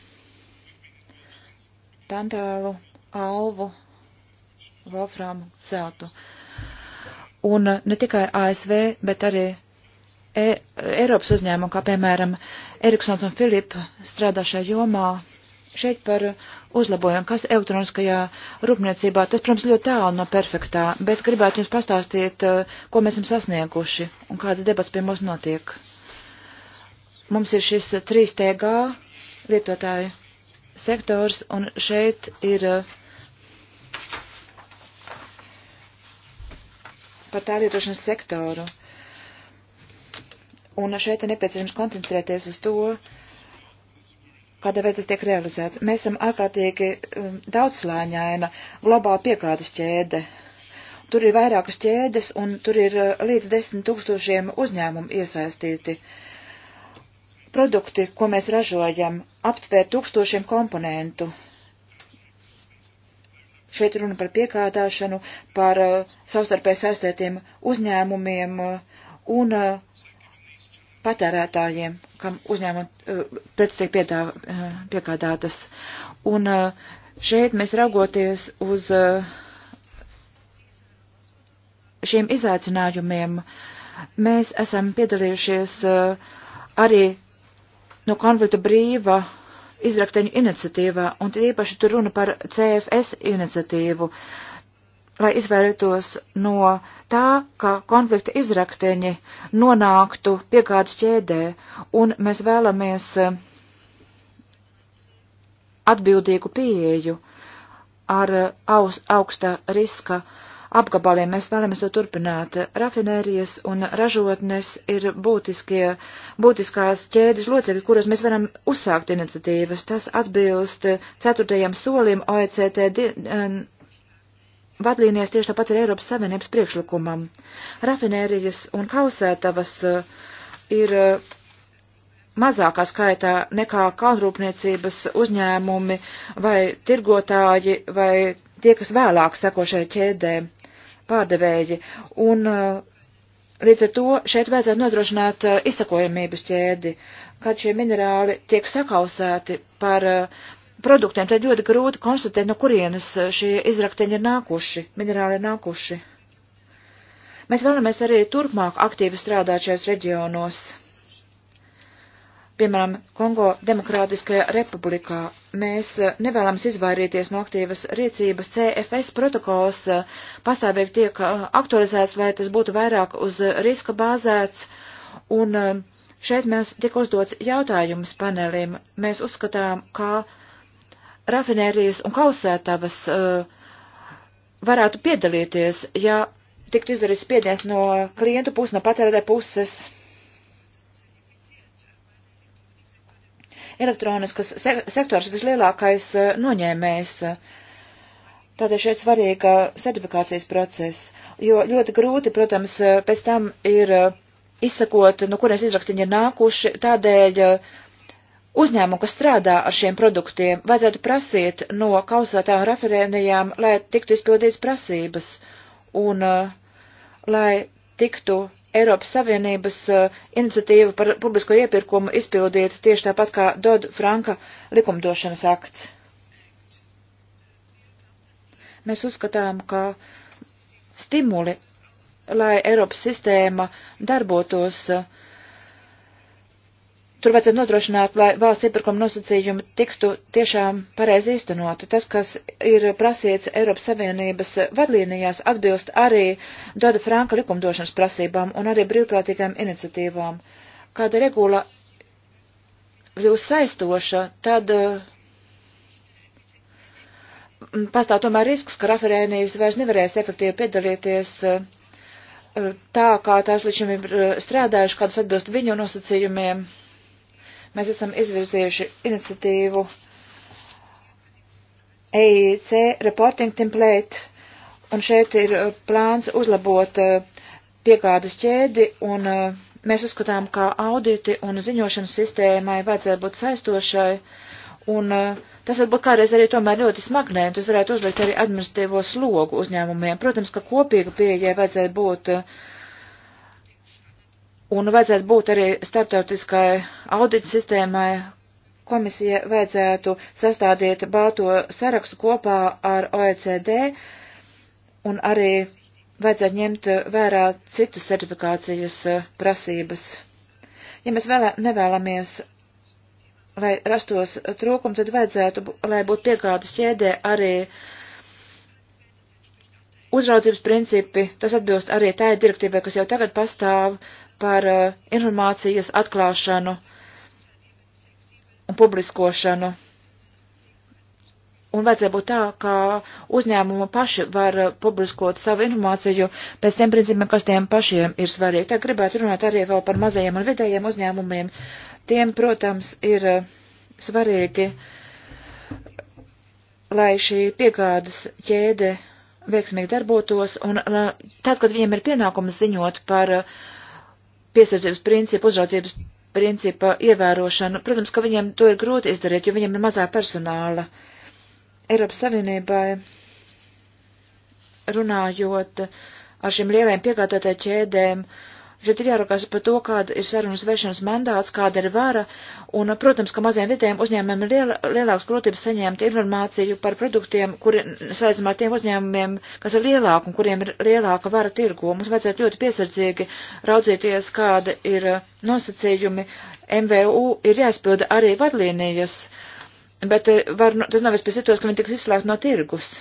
Speaker 2: tantālu, alvu, volframu, zeltu. Uh, un eh, ne tikai ASV, bet arī e Eiropas uzņēmumu, kā piemēram Eriksons un Filip strādā šajā jomā. Šeit par uzlabojumu, kas elektroniskajā rūpniecībā, tas, protams, ļoti tālu no perfektā, bet gribētu jums pastāstīt, eh, ko mēs esam sasnieguši un kādas debats pie mums notiek. Mums ir šis 3TG lietotāju sektors, un šeit ir uh, par tēlietošanas sektoru. Un šeit ir nepieciešams koncentrēties uz to, kāda veida tas tiek realizēts. Mēs esam ārkārtīgi um, daudzslāņaina globāla piekārtas ķēde. Tur ir vairākas ķēdes un tur ir uh, līdz desmit tūkstošiem uzņēmumu iesaistīti. Produkti, ko mēs ražojam, aptver tūkstošiem komponentu Šeit runa par piekārtāšanu, par uh, savstarpēji saistētiem uzņēmumiem uh, un uh, patērētājiem, kam uzņēmumi uh, pēc tiek piedā, uh, piekādātas. Un uh, šeit mēs raugoties uz šiem izaicinājumiem, mēs esam piedalījušies arī no konflikta brīva izrakteņu iniciatīvā, un īpaši tur runa par CFS iniciatīvu, lai izvairītos no tā, ka konflikta izrakteņi nonāktu pie kādas ķēdē, un mēs vēlamies eh, atbildīgu pieeju ar eh, augsta riska uh, apgabaliem. Mēs vēlamies to turpināt. Rafinērijas un ražotnes ir būtiskie, būtiskās ķēdes locekļi, kuros mēs varam uzsākt iniciatīvas. Tas atbilst ceturtajam solim OECD eh, vadlīnijas tieši tāpat ir Eiropas Savienības priekšlikumam. Rafinērijas un kausētavas eh, ir eh, mazākā skaitā nekā kalnrūpniecības uzņēmumi vai tirgotāji vai tie, kas vēlāk seko šai ķēdē pārdevēji. Un eh, līdz ar to šeit vajadzētu nodrošināt eh, izsakojamības ķēdi, kad šie minerāli tiek sakausēti par eh, produktiem, tad ļoti grūti konstatēt, no kurienes šie izrakteņi ir nākuši, minerāli ir nākuši. Mēs vēlamies arī turpmāk aktīvi strādāt šajos reģionos. Piemēram, Kongo Demokrātiskajā republikā mēs eh, nevēlams izvairīties no aktīvas rīcības. CFS protokols eh, pastāvīgi tiek eh, aktualizēts, lai tas būtu vairāk uz riska bāzēts. Un šeit mēs tiek uzdots jautājums panelim. Mēs uzskatām, ka rafinērijas un kausētavas varētu piedalīties, ja tiktu izdarīts spiediens no klientu puses, no patērētāja puses elektroniskas se sektors vislielākais eh, noņēmējs. Tādēļ šeit svarīga certifikācijas process, jo ļoti grūti, protams, eh, pēc tam ir eh, izsakot, no nu, kurienes izraktiņi ir nākuši, tādēļ uzņēmumu, kas strādā ar šiem produktiem, vajadzētu prasīt no kausētām referēnijām, lai tiktu izpildīts prasības un lai tiktu Eiropas Savienības uh, iniciatīva par publisko iepirkumu izpildīta tieši tāpat kā Dodu Franka likumdošanas akts. Mēs uzskatām, ka stimuli, lai Eiropas sistēma darbotos uh, Tur vajadzētu nodrošināt, lai valsts iepirkuma nosacījumi tiktu tiešām pareizi īstenoti. Tas, kas ir prasīts Eiropas Savienības vadlīnijās, atbilst arī Doda Franka likumdošanas prasībām un arī brīvprātīgām iniciatīvām. Kāda regula kļūst saistoša, tad uh, pastāv tomēr risks, ka raferēnijas vairs nevarēs efektīvi piedalīties mm, tā, kā tās līdz šim ir mm, strādājuši, kādas atbilst viņu nosacījumiem. Mēs esam izvirzījuši iniciatīvu EIC Reporting Template, un šeit ir uh, plāns uzlabot uh, piegādas ķēdi, un uh, mēs uzskatām, ka auditi un ziņošanas sistēmai vajadzētu būt saistošai, un uh, Tas varbūt kādreiz arī tomēr ļoti smagnē, un tas varētu uzlikt arī administratīvo slogu uzņēmumiem. Protams, ka kopīga pieeja vajadzēja būt uh, Un vajadzētu būt arī starptautiskai audita sistēmai, komisija vajadzētu sastādīt bāto sarakstu kopā ar OECD un arī vajadzētu ņemt vērā citas certifikācijas eh, prasības. Ja mēs vēlē, nevēlamies, lai rastos trūkumi, tad vajadzētu, lai būtu piegādes ķēdē arī uzraudzības principi, tas atbilst arī tai direktīvai, kas jau tagad pastāv, uh, par uh, informācijas atklāšanu un publiskošanu. Un vajadzēja būt tā, ka uzņēmumi paši var eh, publiskot savu informāciju pēc tiem principiem, kas tiem pašiem ir svarīgi. Tā gribētu runāt arī vēl par mazajiem un vidējiem uzņēmumiem. Tiem, protams, ir eh, svarīgi, lai šī piegādes ķēde veiksmīgi darbotos, un tad, kad viņiem ir pienākums ziņot par uh, piesardzības principu, uzraudzības principa ievērošanu. Protams, ka viņiem to ir grūti izdarīt, jo viņiem ir mazā personāla. Eiropas Savienībai runājot ar šiem lieliem piegādātāju ķēdēm, uh, šeit ir jārakās par to, kāda ir sarunas vešanas mandāts, kāda ir vara, un, protams, ka maziem vidējiem uzņēmumiem ir liel, lielāks grūtības saņemt informāciju par produktiem, kuri, saistībā ar tiem uzņēmumiem, kas ir lielāki un kuriem ir lielāka vara tirgu. Mums vajadzētu ļoti piesardzīgi raudzīties, kāda ir nosacījumi. MVU ir jāizpilda arī vadlīnijas, bet eh, var, nu, tas novest pie situācijas, ka viņi tiks izslēgti no tirgus.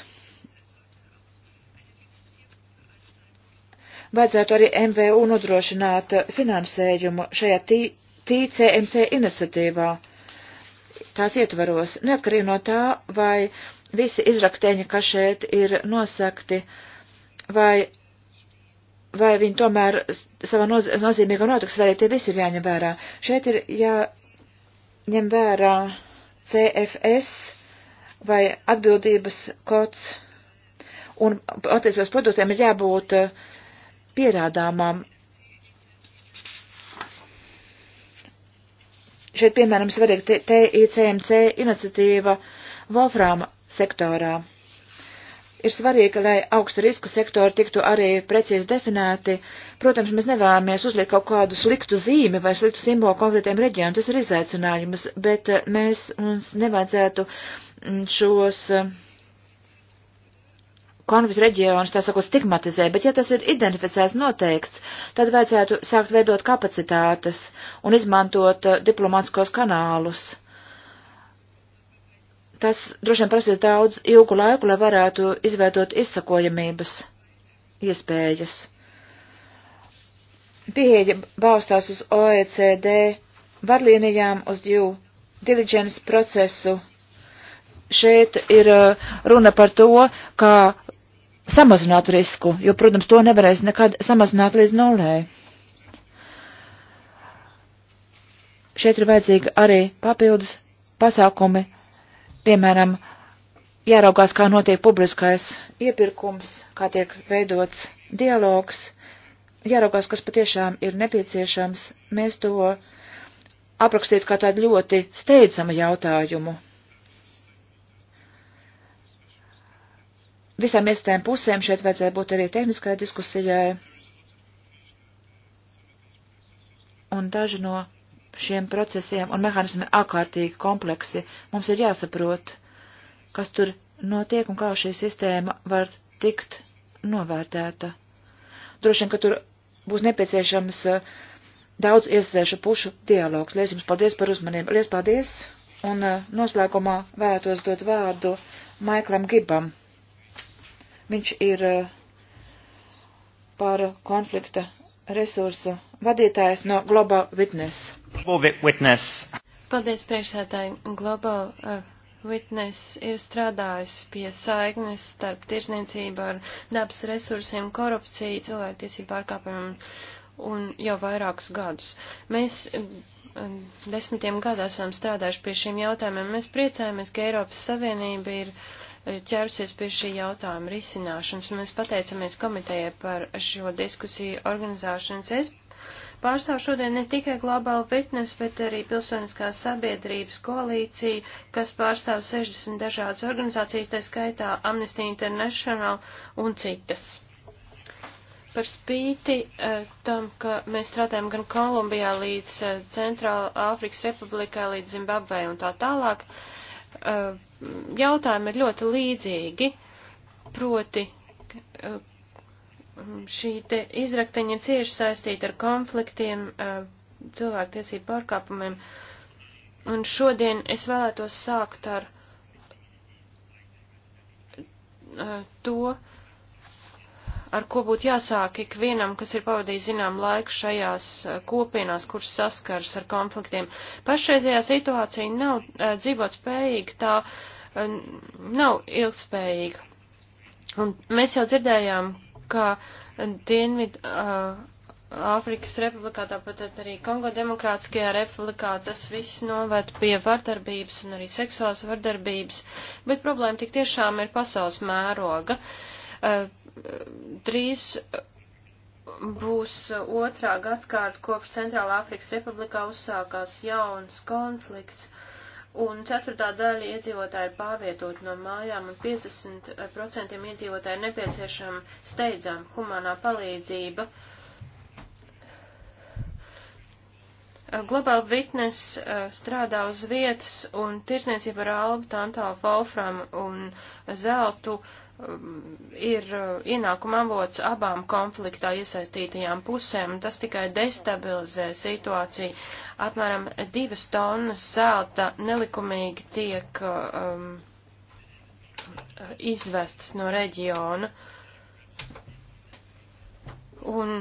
Speaker 2: vajadzētu arī MVU nodrošināt finansējumu šajā TCMC iniciatīvā. Tās ietvaros, neatkarīgi no tā, vai visi izrakteņi, kas šeit ir nosakti, vai, vai viņi tomēr savā noz nozīmīgā notiksmē, tie visi ir jāņem vērā. Šeit ir jāņem vērā CFS vai atbildības kods, un attiecībās produktiem ir jābūt uh, pierādāmām. Šeit, piemēram, svarīga TICMC iniciatīva Wolframa sektorā. Ir svarīgi, lai augsta riska sektori tiktu arī precīzi definēti. Protams, mēs nevēlamies uzliekt kaut kādu sliktu zīmi vai sliktu simbolu konkrētiem reģionam, tas ir izaicinājums, bet eh, mēs mums nevajadzētu mm, šos uh, konflikts reģionus, tā sakot, stigmatizē, bet ja tas ir identificēts noteikts, tad vajadzētu sākt veidot kapacitātes un izmantot eh, diplomātskos kanālus. Tas droši vien prasīs daudz ilgu laiku, lai varētu izveidot izsakojamības iespējas. Pieeja balstās uz OECD vadlīnijām, uz divu diligence procesu šeit ir eh, runa par to, kā samazināt risku, jo, protams, to nevarēs nekad samazināt līdz nulē. Šeit ir vajadzīgi arī papildus pasākumi, piemēram, jāraugās, kā notiek publiskais iepirkums, kā tiek veidots dialogs, jāraugās, kas patiešām ir nepieciešams. Mēs to aprakstītu kā tādu ļoti steidzamu jautājumu. visām iestādēm pusēm šeit vajadzēja būt arī tehniskai diskusijai. Un daži no šiem procesiem un mehānismiem ārkārtīgi kompleksi. Mums ir jāsaprot, kas tur notiek un kā šī sistēma var tikt novērtēta. Droši vien, ka tur būs nepieciešams eh, daudz iesaistīšu pušu dialogs. Lies jums paldies par uzmanību. Lies paldies! Un eh, noslēgumā vēlētos dot vārdu Maiklam Gibam. Viņš ir eh, par konflikta resursu vadītājs no Global Witness.
Speaker 1: Global Witness.
Speaker 2: Paldies
Speaker 3: priekšsētāji. Global uh, Witness ir strādājis pie saiknes starp tirzniecību ar dabas resursiem, korupciju, cilvēktiesību pārkāpumiem un jau vairākus gadus. Mēs eh, desmitiem gadā esam strādājuši pie šiem jautājumiem. Mēs priecājamies, ka Eiropas Savienība ir uh, ķērusies pie šī jautājuma risināšanas. Mēs pateicamies komitejai par šo diskusiju organizēšanas. Es pārstāv šodien ne tikai Global Fitness, bet arī pilsoniskās sabiedrības koalīciju, kas pārstāv 60 dažādas organizācijas, tā skaitā Amnesty International un citas par spīti eh, tam, ka mēs strādājam gan Kolumbijā līdz eh, Centrāla Āfrikas Republikā, līdz Zimbabvei un tā tālāk, eh, jautājumi ir ļoti līdzīgi, proti eh, šī te izrakteņa cieši saistīta ar konfliktiem, eh, cilvēktiesību pārkāpumiem, un šodien es vēlētos sākt ar eh, to, ar ko būtu jāsāk ikvienam, kas ir pavadījis zinām laiku šajās kopienās, kuras saskars ar konfliktiem. Pašreizējā situācija nav uh, dzīvot spējīga, tā nav ilgspējīga. Un mēs jau dzirdējām, ka Dienvidu Āfrikas republikā, tāpat arī Kongo demokrātiskajā republikā, tas viss novērt pie vardarbības un arī seksuālas vardarbības, bet problēma tik tiešām ir pasaules mēroga. Drīz būs otrā gadskārta, kopš Centrāla Āfrikas republikā uzsākās jauns konflikts. Uh, un ceturtā daļa iedzīvotāji ir pārvietoti no mājām, un 50% iedzīvotāji ir nepieciešama steidzama humanā palīdzība. Global Witness uh, strādā uz vietas, un tirsniecība ar albu, tantālu, volfram un zeltu uh, Um, ir uh, ienākuma avots abām konfliktā iesaistītajām pusēm, un tas tikai destabilizē situāciju. Apmēram divas tonnas zelta nelikumīgi tiek uh, um, izvestas no reģiona, un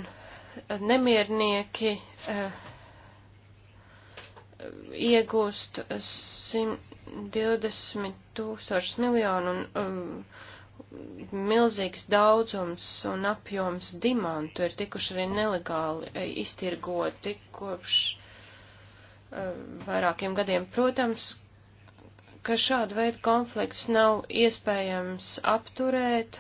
Speaker 3: nemiernieki uh, iegūst 120 tūkstošus miljonu un um, milzīgs daudzums un apjoms dimantu ir tikuši arī nelegāli eh, iztirgoti kopš uh, vairākiem gadiem. Protams, ka šāda veida konflikts nav iespējams apturēt,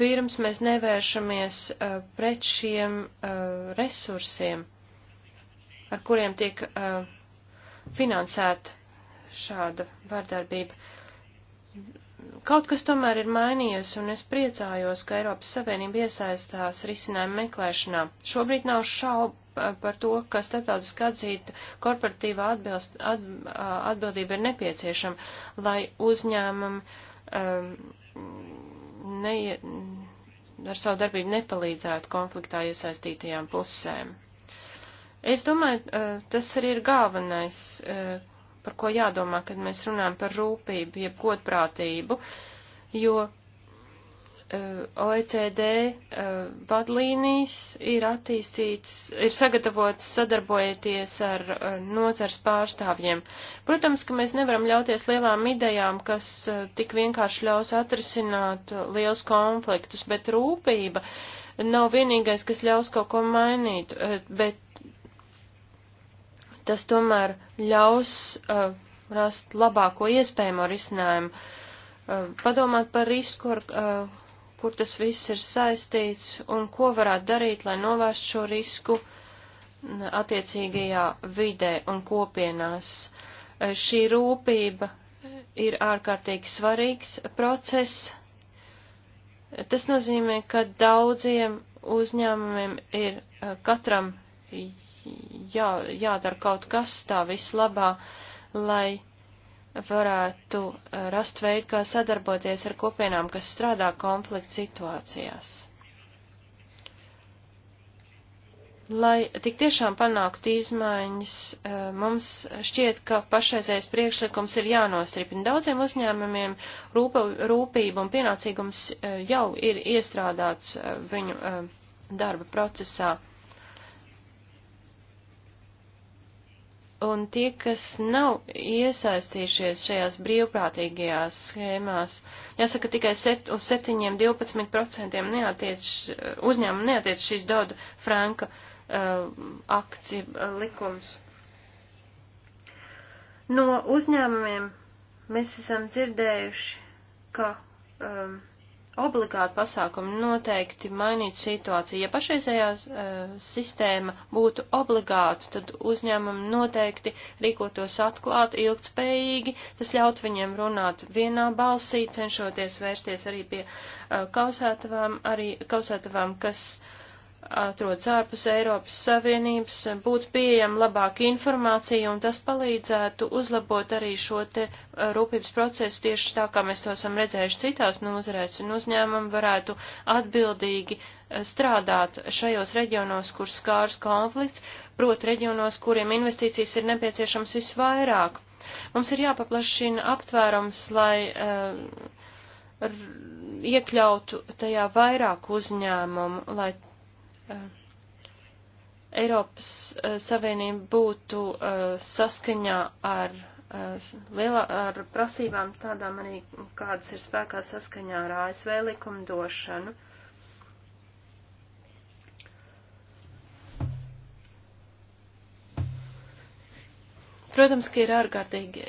Speaker 3: pirms mēs nevēršamies uh, pret šiem uh, resursiem, ar kuriem tiek finansēta šāda vardarbība kaut kas tomēr ir mainījies, un es priecājos, ka Eiropas Savienība iesaistās risinājumu meklēšanā. Šobrīd nav šaubu uh, par to, ka starptautiski atzīta korporatīvā atbilst, at, uh, atbildība ir nepieciešama, lai uzņēmumi um, ne, ar savu darbību nepalīdzētu konfliktā iesaistītajām pusēm. Es domāju, uh, tas arī ir galvenais, par ko jādomā, kad mēs runājam par rūpību, jeb godprātību, jo eh, OECD eh, vadlīnijas ir attīstīts, ir sagatavots sadarbojoties ar eh, nozars pārstāvjiem. Protams, ka mēs nevaram ļauties lielām idejām, kas tik vienkārši ļaus atrisināt liels konfliktus, bet rūpība nav vienīgais, kas ļaus kaut ko mainīt, bet tas tomēr ļaus uh, rast labāko iespējamo risinājumu, uh, padomāt par risku, ar, uh, kur tas viss ir saistīts un ko varētu darīt, lai novērst šo risku mm, attiecīgajā vidē un kopienās. Uh, šī rūpība ir ārkārtīgi svarīgs process. Tas nozīmē, ka daudziem uzņēmumiem ir uh, katram jā, jādara kaut kas tā vislabā, lai varētu eh, rast veidu, kā sadarboties ar kopienām, kas strādā konflikta situācijās. Lai tik tiešām panāktu izmaiņas, eh, mums šķiet, ka pašreizējais priekšlikums ir jānostripina. Daudziem uzņēmumiem rūpa, rūpība un pienācīgums eh, jau ir iestrādāts viņu darba procesā. Un tie, kas nav iesaistījušies šajās brīvprātīgajās schēmās, jāsaka, tikai sept, uz 7-12% neatiec, uzņēmumu neatiec šīs Doda Franka uh, akcija uh, likums. No uzņēmumiem mēs esam dzirdējuši, ka um, uh, obligāti pasākumi noteikti mainītu situāciju. Ja pašreizējā uh, sistēma būtu obligāta, tad uzņēmumi noteikti rīkotos atklāti, ilgtspējīgi, tas ļaut viņiem runāt vienā balsī, cenšoties vērsties arī pie uh, kausētavām, arī kausētavām, kas uh, atrodas ārpus Eiropas Savienības, būtu pieejama labāka informācija, un tas palīdzētu uzlabot arī šo te rūpības procesu tieši tā, kā mēs to esam redzējuši citās nozarēs, un uzņēmumi varētu atbildīgi strādāt šajos reģionos, kur skārs konflikts, proti reģionos, kuriem investīcijas ir nepieciešams visvairāk. Mums ir jāpaplašina aptvērums, lai uh, iekļautu tajā vairāk uzņēmumu, lai Eh, Eiropas eh, Savienība būtu eh, saskaņā ar, lielā, ar prasībām tādām arī, kādas ir spēkā saskaņā ar ASV likumdošanu. Protams, ka ir ārkārtīgi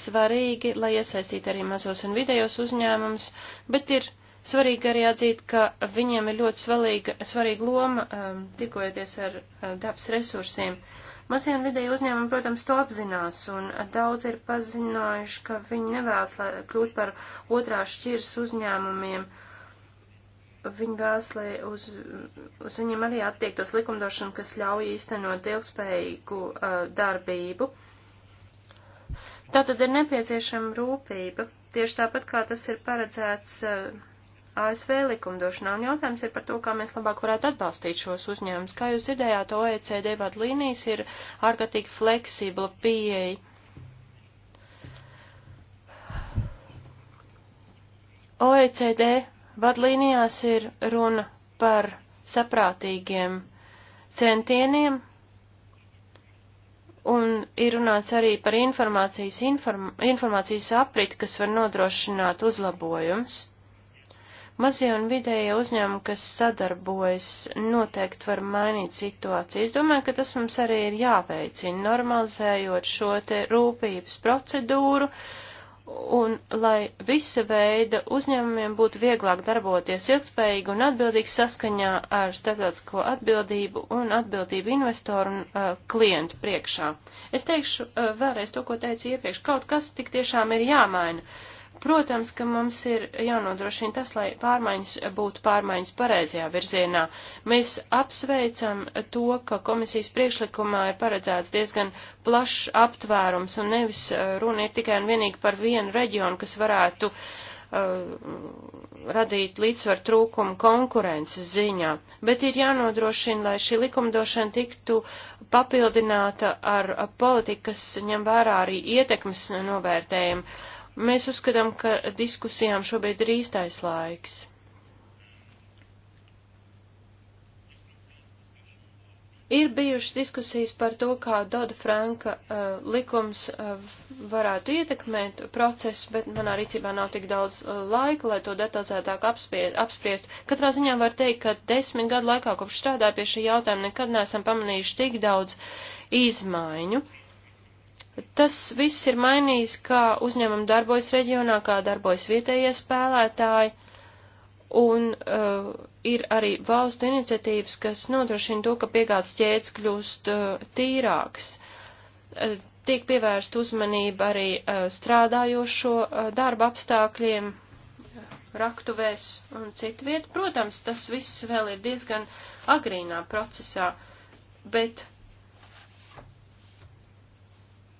Speaker 3: svarīgi, lai iesaistītu arī mazos un vidējos uzņēmumus, bet ir Svarīgi arī atzīt, ka viņiem ir ļoti svarīga, svarīga loma um, tikojoties ar uh, dabas resursiem. Mazie un vidēji uzņēmumi, protams, to apzinās, un daudz ir pazinājuši, ka viņi nevēlas kļūt par otrā šķirs uzņēmumiem. Viņi vēlas, lai uz, uz viņiem arī attiektos likumdošana, kas ļauj īstenot ilgspējīgu uh, darbību. Tātad ir nepieciešama rūpība, tieši tāpat kā tas ir paredzēts uh, ASV likumdošanā, un jautājums ir par to, kā mēs labāk varētu atbalstīt šos uzņēmumus. Kā jūs dzirdējāt, OECD vadlīnijas ir ārkārtīgi fleksibla pieeja. OECD vadlīnijās ir runa par saprātīgiem centieniem, un ir runāts arī par informācijas, inform, informācijas apriti, kas var nodrošināt uzlabojums. Mazie un vidējie uzņēmumi, kas sadarbojas, noteikti var mainīt situāciju. Es domāju, ka tas mums arī ir jāveicina, normalizējot šo te rūpības procedūru, un lai visa veida uzņēmumiem būtu vieglāk darboties ilgspējīgi un atbildīgi saskaņā ar starptautisko atbildību un atbildību investoru un uh, klientu priekšā. Es teikšu uh, vēlreiz to, ko teicu iepriekš, kaut kas tik tiešām ir jāmaina. Uh, Protams, ka mums ir jānodrošina tas, lai pārmaiņas būtu pārmaiņas pareizajā virzienā. Mēs apsveicam to, ka komisijas priekšlikumā ir paredzēts diezgan plašs aptvērums un nevis eh, runa ir tikai un vienīgi par vienu reģionu, kas varētu uh, radīt līdzsvar trūkumu konkurences ziņā, bet ir jānodrošina, lai šī likumdošana tiktu papildināta ar politiku, kas ņem vērā arī ietekmes novērtējumu Mēs uzskatām, ka diskusijām šobrīd ir īstais laiks. Ir bijušas diskusijas par to, kā Doda Franka uh, likums uh, varētu ietekmēt procesu, bet manā rīcībā nav tik daudz uh, laika, lai to detalizētāk apspriest. Katrā ziņā var teikt, ka desmit gadu laikā, kopš strādāju pie šī jautājuma, nekad neesam pamanījuši tik daudz izmaiņu. Uh, Tas viss ir mainījis, kā uzņēmumi darbojas reģionā, kā darbojas vietējie spēlētāji, un uh, ir arī valstu iniciatīvas, kas nodrošina to, ka piegādes ķēdes kļūst uh, tīrāks. Uh, tiek pievērst uzmanība arī uh, strādājošo uh, darba apstākļiem, raktuvēs un citu vietu. Protams, tas viss vēl ir diezgan agrīnā procesā, bet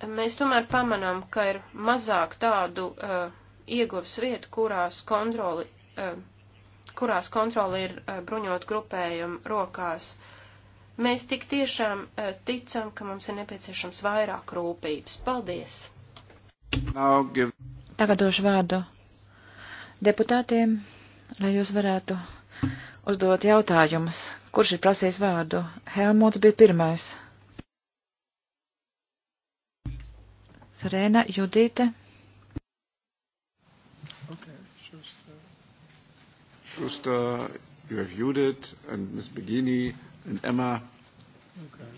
Speaker 3: mēs tomēr pamanām, ka ir mazāk tādu uh, ieguvas vietu, kurās kontroli, uh, kurās kontroli ir uh, bruņot grupējumu rokās. Mēs tik tiešām uh, ticam, ka mums ir nepieciešams vairāk rūpības. Paldies!
Speaker 1: Give...
Speaker 2: Tagad došu vārdu deputātiem, lai jūs varētu uzdot jautājumus. Kurš ir prasījis vārdu? Helmuts bija pirmais. Rēna, Judīte.
Speaker 1: Okay, Schuster. Schuster, you have Judith and Miss Begini and Emma.
Speaker 2: Okay.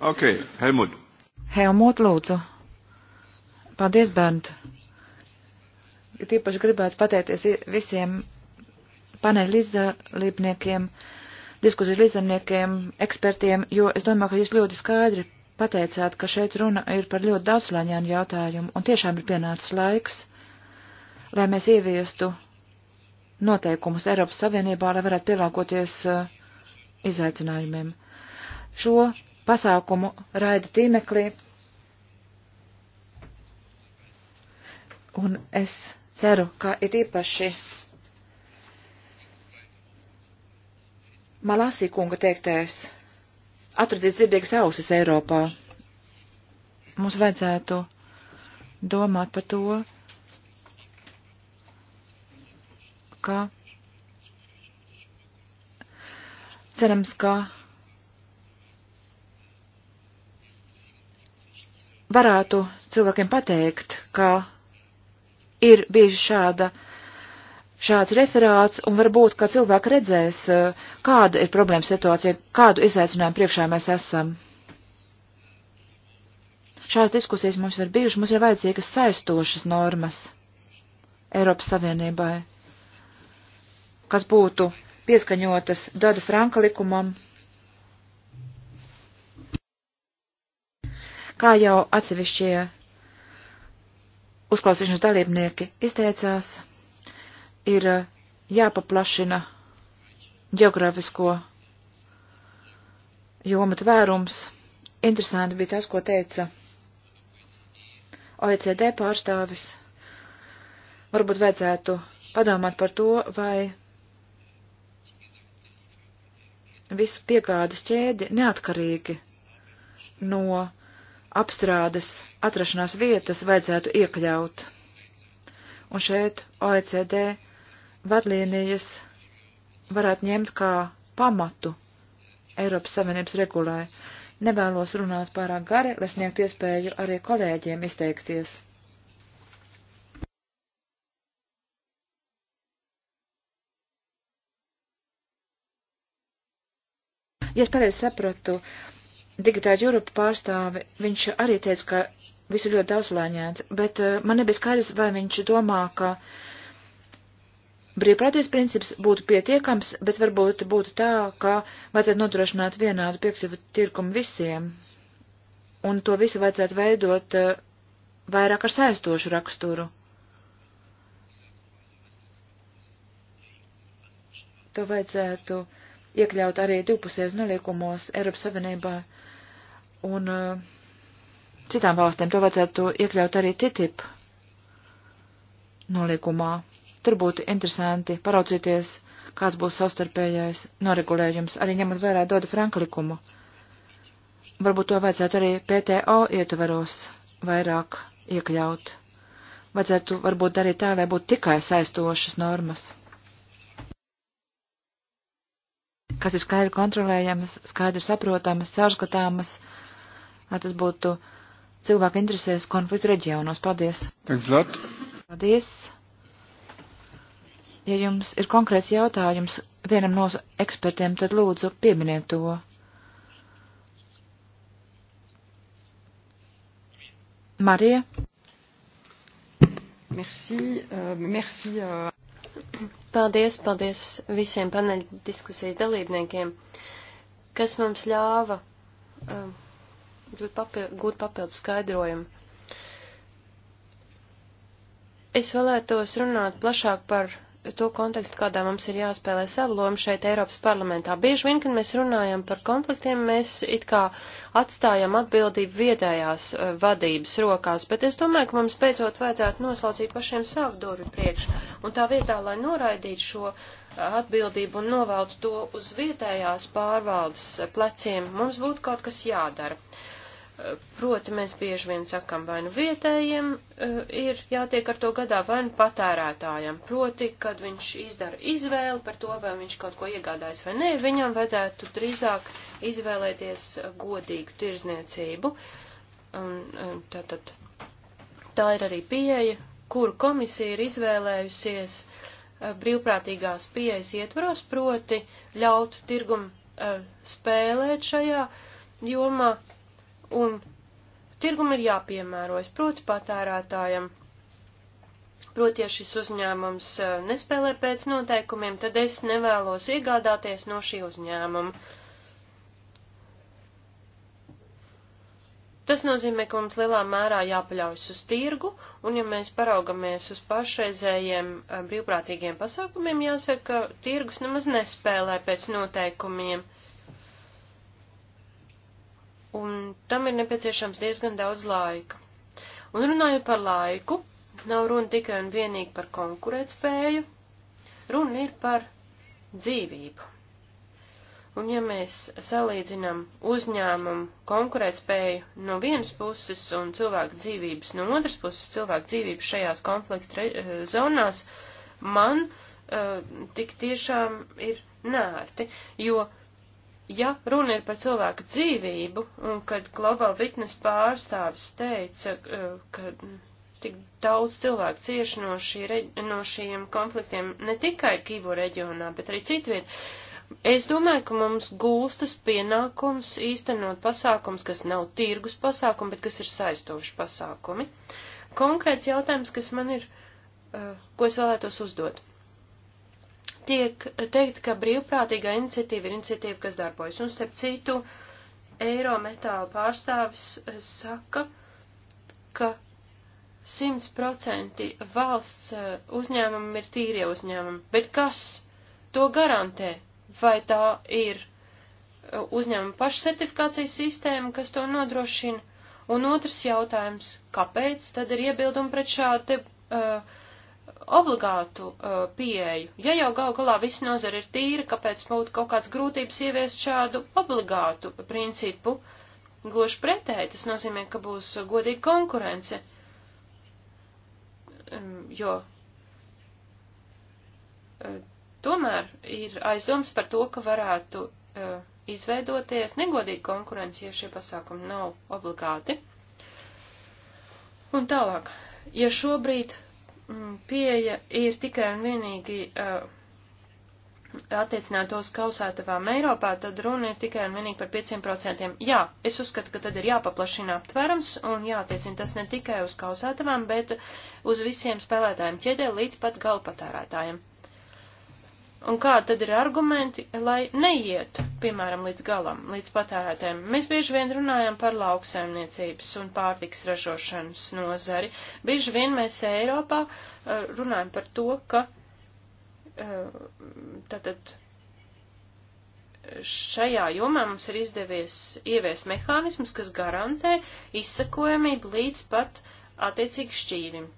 Speaker 2: Ok, Helmut. Helmut, lūdzu. Paldies, Bernt. Tīpaši gribētu pateikties visiem paneļa izdalībniekiem. Uh, diskusiju ar līdzdarbniekiem, ekspertiem, jo es domāju, ka jūs ļoti skaidri pateicāt, ka šeit runa ir par ļoti daudzslāņēnu jautājumu, un tiešām ir pienācis laiks, lai mēs ieviestu noteikumus Eiropas Savienībā, lai varētu pielāgoties uh, izaicinājumiem. Šo pasākumu raida tīmeklī, un es ceru, ka ir īpaši Malasī kunga teiktais atradīs dzirdīgas ausis Eiropā. Mums vajadzētu domāt par to, ka cerams, ka varētu cilvēkiem pateikt, ka ir bijusi šāda uh, šāds referāts, un varbūt, ka cilvēki redzēs, e, kāda ir problēma situācija, kādu izaicinājumu priekšā mēs esam. Šās diskusijas mums ir bijušas, mums ir vajadzīgas saistošas normas Eiropas Savienībai, kas būtu pieskaņotas Dada Franka likumam, kā jau atsevišķie uzklausīšanas dalībnieki izteicās ir eh, jāpaplašina geogrāfisko jomu tvērums. Interesanti bija tas, ko teica OECD pārstāvis. Varbūt vajadzētu padomāt par to, vai visu piegādes ķēdi neatkarīgi no apstrādes atrašanās vietas vajadzētu iekļaut. Un šeit OECD vadlīnijas varētu ņemt kā pamatu Eiropas Savienības regulai. Nevēlos runāt pārāk gari, lai sniegtu iespēju arī kolēģiem izteikties. Ja es pareizi sapratu, digitāla Europa pārstāvi, viņš arī teica, ka visu ļoti daudz lēņēts, bet eh, man nebija skaidrs, vai viņš domā, ka uh, brīvprātīs princips būtu pietiekams, bet varbūt būtu tā, ka vajadzētu nodrošināt vienādu piekļuvu tirkumu visiem, un to visu vajadzētu veidot eh, vairāk ar saistošu raksturu. To vajadzētu iekļaut arī divpusējos noliekumos Eiropas Savienībā un uh, citām valstīm. To vajadzētu iekļaut arī TTIP noliekumā. Tur būtu interesanti paraudzīties, kāds būs savstarpējais noregulējums, arī ņemot vērā dodu franklikumu. Varbūt to vajadzētu arī PTO ietvaros vairāk iekļaut. Vajadzētu varbūt darīt tā, lai būtu tikai saistošas normas. Kas ir skaidri kontrolējamas, skaidri saprotamas, caurskatāmas, lai tas būtu cilvēku interesēs konfliktu reģionos. Paldies! Paldies! Ja jums ir konkrēts jautājums vienam no ekspertiem, tad lūdzu pieminiet to. Marija. Merci, uh, merci. Uh...
Speaker 3: Paldies, paldies visiem paneļa diskusijas dalībniekiem, kas mums ļāva uh, um, papild, gūt papildu skaidrojumu. Es vēlētos runāt plašāk par to kontekstu, kādā mums ir jāspēlē savu lomu šeit Eiropas parlamentā. Bieži vien, kad mēs runājam par konfliktiem, mēs it kā atstājam atbildību vietējās uh, vadības rokās, bet es domāju, ka mums beidzot vajadzētu noslaucīt pašiem savu durvju priekš. Un tā vietā, lai noraidītu šo eh, atbildību un noveltu to uz vietējās pārvaldes pleciem, mums būtu kaut kas jādara. Uh, Proti mēs bieži vien sakam, vai nu vietējiem e, ir jātiek ar to gadā, vai nu patērētājam. Proti, kad viņš izdara izvēli par to, vai viņš kaut ko iegādājas vai nē, viņam vajadzētu drīzāk izvēlēties godīgu tirzniecību. Un, e, tātad tā ir arī pieeja, kuru komisija ir izvēlējusies e, brīvprātīgās pieejas ietvaros, proti ļaut tirgum spēlēt šajā jomā, un tirgum ir jāpiemērojas, proti patērētājam. Proti, ja šis uzņēmums eh, nespēlē pēc noteikumiem, tad es nevēlos iegādāties no šī uzņēmuma. Tas nozīmē, ka mums lielā mērā jāpaļaujas uz tirgu, un ja mēs paraugamies uz pašreizējiem eh, brīvprātīgiem pasākumiem, jāsaka, ka tirgus nemaz nespēlē pēc noteikumiem. Uh, un tam ir nepieciešams diezgan daudz laika. Un runājot par laiku, nav runa tikai un vienīgi par konkurētspēju, runa ir par dzīvību. Un ja mēs salīdzinām uzņēmumu konkurētspēju no vienas puses un cilvēku dzīvības no otras puses, cilvēku dzīvības šajās konflikta eh, zonās, man uh, tik tiešām ir nērti, jo uh, ja runa ir par cilvēku dzīvību, un kad Global Witness pārstāvis teica, ka tik daudz cilvēku cieši no, šī, no šiem konfliktiem ne tikai Kivu reģionā, bet arī citviet, es domāju, ka mums gūstas pienākums īstenot pasākums, kas nav tirgus pasākumi, bet kas ir saistoši pasākumi. Konkrēts jautājums, kas man ir, uh, ko es vēlētos uzdot tiek teikts, ka brīvprātīgā iniciatīva ir iniciatīva, kas darbojas. Un starp citu, Eirometāla pārstāvis eh, saka, ka 100% valsts eh, uzņēmumi ir tīrie uzņēmumi. Bet kas to garantē? Vai tā ir eh, uzņēmuma pašsertifikācijas sistēma, kas to nodrošina? Un otrs jautājums, kāpēc tad ir iebildumi pret šādu te, uh, obligātu uh, pieeju. Ja jau gal galā viss nozara ir tīra, kāpēc būtu kaut kāds grūtības ieviest šādu obligātu principu? Gluži pretēji, tas nozīmē, ka būs godīga konkurence, um, jo uh, tomēr ir aizdoms par to, ka varētu uh, izveidoties negodīga konkurence, ja šie pasākumi nav obligāti. Un tālāk, ja šobrīd Mm, pieeja ir tikai un vienīgi uh, attiecinātos kausētavām Eiropā, tad runa ir tikai un vienīgi par 5%. Jā, es uzskatu, ka tad ir jāpaplašina aptverams un jātiecina tas ne tikai uz kausētavām, bet uz visiem spēlētājiem ķēdē līdz pat galpatērētājiem. Un kā tad ir argumenti, lai neietu, piemēram, līdz galam, līdz patērētēm? Mēs bieži vien runājam par lauksaimniecības un pārtiks ražošanas nozari. Bieži vien mēs Eiropā eh, runājam par to, ka eh, tātad šajā jomā mums ir izdevies ievies mehānismus, kas garantē izsakojamību līdz pat attiecīgi šķīvim.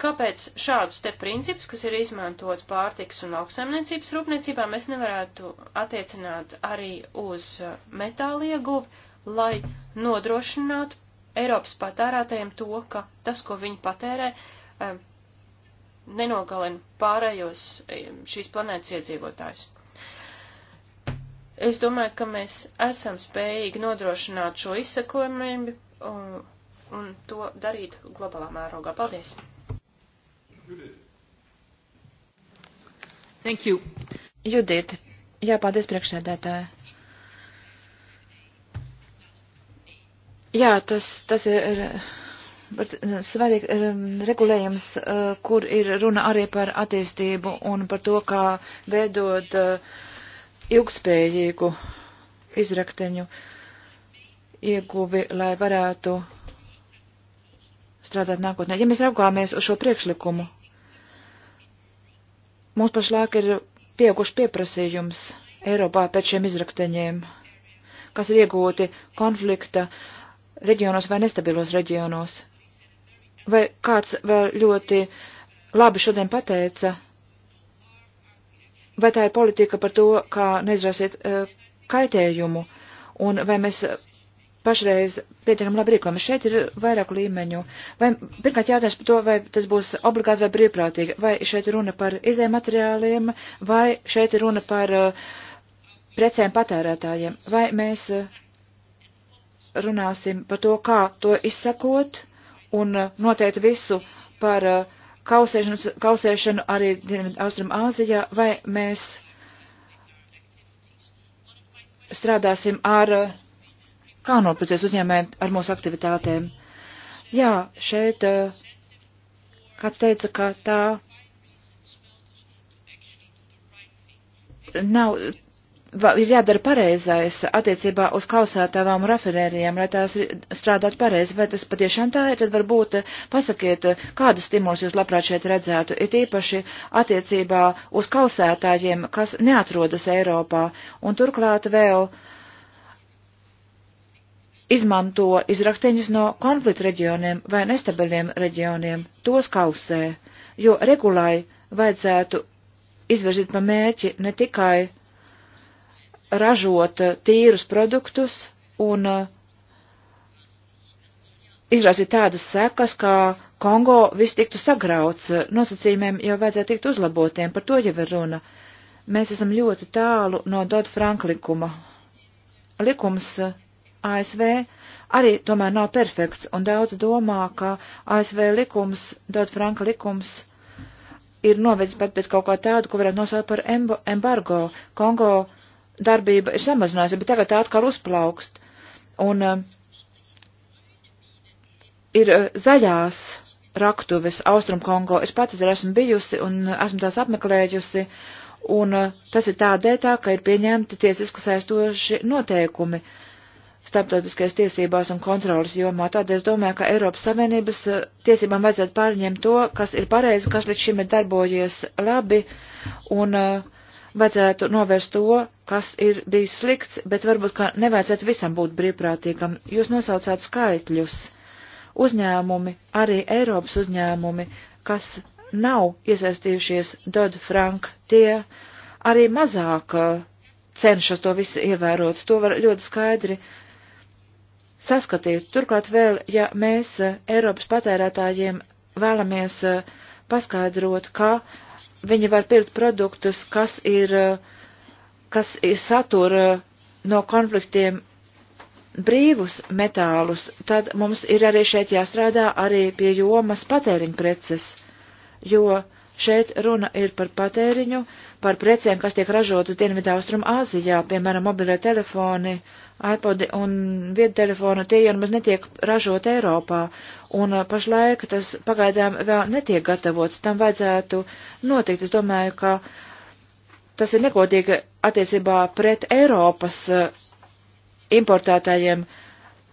Speaker 3: Kāpēc šādus te principus, kas ir izmantot pārtiks un lauksaimniecības rūpniecībā, mēs nevarētu attiecināt arī uz uh, metāla ieguvi, lai nodrošinātu Eiropas patērētājiem to, ka tas, ko viņi patērē, uh, nenogalina pārējos um, šīs planētas iedzīvotājus. Es domāju, ka mēs esam spējīgi nodrošināt šo izsakojumību un, um, un to darīt globālā mērogā. Paldies!
Speaker 2: Thank you. Judit, jā, paldies priekšsēdētāji. Jā, tas, tas ir svarīgi um, regulējums, uh, kur ir runa arī par attīstību un par to, kā veidot uh, ilgspējīgu izrakteņu ieguvi, lai varētu strādāt nākotnē. Ja mēs raugāmies uz šo priekšlikumu, Mums pašlaik ir pieauguši pieprasījums Eiropā pēc šiem izrakteņiem, kas ir iegūti konflikta reģionos vai nestabilos reģionos. Vai kāds vēl ļoti labi šodien pateica, vai tā ir politika par to, kā neizrasiet eh, kaitējumu, un vai mēs pašreiz pietiekami labi rīkojamies. Šeit ir vairāku līmeņu. Vai, pirmkārt jādās par to, vai tas būs obligāti vai brīvprātīgi, vai šeit ir runa par izējiem materiāliem, vai šeit ir runa par uh, precēm patērētājiem, vai mēs uh, runāsim par to, kā to izsakot un uh, noteikti visu par uh, kausēšanu, kausēšanu arī Austrum Āzijā, vai mēs strādāsim ar uh, Kā nopietnies uzņēmējiem ar mūsu aktivitātēm? Jā, šeit eh, kāds teica, ka tā nav, va, ir jādara pareizais attiecībā uz kausētavām rafinērijām, lai tās strādātu pareizi. Vai tas patiešām tā ir, tad varbūt eh, pasakiet, eh, kādus stimulus jūs labprāt šeit redzētu. Ir īpaši attiecībā uz kausētājiem, kas neatrodas Eiropā. Un turklāt vēl. Uh, izmanto izrakteņus no konflikta reģioniem vai nestabiliem reģioniem, tos kausē, jo regulai vajadzētu izvirzīt pa mērķi ne tikai ražot eh, tīrus produktus un eh, izrasīt tādas sekas, kā Kongo viss tiktu sagrauts, eh, nosacījumiem jau vajadzētu tikt uzlabotiem, par to jau ir runa. Mēs esam ļoti tālu no Dodd Frank likuma. Likums ASV arī tomēr nav perfekts, un daudz domā, ka ASV likums, Dodd Franka likums, ir novedis pat pēc kaut kā tādu, ko varētu nosaukt par embargo. Kongo darbība ir samazinājusies, bet tagad tā atkal uzplaukst. Un uh, ir uh, zaļās raktuves Austrumkongo. Es pati tur esmu bijusi un esmu tās apmeklējusi. Un uh, tas ir tādēļ tā, ka ir pieņemti tiesiski saistoši noteikumi. Uh, starptautiskais tiesībās un kontrolas jomā. Tādēļ es domāju, ka Eiropas Savienības eh, tiesībām vajadzētu pārņemt to, kas ir pareizi, kas līdz šim ir darbojies labi, un eh, vajadzētu novērst to, kas ir bijis slikts, bet varbūt, ka nevajadzētu visam būt brīvprātīgam. Jūs nosaucāt skaitļus. Uzņēmumi, arī Eiropas uzņēmumi, kas nav iesaistījušies Dodd Frank, tie arī mazāk eh, cenšas to visu ievērot. To var ļoti skaidri uh, saskatīt. Turklāt vēl, ja mēs eh, Eiropas patērētājiem vēlamies eh, paskaidrot, ka viņi var pirkt produktus, kas ir, eh, kas ir satura no konfliktiem brīvus metālus, tad mums ir arī šeit jāstrādā arī pie jomas patēriņpreces, jo uh, Šeit runa ir par patēriņu, par precēm, kas tiek ražotas Dienvidā Austrum Āzijā, piemēram, mobilē telefoni, iPodi un viedtelefoni, tie jau maz netiek ražot Eiropā, un uh, pašlaik tas pagaidām vēl netiek gatavots. Tam vajadzētu notikt. Es domāju, ka tas ir negodīgi attiecībā pret Eiropas uh, importētājiem. Uh,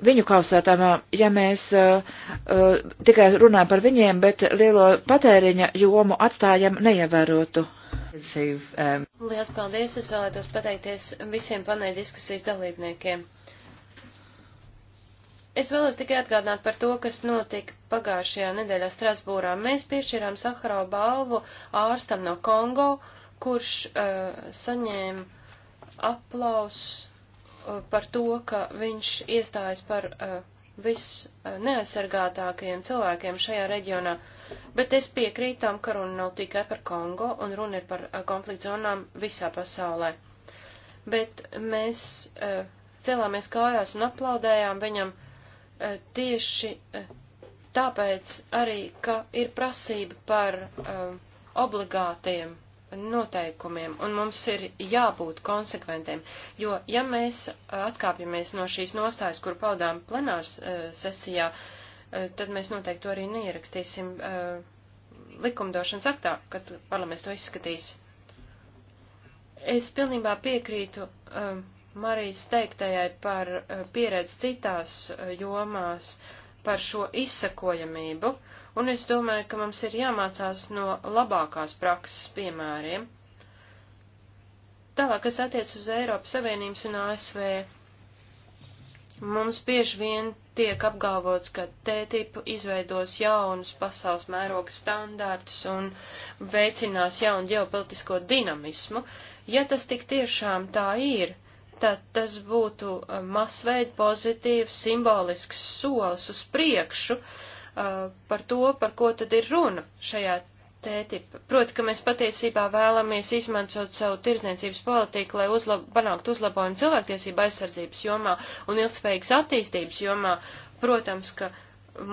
Speaker 2: viņu klausētām, ja mēs uh, uh, tikai runājam par viņiem, bet lielo patēriņa jomu atstājam neievērotu. Lielas
Speaker 3: paldies! Es vēlētos pateikties visiem paneļa diskusijas dalībniekiem. Es vēlos tikai atgādināt par to, kas notika pagājušajā nedēļā Strasbūrā. Mēs piešķirām Saharau balvu ārstam no Kongo, kurš uh, saņēma aplausus par to, ka viņš iestājas par eh, visneaizsargātākajiem eh, cilvēkiem šajā reģionā, bet es piekrītu tam, ka runa nav tikai par Kongo un runa ir par eh, konflikta zonām visā pasaulē. Bet mēs celāmies kājās un aplaudējām viņam tieši tāpēc arī, ka ir prasība par obligātiem noteikumiem, un mums ir jābūt konsekventiem, jo ja mēs atkāpjamies no šīs nostājas, kur paudām plenārs uh, sesijā, uh, tad mēs noteikti to arī neierakstīsim uh, likumdošanas aktā, kad parlaments to izskatīs. Es pilnībā piekrītu Marijas teiktajai par pieredzi citās jomās, par šo izsakojamību. Uh, un es domāju, ka mums ir jāmācās no labākās prakses piemēriem. Tālāk, kas attiec uz Eiropas Savienības un ASV, mums bieži vien tiek apgalvots, ka TTIP izveidos jaunus pasaules mēroga standārtus un veicinās jaunu ģeopolitisko dinamismu. Ja tas tik tiešām tā ir, tad tas būtu eh, masveid pozitīvs simbolisks solis uz priekšu, uh, Uh, par to, par ko tad ir runa šajā tētipa. Proti, ka mēs patiesībā vēlamies izmantot savu tirzniecības politiku, lai uzlab panāktu uzlabojumu cilvēktiesību aizsardzības jomā un ilgspējīgas attīstības jomā. Protams, ka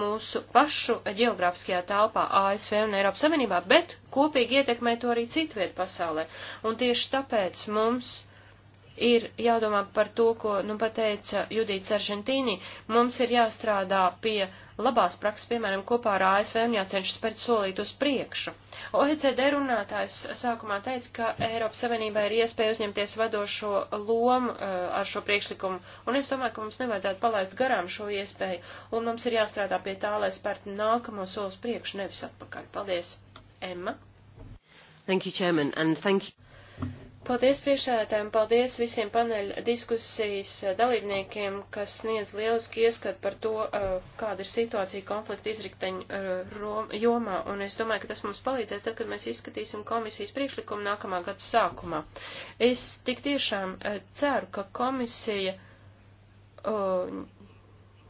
Speaker 3: mūsu pašu geogrāfiskajā telpā ASV un Eiropas Savienībā, bet kopīgi ietekmē to arī citvietu pasaulē. Un tieši tāpēc mums ir jādomā par to, ko nu pateica Judīts Argentīni. Mums ir jāstrādā pie labās prakses, piemēram, kopā ar ASV un jācenšas pēc solīt uz priekšu. OECD runātājs sākumā teica, ka Eiropas Savienībā ir iespēja uzņemties vadošo lomu eh, ar šo priekšlikumu, un es domāju, ka mums nevajadzētu palaist garām šo iespēju, un mums ir jāstrādā pie tā, lai spērtu nākamo solus priekšu, nevis atpakaļ. Paldies, Emma.
Speaker 1: Thank you, Chairman, and thank you.
Speaker 3: Paldies priekšsēdētājiem, paldies visiem paneļa diskusijas eh, dalībniekiem, kas sniedz lielisku ieskatu par to, eh, kāda ir situācija konflikta izrikteņu eh, jomā, un es domāju, ka tas mums palīdzēs tad, kad mēs izskatīsim komisijas priekšlikumu nākamā gada sākumā. Es tik tiešām ceru, ka komisija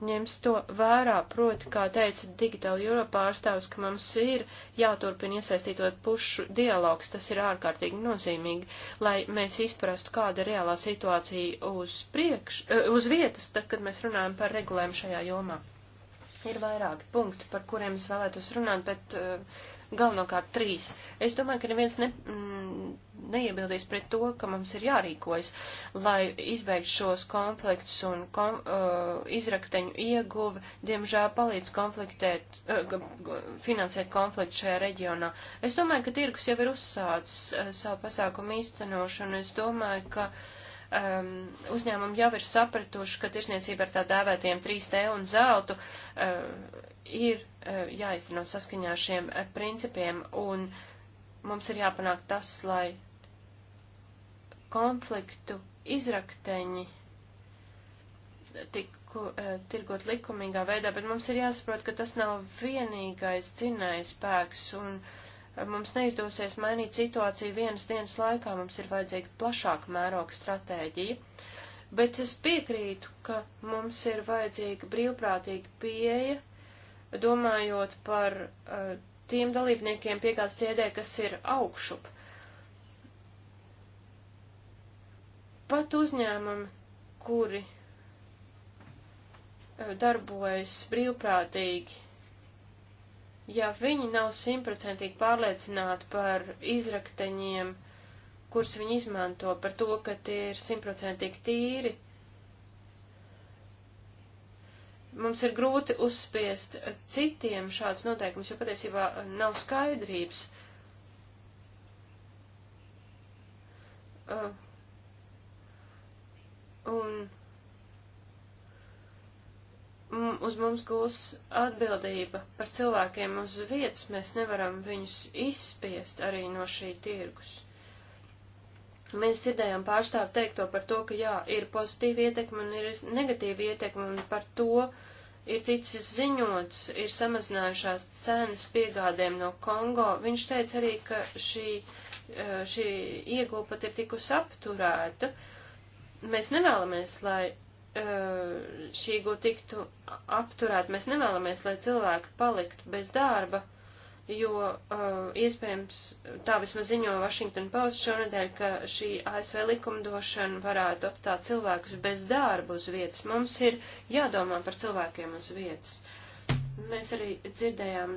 Speaker 3: ņems to vērā, proti, kā teica Digital Euro pārstāvis, ka mums ir jāturpina iesaistītot pušu dialogs, tas ir ārkārtīgi nozīmīgi, lai mēs izprastu, kāda ir reālā situācija uz, priekš, eh, uz vietas, tad, kad mēs runājam par regulējumu šajā jomā. Ir vairāki punkti, par kuriem es vēlētos runāt, bet uh, galvenokārt trīs. Es domāju, ka neviens ne, mm, neiebildīs pret to, ka mums ir jārīkojas, lai izbeigtu šos konfliktus un kom, uh, izrakteņu ieguve, diemžēl palīdz konfliktēt, uh, finansēt konfliktu šajā reģionā. Es domāju, ka tirgus jau ir uzsācis uh, savu pasākumu īstenošanu. Es domāju, ka um, uzņēmumi jau ir sapratuši, ka tirsniecība ar tā dēvētiem 3D un zeltu uh, ir Eh, jāizteno saskaņā ar šiem eh, principiem, un mums ir jāpanāk tas, lai konfliktu izrakteņi tiku eh, tirgot likumīgā veidā, bet mums ir jāsaprot, ka tas nav vienīgais dzinējs spēks, un mums neizdosies mainīt situāciju vienas dienas laikā, mums ir vajadzīga plašāka mēroga stratēģija. Bet es piekrītu, ka mums ir vajadzīga brīvprātīga pieeja domājot par uh, tiem dalībniekiem piegādes ķēdē, kas ir augšup. Pat uzņēmumi, kuri uh, darbojas brīvprātīgi, ja viņi nav simtprocentīgi pārliecināti par izrakteņiem, kurus viņi izmanto, par to, ka tie ir simtprocentīgi tīri, uh, mums ir grūti uzspiest citiem šāds noteikums, jo patiesībā nav skaidrības. Uh, un uz mums gūs atbildība par cilvēkiem uz vietas, mēs nevaram viņus izspiest arī no šī tirgus. Mēs dzirdējām pārstāvu teikto par to, ka jā, ir pozitīva ietekme un ir negatīva ietekme, un par to ir ticis ziņots, ir samazinājušās cenas piegādēm no Kongo. Viņš teica arī, ka šī, eh, šī iegūpa pat ir tikusi apturēta. Mēs nevēlamies, lai eh, šī iegūta tiktu apturēta, mēs nevēlamies, lai cilvēki paliktu bez darba jo uh, iespējams tā vismaz ziņo Washington Post šonadēļ, ka šī ASV likumdošana varētu atstāt cilvēkus bez darba uz vietas. Mums ir jādomā par cilvēkiem uz vietas. Mēs arī dzirdējām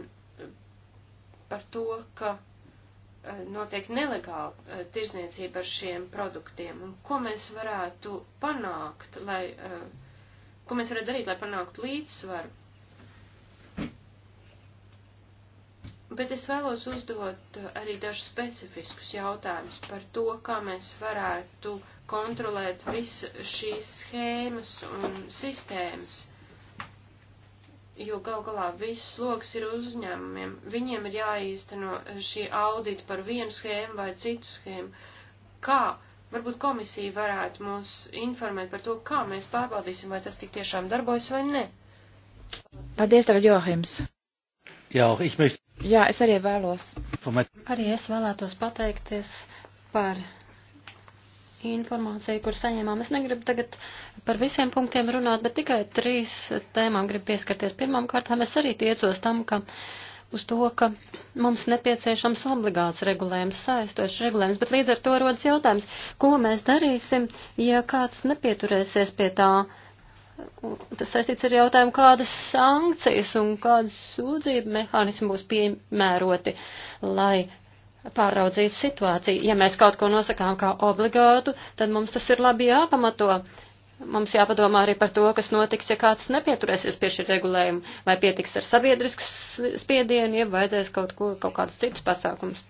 Speaker 3: par to, ka uh, notiek nelegāla uh, tirzniecība ar šiem produktiem un ko mēs varētu panākt, lai, uh, ko mēs varētu darīt, lai panāktu līdzsvaru Bet es vēlos uzdot eh, arī dažus specifiskus jautājumus par to, kā mēs varētu kontrolēt visu šīs schēmas un sistēmas. Jo gal galā viss sloks ir uzņēmumiem. Viņiem ir jāīsteno šī audita par vienu schēmu vai citu schēmu. Kā? Varbūt komisija varētu mūs informēt par to, kā mēs pārbaudīsim, vai tas tik tiešām darbojas vai ne.
Speaker 2: Paldies, tagad Johims.
Speaker 1: Jā, ja, ich möchte. Jā, es arī vēlos. Arī es vēlētos pateikties par informāciju, kur saņēmām. Es negribu tagad par visiem punktiem runāt, bet tikai trīs tēmām gribu pieskarties. Pirmām kārtām es arī tiecos tam, ka uz to, ka mums nepieciešams obligāts regulējums, saistošs regulējums, bet līdz ar to rodas jautājums, ko mēs darīsim, ja kāds nepieturēsies pie tā. Uh, Tas saistīts ar jautājumu, kādas sankcijas un kādas sūdzību mehānismi būs piemēroti, lai pārraudzītu situāciju. Ja mēs kaut ko nosakām kā obligātu, tad mums tas ir labi jāpamato. Mums jāpadomā arī par to, kas notiks, ja kāds nepieturēsies pie šī regulējuma, vai pietiks ar sabiedrisku spiedienu, ja vajadzēs kaut, ko, kaut kādus citus pasākums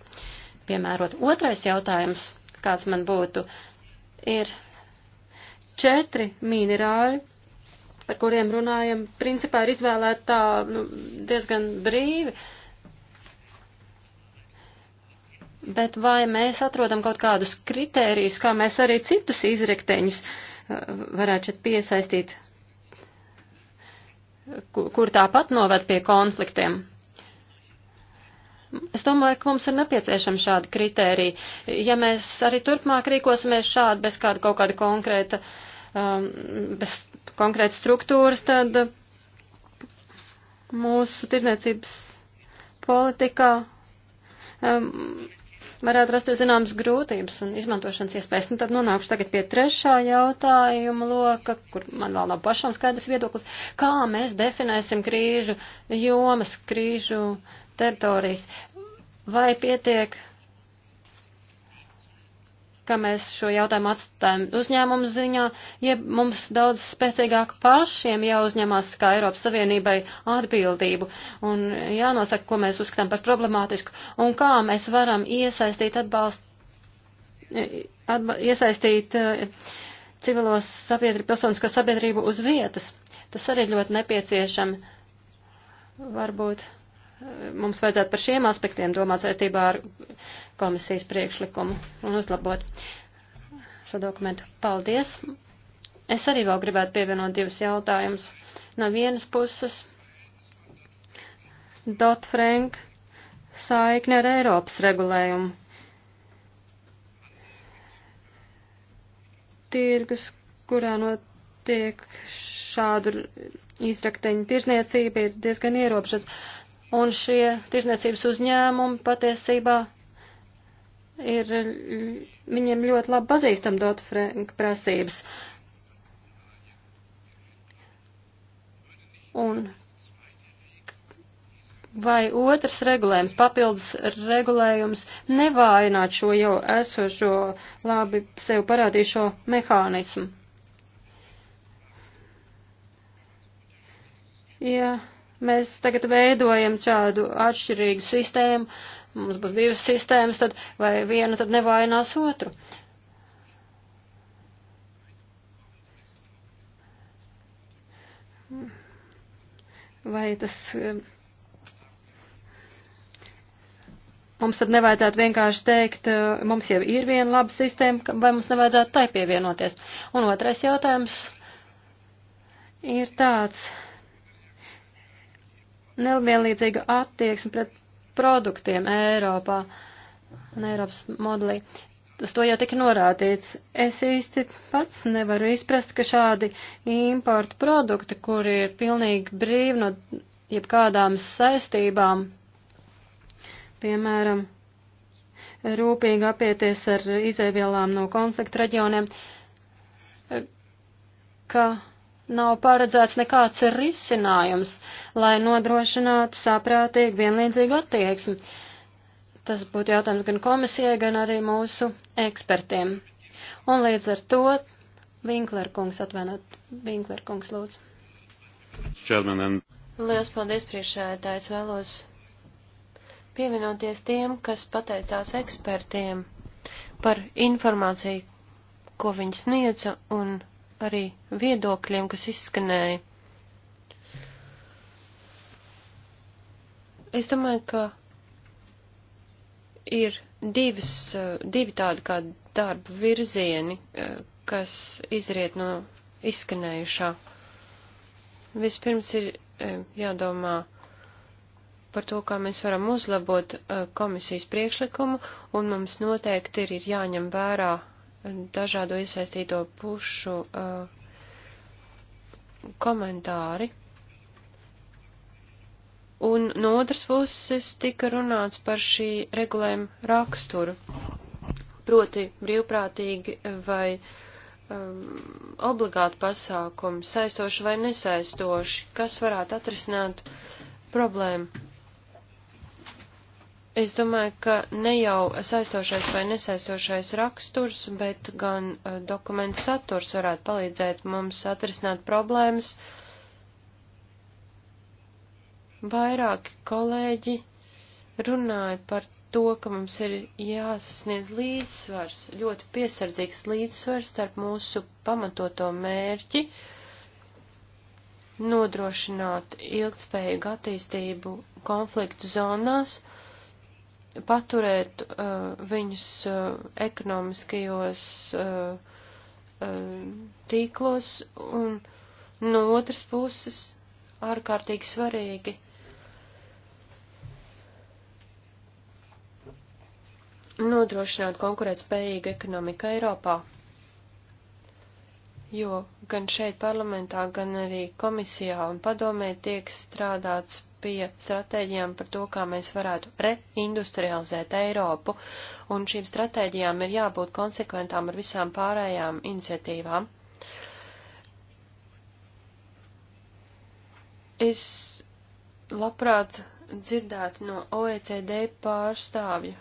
Speaker 1: piemērot. Otrais jautājums, kāds man būtu, ir četri minerāļi, par kuriem runājam, principā ir izvēlēta nu, diezgan brīvi. Bet vai mēs atrodam kaut kādus kritērijus, kā mēs arī citus izrekteņus eh, varētu šeit piesaistīt, kur tāpat noved pie konfliktiem? Es domāju, ka mums ir nepieciešama šāda kritērija. Ja mēs arī turpmāk rīkosimies šādi bez kāda kaut kāda konkrēta, um, bez konkrētas struktūras, tad mūsu tirzniecības politikā um, varētu rasties zināmas grūtības un izmantošanas iespējas. Un nu, tad nonākšu tagad pie trešā jautājuma loka, kur man vēl nav pašam skaidrs viedoklis, kā mēs definēsim krīžu jomas, krīžu teritorijas. Vai pietiek ka mēs šo jautājumu atstājam uzņēmumu ziņā, ja mums daudz spēcīgāk pašiem jāuzņemās kā Eiropas Savienībai atbildību un jānosaka, ko mēs uzskatām par problemātisku un kā mēs varam iesaistīt atbalst, atba, iesaistīt eh, civilos sabiedrību, pilsonisko sabiedrību uz vietas. Tas arī ļoti nepieciešami. Varbūt mums vajadzētu par šiem aspektiem domāt saistībā ar komisijas priekšlikumu un uzlabot šo dokumentu. Paldies! Es arī vēl gribētu pievienot divus jautājumus. No vienas puses, Dot Frank saikne ar Eiropas regulējumu. Tirgus, kurā notiek šādu izrakteņu tirzniecība, ir diezgan ierobežots. Uh, un šie tirzniecības uzņēmumi patiesībā ir viņiem ļoti labi pazīstam dot prasības. Un vai otrs regulējums, papildus regulējums nevainātu šo jau esošo labi sev parādīšo mehānismu? Ja. Yeah mēs tagad veidojam šādu atšķirīgu sistēmu, mums būs divas sistēmas, tad vai viena tad nevainās otru. Vai tas. Eh, mums tad nevajadzētu vienkārši teikt, eh, mums jau ir viena laba sistēma, vai mums nevajadzētu tai pievienoties. Un otrais jautājums ir tāds nevienlīdzīga attieksme pret produktiem Eiropā un Eiropas modelī. Tas to jau tika norādīts. Es īsti pats nevaru izprast, ka šādi importu produkti, kuri ir pilnīgi brīvi no jebkādām saistībām, piemēram, rūpīgi apieties ar izēvielām no konflikta reģioniem, ka nav paredzēts nekāds risinājums, lai nodrošinātu saprātīgu vienlīdzīgu attieksmi. Tas būtu jautājums gan komisijai, gan arī mūsu ekspertiem. Un līdz ar to Vinklerkungs atvainot. Vinklerkungs lūdzu. Čelmenem.
Speaker 3: Lielas paldies priekšsēdētājs vēlos pievienoties tiem, kas pateicās ekspertiem par informāciju, ko viņi sniedza un arī viedokļiem, kas izskanēja. Es domāju, ka ir divas, divi tādi kā darba virzieni, kas izriet no izskanējušā. Vispirms ir jādomā par to, kā mēs varam uzlabot eh, komisijas priekšlikumu, un mums noteikti ir, ir jāņem vērā dažādu iesaistīto pušu uh, komentāri. Un no otras puses tika runāts par šī regulējuma raksturu, proti brīvprātīgi vai um, obligāti pasākumi, saistoši vai nesaistoši, kas varētu atrisināt problēmu. Es domāju, ka ne jau saistošais vai nesaistošais raksturs, bet gan uh, dokuments saturs varētu palīdzēt mums atrisināt problēmas. Vairāki kolēģi runāja par to, ka mums ir jāsasniedz līdzsvars, ļoti piesardzīgs līdzsvars starp mūsu pamatoto mērķi nodrošināt ilgtspējīgu attīstību konfliktu zonās paturēt uh, viņus uh, ekonomiskajos uh, uh, tīklos, un no otras puses ārkārtīgi svarīgi. Nodrošināt konkurētspējīgu ekonomiku Eiropā jo gan šeit parlamentā, gan arī komisijā un padomē tiek strādāts pie stratēģijām par to, kā mēs varētu reindustrializēt Eiropu, un šīm stratēģijām ir jābūt konsekventām ar visām pārējām iniciatīvām. Es labprāt dzirdētu no OECD pārstāvju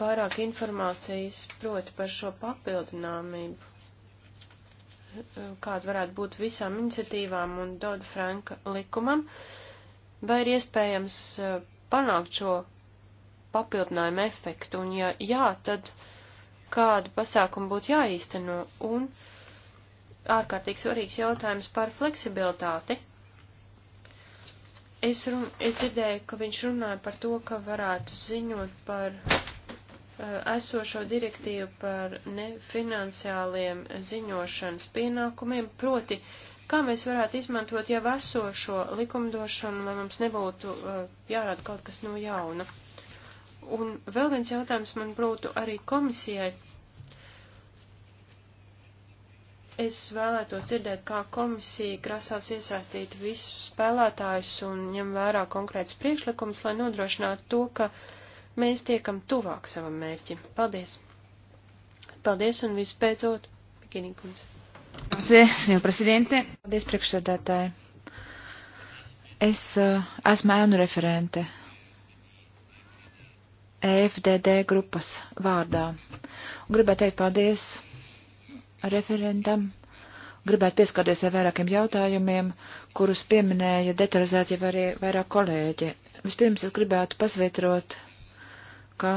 Speaker 3: vairāk informācijas proti par šo papildināmību, kāda varētu būt visām iniciatīvām un Doda Franka likumam, vai ir iespējams eh, panākt šo papildinājumu efektu, un ja jā, tad kādu pasākumu būtu jāīsteno, un ārkārtīgi svarīgs jautājums par fleksibilitāti. Es, run, es dzirdēju, ka viņš runāja par to, ka varētu ziņot par Uh, esošo direktīvu par nefinanciāliem ziņošanas pienākumiem, proti, kā mēs varētu izmantot jau esošo likumdošanu, lai mums nebūtu uh, jārāda kaut kas no jauna. Un vēl viens jautājums man būtu arī komisijai. Es vēlētos dzirdēt, kā komisija grasās iesaistīt visus spēlētājus un ņem vērā konkrētus priekšlikumus, lai nodrošinātu to, ka uh, mēs tiekam tuvāk savam mērķim. Paldies! Paldies un vispēcot, Mikinīkums.
Speaker 2: Paldies, priekšsēdētāji. Es uh, esmu ēnu referente EFDD grupas vārdā. Un gribētu teikt paldies referentam. Gribētu pieskarties ar vairākiem jautājumiem, kurus pieminēja detalizēti jau arī vairāk kolēģi. Vispirms es gribētu pasvietrot ka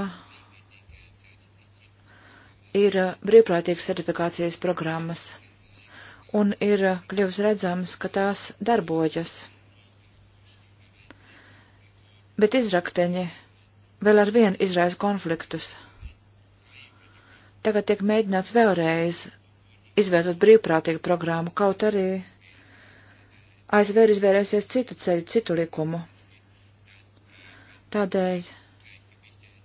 Speaker 2: ir brīvprātīgas certifikācijas programmas, un ir kļuvis redzams, ka tās darbojas. Bet izrakteņi vēl ar vienu izraisa konfliktus. Tagad tiek mēģināts vēlreiz izveidot brīvprātīgu programmu, kaut arī ASV ir izvērēsies citu ceļu, citu likumu. Tādēļ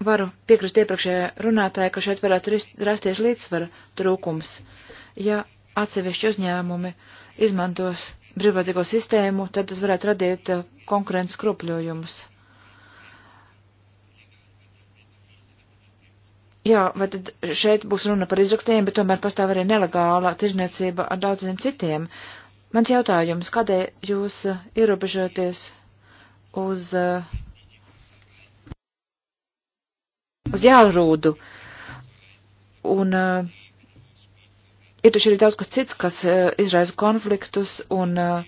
Speaker 2: varu piekrist iepriekšējai runātāji, ka šeit varētu rasties līdzsvara trūkums. Ja atsevišķi uzņēmumi izmantos brīvprātīgo sistēmu, tad tas varētu radīt eh, konkurences kropļojumus. Jā, vai tad šeit būs runa par izrakstiem, bet tomēr pastāv arī nelegāla tirzniecība ar daudziem citiem. Mans jautājums, kādēļ jūs eh, ierobežoties uz uh, uz jārūdu. Un uh, ir taču arī daudz kas cits, kas uh, izraisa konfliktus un uh,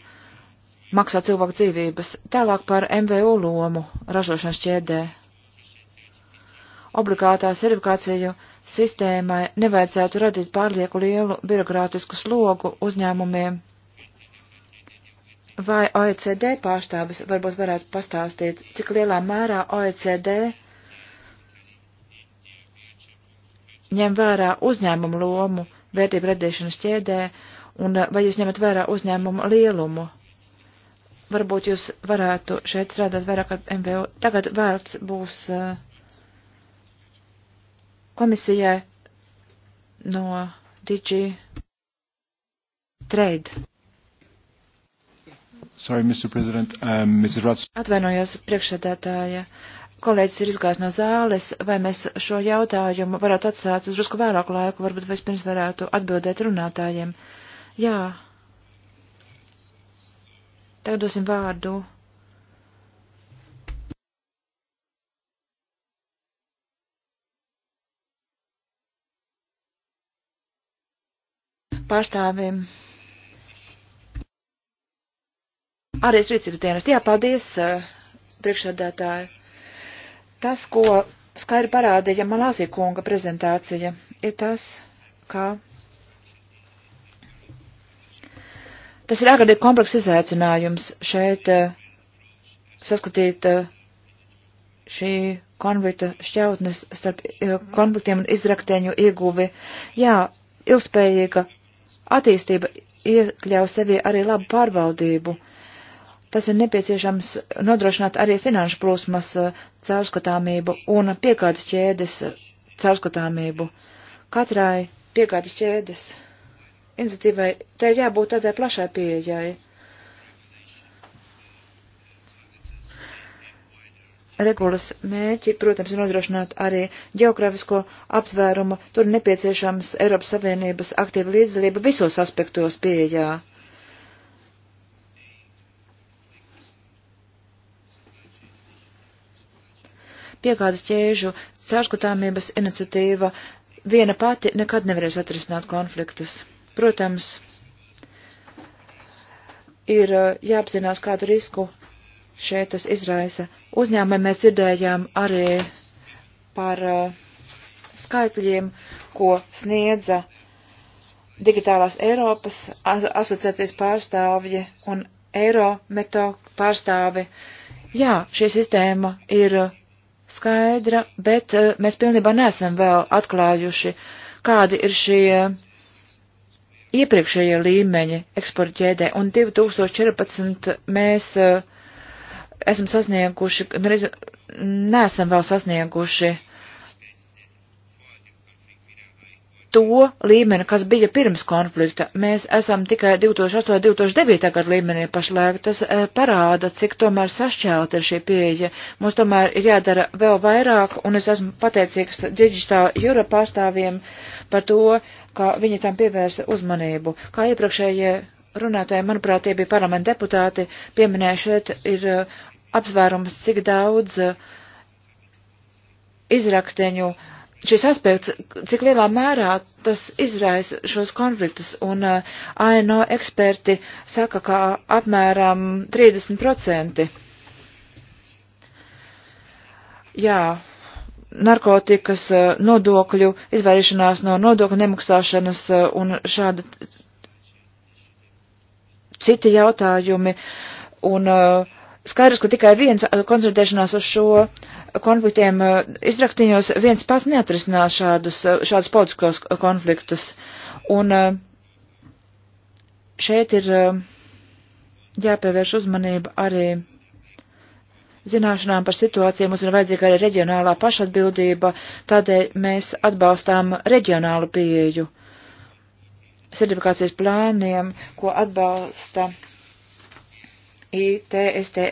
Speaker 2: maksā cilvēku dzīvības. Tālāk par MVU lomu ražošanas ķēdē. Obligātā sertifikāciju sistēmai nevajadzētu radīt pārlieku lielu birokrātisku slogu uzņēmumiem. Vai OECD pārstāvis varbūt varētu pastāstīt, cik lielā mērā OECD ņem vērā uzņēmumu lomu vērtību radīšanas ķēdē un eh, vai jūs ņemat vērā uzņēmumu lielumu? Varbūt jūs varētu šeit strādāt vairāk ar MVO. Tagad vērts būs eh, komisijai no DG Trade. Sorry, Mr. President, um, Mrs. Rats. Atvainojos priekšsēdētāja. Uh, kolēģis ir izgājis no zāles, vai mēs šo jautājumu varētu atstāt uz drusku vēlāku laiku, varbūt vispirms varētu atbildēt runātājiem. Jā. Tagad dosim vārdu. Pārstāvim. Arī rīcības dienas. Jā, paldies, eh, priekšsēdētāji. Tas, ko skaidri parādīja Malāzija kunga prezentācija, ir tas, ka tas ir ārkārtīgi komplekss izaicinājums šeit eh, saskatīt eh, šī konflikta šķautnes starp eh, konfliktiem un izrakteņu ieguvi. Jā, ilgspējīga attīstība iekļauj sevī arī labu pārvaldību. Uh, tas ir nepieciešams nodrošināt arī finanšu plūsmas eh, caurskatāmību un piegādes ķēdes eh, caurskatāmību. Katrai piegādes ķēdes iniciatīvai te ir jābūt tādai plašai pieejai. Regulas mērķi, protams, ir nodrošināt arī geogrāfisko aptvērumu, tur nepieciešams Eiropas Savienības aktīva līdzdalība visos aspektos pieejā piegādes ķēžu caurskatāmības iniciatīva viena pati nekad nevarēs atrisināt konfliktus. Protams, ir uh, jāapzinās, kādu risku šeit tas izraisa. Uzņēmumiem mēs dzirdējām arī par uh, skaitļiem, ko sniedza Digitālās Eiropas asociācijas pārstāvji un Eiro meto pārstāvi. Jā, šī sistēma ir skaidra, bet eh, mēs pilnībā nesam vēl atklājuši, kādi ir šie iepriekšējie līmeņi eksporta ķēdē, un 2014 mēs eh, esam sasnieguši, nesam vēl sasnieguši to līmeni, kas bija pirms konflikta. Mēs esam tikai 2008-2009 gadu līmenī pašlaik. Tas e, parāda, cik tomēr sašķēlta ir šī pieeja. Mums tomēr ir jādara vēl vairāk, un es esmu pateicīgs Digital Europe pārstāvjiem par to, ka viņi tam pievērsa uzmanību. Kā iepriekšējie runātāji, manuprāt, tie bija parlamenta deputāti, pieminēja šeit ir e, apsvērums, cik daudz e, izrakteņu uh, šis aspekts, cik lielā mērā tas izraisa šos konfliktus, un uh, eh, ANO eksperti saka, ka apmēram 30%. Jā, narkotikas, eh, nodokļu, izvairīšanās no nodokļu nemaksāšanas eh, un šādi citi jautājumi. Un, uh, Skaidrs, ka tikai viens eh, koncentrēšanās uz šo eh, konfliktiem eh, izraktiņos viens pats neatrisinās šādus, šādus politiskos konfliktus. Un šeit ir jāpievērš uzmanība arī zināšanām par situāciju. Mums ir vajadzīga arī reģionālā pašatbildība, tādēļ mēs atbalstām reģionālu pieeju sertifikācijas plāniem, ko atbalsta ITSTE,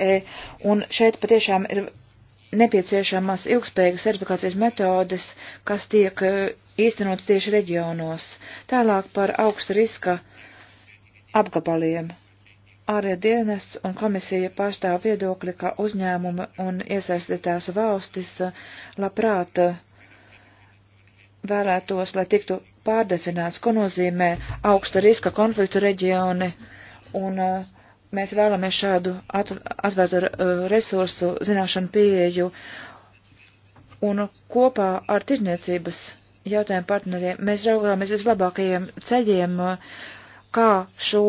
Speaker 2: un šeit patiešām ir nepieciešamas ilgspējīgas certifikācijas metodes, kas tiek e, īstenotas tieši reģionos. Tālāk par augsta riska apgabaliem. Ārējā dienests un komisija pārstāv viedokli, ka uzņēmumi un iesaistītās valstis e, labprāt e, vēlētos, lai tiktu pārdefinēts, ko nozīmē augsta riska konfliktu reģioni un uh, mēs vēlamies šādu atvērtu uh, resursu zināšanu pieeju un kopā ar tirdzniecības jautājumu partneriem mēs raugāmies vislabākajiem ceļiem, uh, kā šo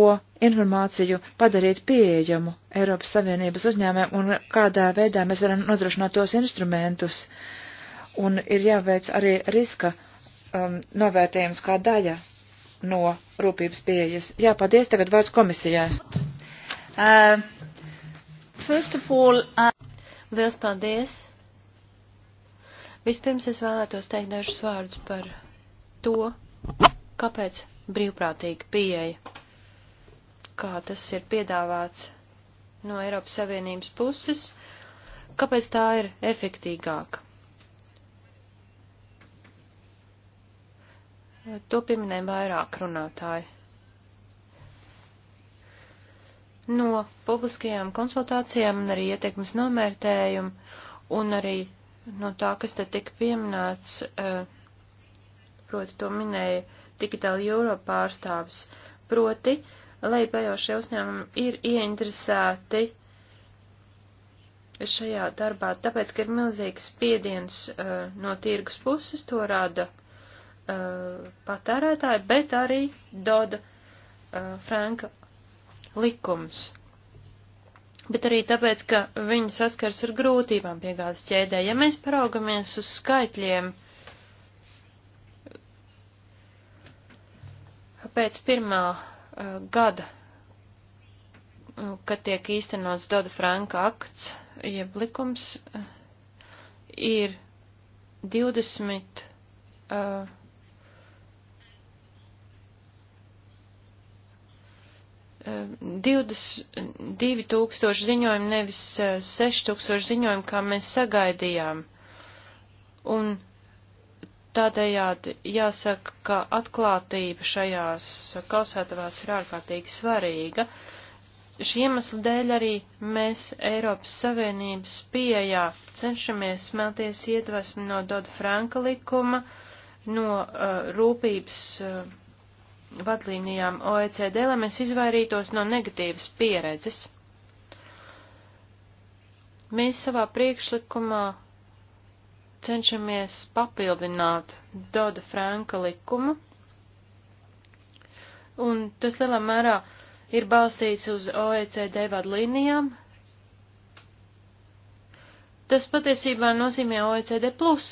Speaker 2: informāciju padarīt pieejamu Eiropas Savienības uzņēmēm un kādā veidā mēs varam nodrošināt tos instrumentus. Un ir jāveic arī riska um, novērtējums kā daļa no rūpības pieejas. Jā, paldies, tagad vārds komisijai. Uh, first of all, uh... Liels paldies! Vispirms es vēlētos
Speaker 3: teikt dažus vārdus par to, kāpēc brīvprātīga pieeja, kā tas ir piedāvāts no Eiropas Savienības puses, kāpēc tā ir efektīgāka. To pieminēja vairāk runātāji. no publiskajām konsultācijām un arī ietekmes nomērtējumu un arī no tā, kas te tika pieminēts, eh, proti to minēja Digital Europe pārstāvis, proti, lai bajošie uzņēmumi ir ieinteresēti šajā darbā, tāpēc, ka ir milzīgs spiediens uh, no tirgus puses, to rada uh, patērētāji, bet arī Doda uh, Franka likums. Bet arī tāpēc, ka viņi saskars ar grūtībām piegādes ķēdē. Ja mēs paraugamies uz skaitļiem, pēc pirmā uh, gada, kad tiek īstenots Doda Franka akts, jeb likums, uh, ir 20 uh, 22 tūkstoši ziņojumu, nevis 6 e, tūkstoši ziņojumu, kā mēs sagaidījām. Un tādējādi jāsaka, ka atklātība šajās kausētavās ir ārkārtīgi svarīga. Šī iemesla dēļ arī mēs Eiropas Savienības pieejā cenšamies smelties iedvesmu no Doda Franka likuma, no uh, rūpības. Uh, vadlīnijām OECD, lai mēs izvairītos no negatīvas pieredzes. Mēs savā priekšlikumā cenšamies papildināt Doda Franka likumu, un tas lielā mērā ir balstīts uz OECD vadlīnijām. Tas patiesībā nozīmē OECD plus.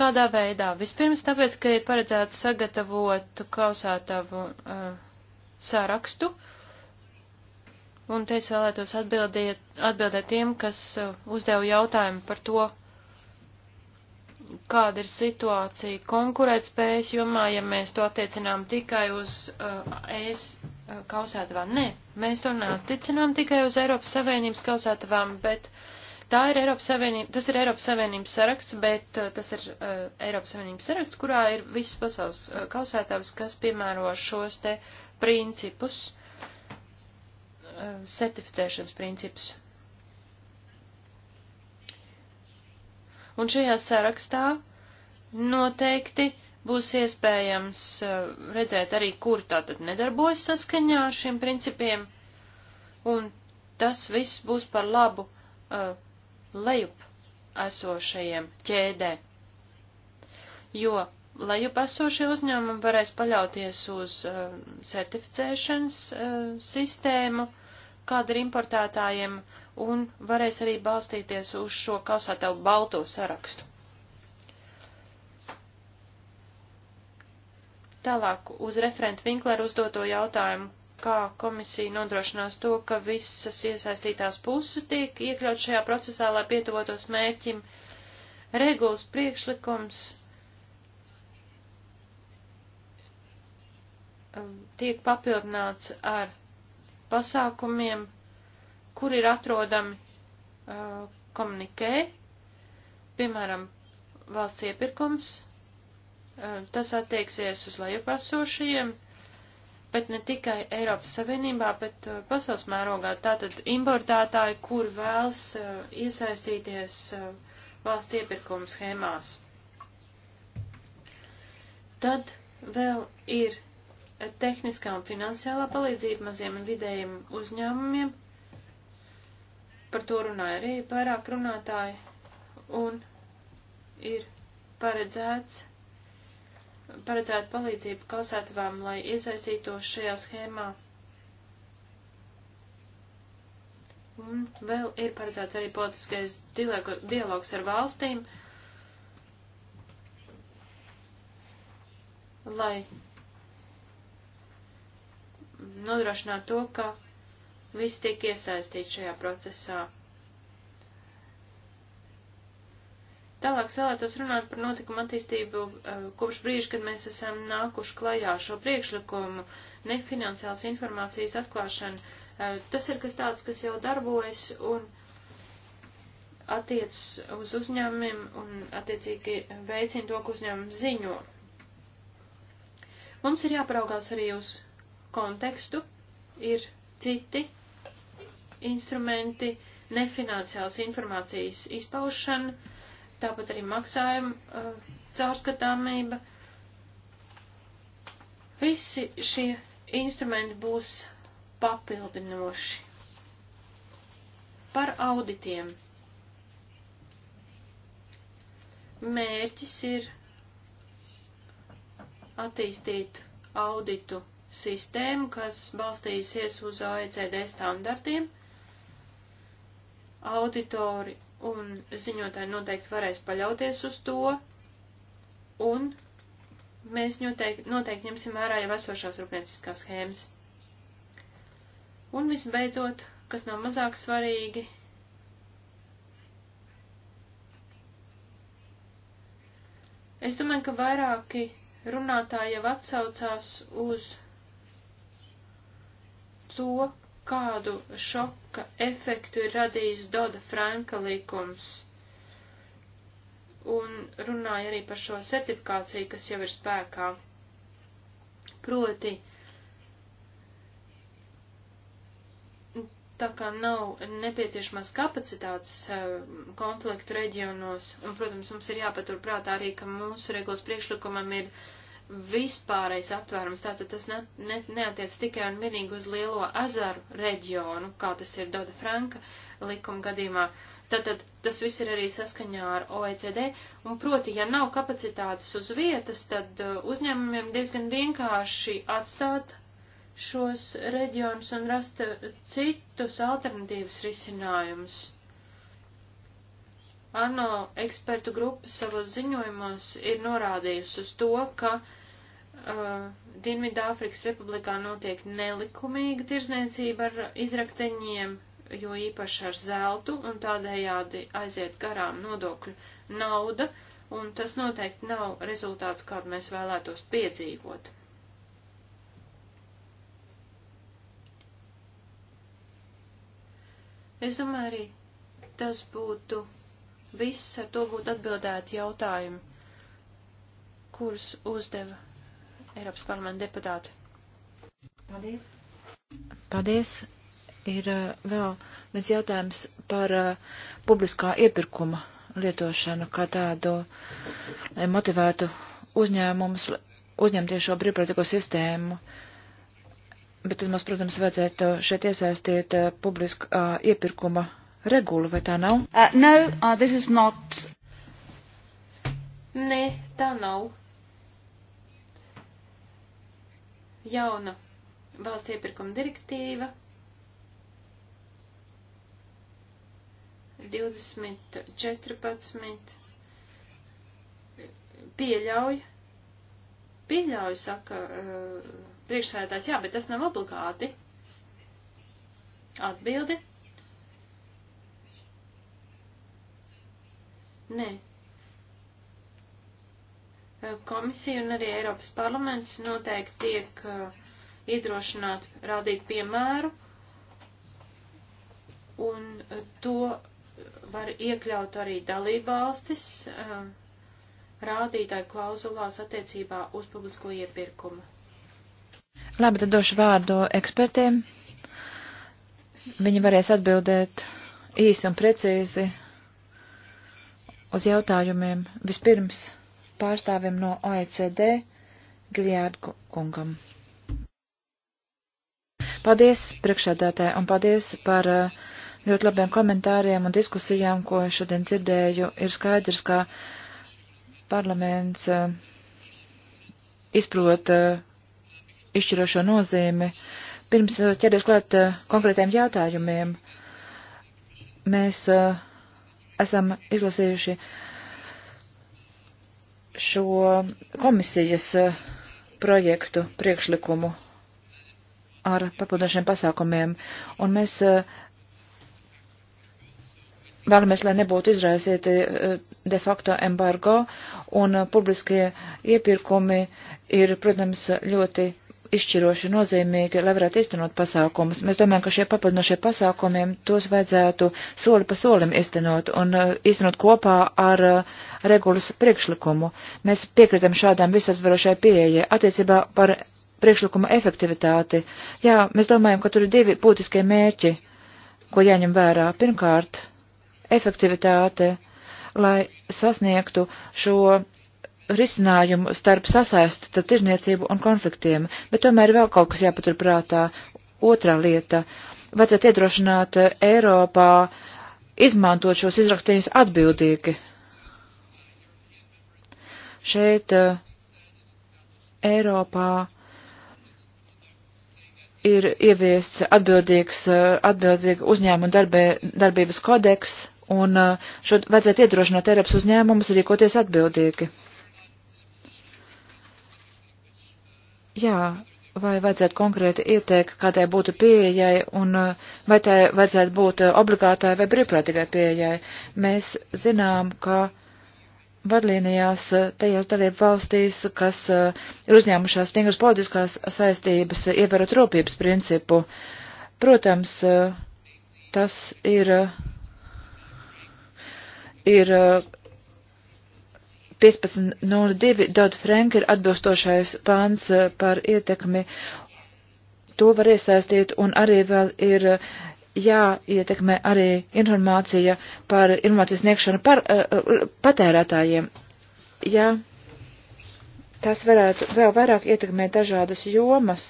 Speaker 3: Kādā veidā? Vispirms tāpēc, ka ir paredzēts sagatavot klausātavu uh, sārakstu, un te es vēlētos atbildiet, atbildēt tiem, kas uh, uzdeva jautājumu par to, kāda ir situācija konkurētspējas jomā, ja mēs to attiecinām tikai uz uh, ES uh, kausētavām. Nē, mēs to neatticinām tikai uz Eiropas Savienības kausētavām, bet uh, tā ir Eiropas Savienība, tas ir Eiropas Savienības saraksts, bet uh, tas ir uh, Eiropas Savienības saraksts, kurā ir visas pasaules uh, kausētājs, kas piemēro šos te principus, uh, certificēšanas principus. Un šajā sarakstā noteikti būs iespējams uh, redzēt arī, kur tātad nedarbojas saskaņā ar šiem principiem, un tas viss būs par labu uh, lejup esošajiem ķēdē, jo lejup esošie uzņēmumi varēs paļauties uz uh, certificēšanas uh, sistēmu, kāda ir importētājiem, un varēs arī balstīties uz šo kausētavu balto sarakstu. Tālāk uz referentu Vinkleru uzdoto jautājumu, kā komisija nodrošinās to, ka visas iesaistītās puses tiek iekļaut šajā procesā, lai pietuvotos mērķim. Regulas priekšlikums um, tiek papildināts ar pasākumiem, kur ir atrodami uh, komunikē, piemēram, valsts iepirkums, uh, tas attieksies uz lejupasošajiem, bet ne tikai Eiropas Savienībā, bet uh, pasaules mērogā. Tātad importētāji, kur vēlas uh, iesaistīties uh, valsts iepirkuma schēmās. Tad vēl ir tehniskā un finansiālā palīdzība maziem un vidējiem uzņēmumiem. Par to runāja arī vairāk runātāji. Un ir paredzēts paredzētu palīdzību kausētavām, lai iesaistītos šajā schēmā. Un vēl ir paredzēts arī politiskais dialogs ar valstīm, lai nodrošinātu to, ka visi tiek iesaistīti šajā procesā. Tālāk es vēlētos runāt par notikumu attīstību eh, kopš brīža, kad mēs esam nākuši klajā šo priekšlikumu, nefinanciāls informācijas atklāšanu. Eh, tas ir kas tāds, kas jau darbojas un attiec uz uzņēmumiem un attiecīgi veicina to, ka uzņēmumi ziņo. Mums ir jāparaugās arī uz kontekstu, ir citi instrumenti, nefinanciāls informācijas izpaušana tāpat arī maksājuma uh, caurskatāmība. Visi šie instrumenti būs papildinoši. Par auditiem. Mērķis ir attīstīt auditu sistēmu, kas balstīsies uz OECD standartiem. Auditori un ziņotāji noteikti varēs paļauties uz to, un mēs noteikti, noteikti ņemsim vērā jau esošās rūpnieciskās schēmas. Un visbeidzot, kas nav mazāk svarīgi, es domāju, ka vairāki runātāji jau atsaucās uz to, kādu šoka efektu ir radījis Doda Franka likums. Un runāja arī par šo certifikāciju, kas jau ir spēkā. Proti, tā kā nav nepieciešamās kapacitātes eh, konfliktu reģionos, un, protams, mums ir jāpaturprātā arī, ka mūsu regulas priekšlikumam ir uh, vispārējais aptvērums, tātad tas ne, ne, neatiec tikai un vienīgi uz lielo ezaru reģionu, kā tas ir Doda Franka likuma gadījumā. Tātad tas viss ir arī saskaņā ar OECD, un proti, ja nav kapacitātes uz vietas, tad uh, uzņēmumiem diezgan vienkārši atstāt šos reģionus un rast uh, citus alternatīvus risinājumus. ANO ekspertu grupa savos ziņojumos ir norādījusi uz to, ka uh, Dienvidāfrikas republikā notiek nelikumīga tirzniecība ar izrakteņiem, jo īpaši ar zeltu, un tādējādi aiziet garām nodokļu nauda, un tas noteikti nav rezultāts, kādu mēs vēlētos piedzīvot. Es domāju, arī tas būtu viss ar to būtu atbildēti jautājumi, kurus uzdeva Eiropas parlamenta deputāti.
Speaker 2: Paldies. Paldies. Ir eh, vēl viens jautājums par eh, publiskā iepirkuma lietošanu, kā tādu, lai motivētu uzņēmumus uzņemties šo brīvprātīgo sistēmu. Bet tad mums, protams, vajadzētu eh, šeit iesaistīt publiskā iepirkuma regula, vai tā nav? Uh, no, uh, this is not.
Speaker 3: Nē, tā nav. Jauna valsts iepirkuma direktīva 2014 pieļauj, pieļauj, saka uh, priekšsēdētājs, jā, bet tas nav obligāti. Atbildi Nē. Komisija un arī Eiropas parlaments noteikti tiek uh, iedrošināti rādīt piemēru, un uh, to var iekļaut arī dalībvalstis uh, rādītāju klauzulās attiecībā uz publisko iepirkumu.
Speaker 2: Labi, tad došu vārdu ekspertiem. Viņi varēs atbildēt īsi un precīzi uz jautājumiem vispirms pārstāvim no OECD Giljārdu kungam. Paldies priekšādātāji un paldies par eh, ļoti labiem komentāriem un diskusijām, ko šodien dzirdēju. Ir skaidrs, ka parlaments eh, izprot eh, izšķirošo nozīmi. Pirms ķeries klāt konkrētiem jautājumiem, mēs uh, esam izlasījuši šo komisijas eh, projektu priekšlikumu ar papildošiem pasākumiem, un mēs eh, vēlamies, lai nebūtu izraisīti eh, de facto embargo, un publiskie iepirkumi ir, protams, ļoti izšķiroši nozīmīgi, lai varētu iztenot pasākumus. Mēs domājam, ka šie papildinošie pasākumiem tos vajadzētu soli pa solim iztenot un iztenot uh, kopā ar uh, regulas priekšlikumu. Mēs piekritam šādām visaptverošai pieeja attiecībā par priekšlikuma efektivitāti. Jā, mēs domājam, ka tur ir divi būtiskie mērķi, ko jāņem vērā. Pirmkārt, efektivitāte, lai sasniegtu šo risinājumu starp sasaisti tad tirniecību un konfliktiem, bet tomēr vēl kaut kas jāpaturprātā. Otra lieta - vajadzētu iedrošināt Eiropā izmantot šos izrakstījumus atbildīgi. Šeit eh, Eiropā ir ieviests atbildīgs, eh, atbildīga uzņēmuma darbē, darbības kodeks, un eh, šo vajadzētu iedrošināt Eiropas uzņēmumus rīkoties atbildīgi. Jā, vai vajadzētu konkrēti ieteikt, kādai būtu pieejai un uh, vai tai vajadzētu būt uh, obligātai vai brīvprātīgai pieejai. Mēs zinām, ka vadlīnijās uh, tajās dalību valstīs, kas ir uzņēmušās stingras politiskās saistības, ievērot rūpības principu. Protams, tas ir, ir 15.02 Dodd Frank ir atbilstošais pāns eh, par ietekmi. To var iesaistīt un arī vēl ir eh, jāietekmē arī informācija par informācijas sniegšanu par uh, patērētājiem. Ja tas varētu vēl vairāk ietekmēt dažādas jomas,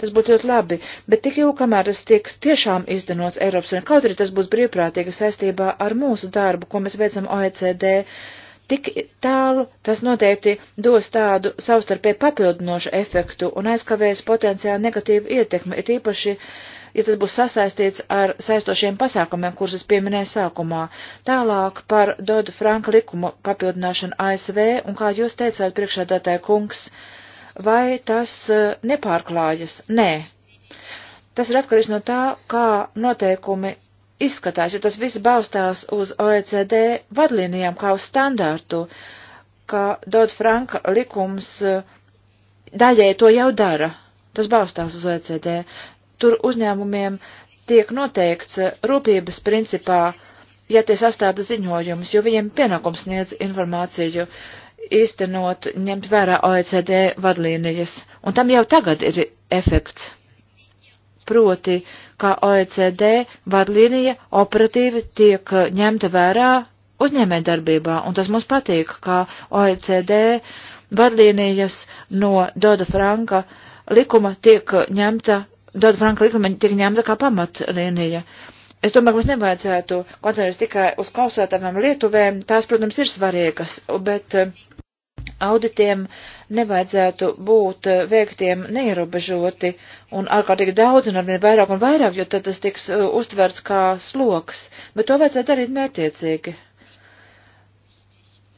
Speaker 2: tas būtu ļoti labi, bet tik ilgi, kamēr tas tiek tiešām izdenots Eiropas un kaut arī tas būs brīvprātīgi saistībā ar mūsu darbu, ko mēs veicam OECD, uh, Tik tālu tas noteikti dos tādu savstarpēji papildinošu efektu un aizkavēs potenciāli negatīvu ietekmi, ir īpaši, ja tas būs sasaistīts ar saistošiem pasākumiem, kurus es pieminēju sākumā. Tālāk par Dodu Franka likumu papildināšanu ASV un, kā jūs teicāt, priekšādātāja kungs, vai tas eh, nepārklājas? Nē. Tas ir atkarīgs no tā, kā noteikumi izskatās, ja tas viss balstās uz OECD vadlīnijām kā uz standārtu, ka Dodd Franka likums eh, daļai to jau dara. Tas balstās uz OECD. Tur uzņēmumiem tiek noteikts eh, rūpības principā, ja tie sastāda ziņojumus, jo viņiem pienākums sniedz informāciju īstenot, ņemt vērā OECD vadlīnijas. Un tam jau tagad ir efekts proti, kā OECD vadlīnija operatīvi tiek eh, ņemta vērā uzņēmējdarbībā, un tas mums patīk, kā OECD vadlīnijas no Doda Franka likuma tiek eh, ņemta, Doda Franka likuma tiek ņemta kā pamatlīnija. Es domāju, ka mums nevajadzētu koncentrēties tikai uz kausētām lietuvēm, tās, protams, ir svarīgas, bet eh, auditiem nevajadzētu būt eh, veiktiem neierobežoti un ārkārtīgi daudz un arvien vairāk un vairāk, jo tad tas tiks eh, uztverts kā sloks, bet to vajadzētu darīt mērtiecīgi.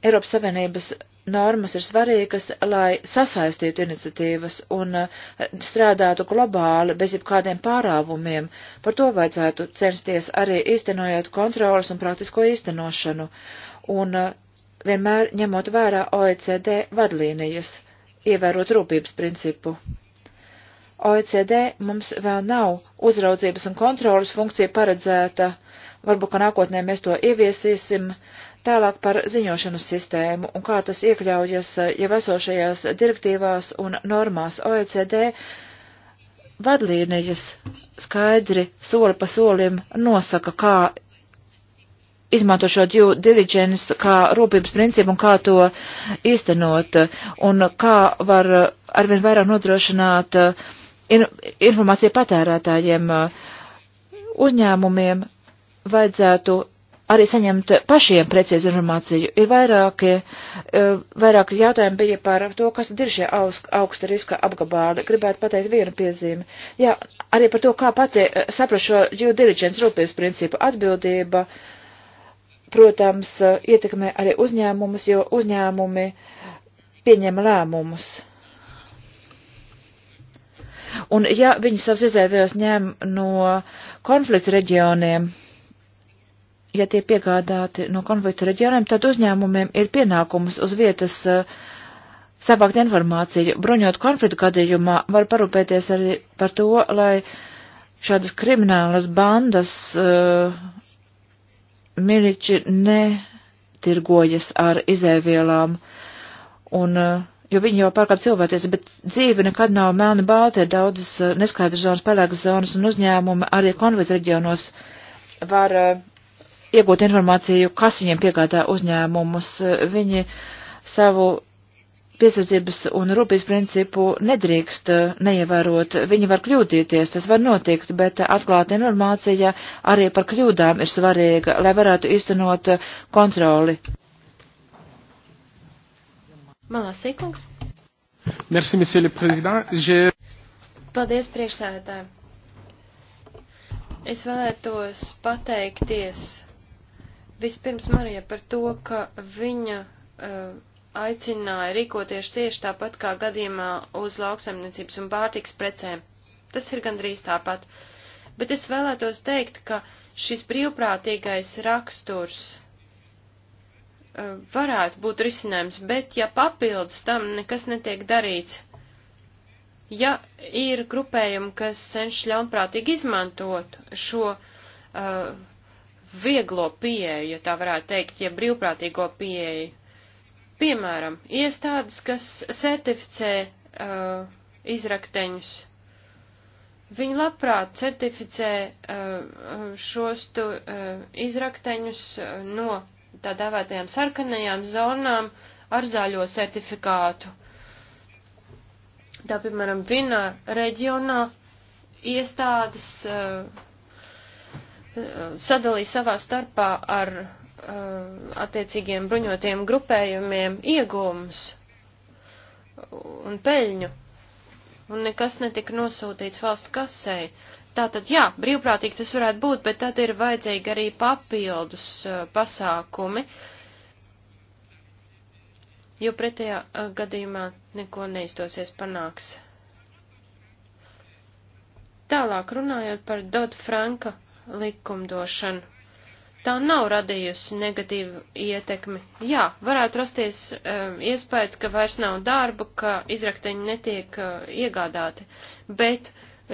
Speaker 2: Eiropas Savienības normas ir svarīgas, lai sasaistītu iniciatīvas un eh, strādātu globāli bez jebkādiem pārāvumiem. Par to vajadzētu censties arī īstenojot kontrolas un praktisko īstenošanu. Un vienmēr ņemot vērā OECD vadlīnijas, ievērot rūpības principu. OECD mums vēl nav uzraudzības un kontrolas funkcija paredzēta, varbūt, ka nākotnē mēs to ieviesīsim, tālāk par ziņošanas sistēmu un kā tas iekļaujas jau esošajās direktīvās un normās OECD vadlīnijas skaidri soli pa solim nosaka, kā izmanto šo due diligence kā rūpības principu un kā to īstenot un kā var arvien vairāk nodrošināt uh, in, informāciju patērētājiem uh, uzņēmumiem vajadzētu arī saņemt pašiem precīzi informāciju. Ir vairāki, uh, vairāki jautājumi bija par to, kas ir šie augsta riska apgabāli. Gribētu pateikt vienu piezīmi. Jā, arī par to, kā pati saprast šo due diligence rūpības principu atbildība. Uh, protams, ietekmē arī uzņēmumus, jo uzņēmumi pieņem lēmumus. Un ja viņi savus izēvielas ņem no konflikta reģioniem, ja tie piegādāti no konflikta reģioniem, tad uzņēmumiem ir pienākums uz vietas uh, savākt informāciju. Bruņot konfliktu gadījumā var parūpēties arī par to, lai šādas kriminālas bandas uh, miliči netirgojas ar izēvielām, un, eh, jo viņi jau pārkāp cilvēties, bet dzīve nekad nav melna balta, ir daudzas eh, neskaidras zonas, pelēgas zonas, un uzņēmumi arī konflikta reģionos var eh, iegūt informāciju, kas viņiem piegādā uzņēmumus. Viņi savu piesardzības un rūpības principu nedrīkst eh, neievērot. Viņi var kļūdīties, tas var notikt, bet atklāta informācija arī par kļūdām ir svarīga, lai varētu iztenot eh, kontroli.
Speaker 3: Malās Sīkungs. Merci, monsieur le président. Je... Paldies, priekšsēdētāji. Es vēlētos pateikties vispirms Marijai par to, ka viņa uh, aicināja rīkoties tieši tāpat kā gadījumā uz lauksaimniecības un pārtiks precēm. Tas ir gandrīz tāpat. Bet es vēlētos teikt, ka šis brīvprātīgais raksturs eh, varētu būt risinājums, bet ja papildus tam nekas netiek darīts, ja ir grupējumi, kas cenšas ļaunprātīgi izmantot šo uh, vieglo pieeju, ja tā varētu teikt, ja brīvprātīgo pieeju, Piemēram, iestādes, kas certificē uh, izrakteņus, viņi labprāt certificē uh, šos tu, uh, izrakteņus uh, no tā dēvētajām sarkanajām zonām ar zaļo certifikātu. Tā, piemēram, vienā reģionā iestādes uh, uh, sadalīja savā starpā ar Uh, attiecīgiem bruņotiem grupējumiem iegūmus un peļņu, un nekas netika nosūtīts valsts kasei. Tātad, jā, brīvprātīgi tas varētu būt, bet tad ir vajadzīgi arī papildus uh, pasākumi, jo pretējā uh, gadījumā neko neizdosies panāks. Tālāk runājot par Dodd Franka likumdošanu tā nav radījusi negatīvu ietekmi. Jā, varētu rasties um, iespējas, ka vairs nav darba, ka izrakteņi netiek uh, iegādāti, bet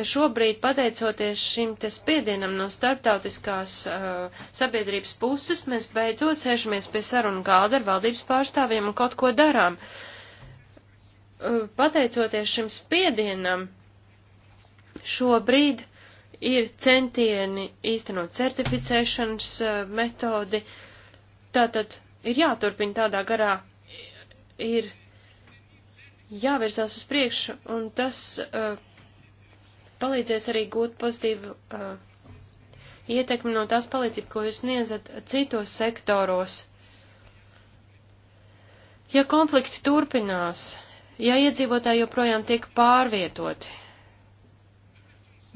Speaker 3: šobrīd, pateicoties šim te spiedienam no starptautiskās uh, sabiedrības puses, mēs beidzot sēžamies pie sarunu galda ar valdības pārstāvjiem un kaut ko darām. Uh, pateicoties šim spiedienam, šobrīd uh, ir centieni īstenot certificēšanas eh, metodi. Tātad ir jāturpina tādā garā, ir jāvirzās uz priekšu, un tas uh, palīdzēs arī gūt pozitīvu uh, ietekmi no tās palīdzības, ko jūs sniedzat citos sektoros. Ja konflikti turpinās, ja iedzīvotāji joprojām tiek pārvietoti,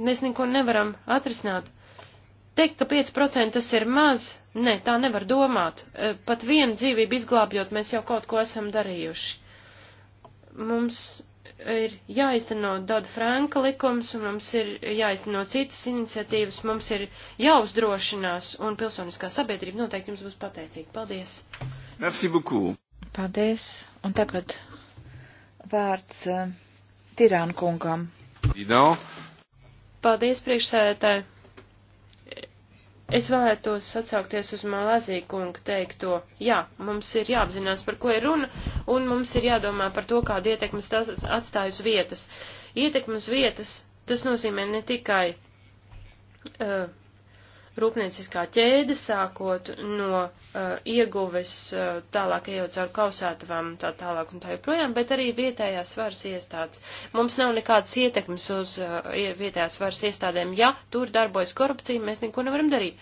Speaker 3: mēs neko nevaram atrisināt. Teikt, ka 5% tas ir maz, ne, tā nevar domāt. E, pat vienu dzīvību izglābjot, mēs jau kaut ko esam darījuši. Mums ir jāizteno Doda Franka likums, un mums ir jāizteno citas iniciatīvas, mums ir jāuzdrošinās, un pilsoniskā sabiedrība noteikti jums būs pateicīga. Paldies!
Speaker 2: Merci beaucoup! Paldies! Un tagad vārds uh, e, Tirānu kungam. Dino. Paldies, priekšsēdētāji. Es vēlētos
Speaker 3: atsaukties uz Malāziju kungu teikto. Jā, mums ir jāapzinās, par ko ir runa, un mums ir jādomā par to, kādu ietekmes tas atstāj uz vietas. Ietekmes vietas, tas nozīmē ne tikai uh, rūpnieciskā ķēde, sākot no uh, ieguves, uh, tālāk ejot caur kausētavām, tā tālāk un tā joprojām, bet arī vietējās varas iestādes. Mums nav nekādas ietekmes uz uh, vietējās varas iestādēm. Ja tur darbojas korupcija, mēs neko nevaram darīt.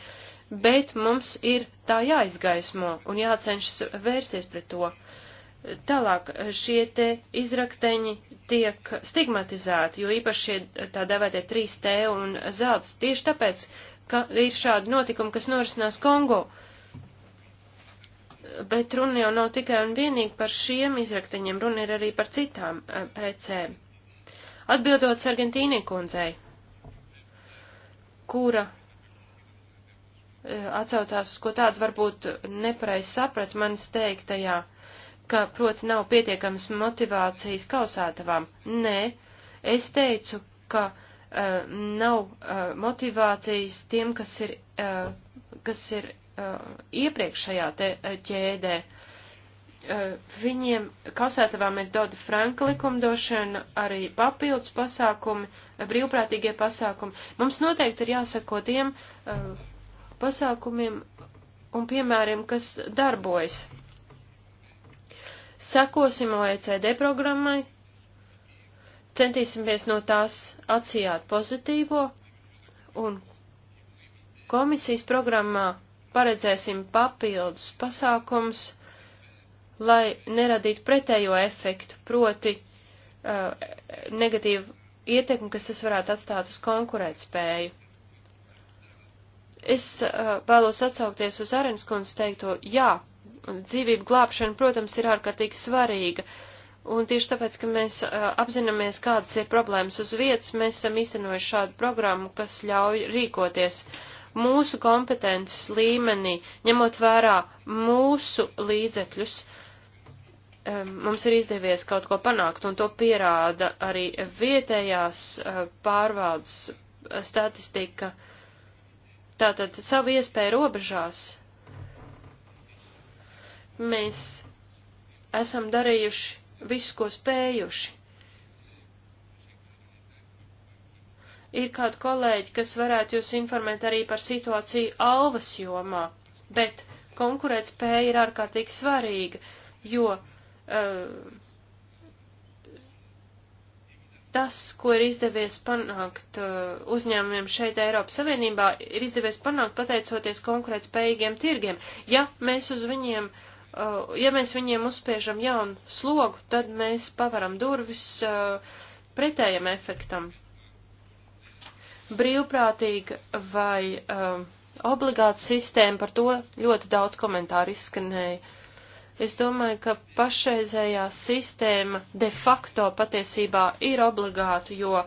Speaker 3: Bet mums ir tā jāizgaismo un jācenšas vērsties pret to. Tālāk šie te izrakteņi tiek stigmatizēti, jo īpaši šie tā devētie 3T un zelts. Tieši tāpēc ka ir šādi notikumi, kas norisinās Kongo. Bet runa jau nav tikai un vienīgi par šiem izraktaņiem, runa ir arī par citām e, precēm. Atbildot Sargentīnī kundzei, kura e, atsaucās uz ko tādu varbūt nepareiz saprat manis teiktajā, ka proti nav pietiekams motivācijas kausātavām. Nē, es teicu, ka uh, Uh, nav uh, motivācijas tiem, kas ir, uh, kas ir iepriekšējā ķēdē viņiem kasētavām ir Doda Franka likumdošana, arī papildus pasākumi, brīvprātīgie pasākumi. Mums noteikti ir jāsako tiem uh, pasākumiem un piemēriem, kas darbojas. Sekosim OECD programmai, centīsimies no tās atsijāt pozitīvo, un komisijas programmā paredzēsim papildus pasākums, lai neradītu pretējo efektu, proti uh, negatīvu ietekmi, kas tas varētu atstāt uz konkurētspēju. Es uh, vēlos atsaukties uz Arenas kundzes teikto, jā, dzīvību glābšana, protams, ir ārkārtīgi svarīga, uh, Un tieši tāpēc, ka mēs apzināmies, kādas ir problēmas uz vietas, mēs esam īstenojuši šādu programmu, kas ļauj rīkoties mūsu kompetences līmenī, ņemot vērā mūsu līdzekļus. Mums ir izdevies kaut ko panākt, un to pierāda arī vietējās pārvaldes statistika. Tātad savu iespēju robežās mēs esam darījuši visu, ko spējuši. Ir kādi kolēģi, kas varētu jūs informēt arī par situāciju alvas jomā, bet konkurēt spēja ir ārkārtīgi svarīga, jo uh, tas, ko ir izdevies panākt uh, uzņēmumiem šeit Eiropas Savienībā, ir izdevies panākt pateicoties konkurēt spējīgiem tirgiem. Ja mēs uz viņiem uh, Uh, ja mēs viņiem uzspiežam jaunu slogu, tad mēs pavaram durvis uh, pretējam efektam. Brīvprātīga vai uh, obligāta sistēma, par to ļoti daudz komentāru izskanēja. Es domāju, ka pašreizējā sistēma de facto patiesībā ir obligāta, jo uh,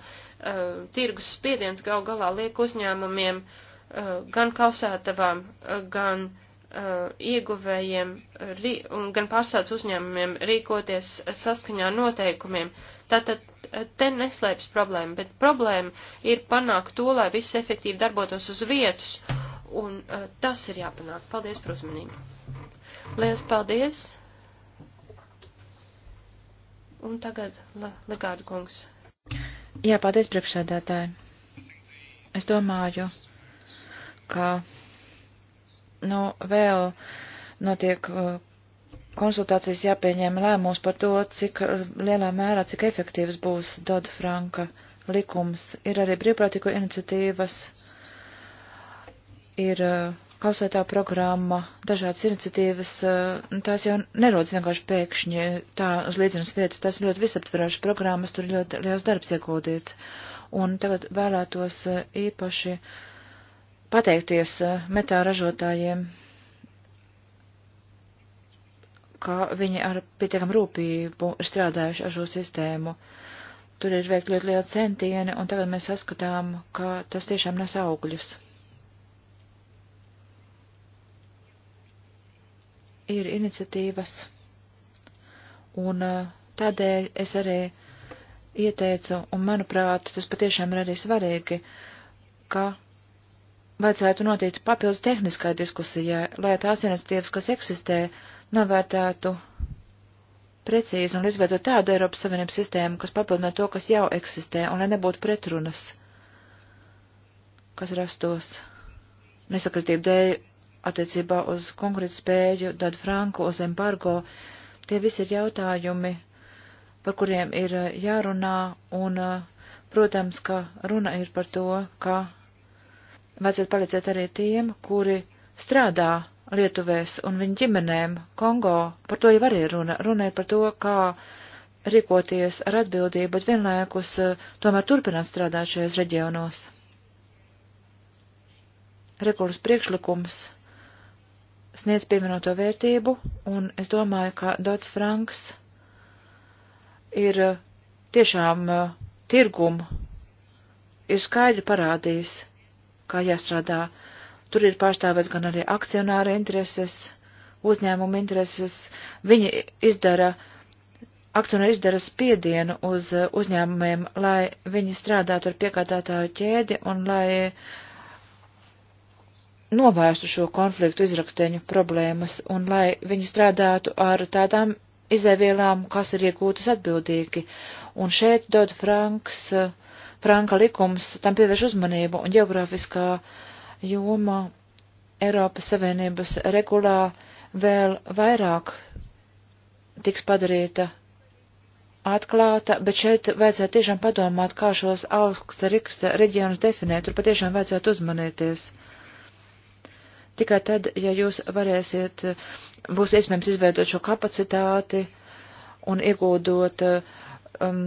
Speaker 3: tirgus spiediens gal galā liek uzņēmumiem uh, gan kausētavām, uh, gan uh, Uh, ieguvējiem un gan pārsauc uzņēmumiem rīkoties saskaņā noteikumiem. Tātad uh, te neslēpjas problēma, bet problēma ir panākt to, lai viss efektīvi darbotos uz vietas, un uh, tas ir jāpanāk. Paldies par uzmanību. Lielas paldies! Un tagad Legāda kungs.
Speaker 2: Jā, paldies priekšsēdētāji. Es domāju, ka nu, vēl notiek uh, konsultācijas jāpieņem lēmums par to, cik uh, lielā mērā, cik efektīvs būs Dodd Franka likums. Ir arī brīvprātīgo iniciatīvas, ir uh, kausētā programma, dažādas iniciatīvas, tās jau nerodas vienkārši pēkšņi tā uz līdzenas vietas, tās ļoti visaptverošas programmas, tur ļoti liels darbs ieguldīts. Un tagad vēlētos īpaši uh, pateikties eh, metāla ražotājiem, ka viņi ar pietiekam rūpību ir strādājuši ar šo sistēmu. Tur ir veikt ļoti liela centieni, un tagad mēs saskatām, ka tas tiešām nes augļus. Ir iniciatīvas, un eh, tādēļ es arī ieteicu, un manuprāt, tas patiešām ir arī svarīgi, ka vajadzētu notikt papildus tehniskai diskusijai, lai tās iniciatīvas, kas eksistē, novērtētu precīzi un izveidot tādu Eiropas Savienības sistēmu, kas papildina to, kas jau eksistē, un lai nebūtu pretrunas, kas rastos nesakritību dēļ attiecībā uz konkrētu spēju, dadu franku, uz embargo. Tie visi ir jautājumi, par kuriem ir eh, jārunā, un, eh, protams, ka runa ir par to, ka vajadzētu palīdzēt arī tiem, kuri strādā Lietuvēs un viņu ģimenēm Kongo. Par to jau arī runa. Runa ir par to, kā rīkoties ar atbildību, bet vienlaikus eh, tomēr turpināt strādāt šajos reģionos. Regulas priekšlikums sniedz pievienoto vērtību, un es domāju, ka Dots Franks ir eh, tiešām eh, tirgumu ir skaidri parādījis, kā jāstrādā. Tur ir pārstāvēts gan arī akcionāra intereses, uzņēmuma intereses. Viņi izdara, akcionāri izdara spiedienu uz uzņēmumiem, lai viņi strādātu ar piegādātāju ķēdi un lai novērstu šo konfliktu izrakteņu problēmas un lai viņi strādātu ar tādām izēvielām, kas ir iegūtas atbildīgi. Un šeit Dodd Franks uh, Franka likums tam pievērš uzmanību un geogrāfiskā joma Eiropas Savienības regulā vēl vairāk tiks padarīta atklāta, bet šeit vajadzētu tiešām padomāt, kā šos augsta riksta reģionus definēt, tur patiešām vajadzētu uzmanīties. Tikai tad, ja jūs varēsiet, būs iespējams izveidot šo kapacitāti un iegūdot um,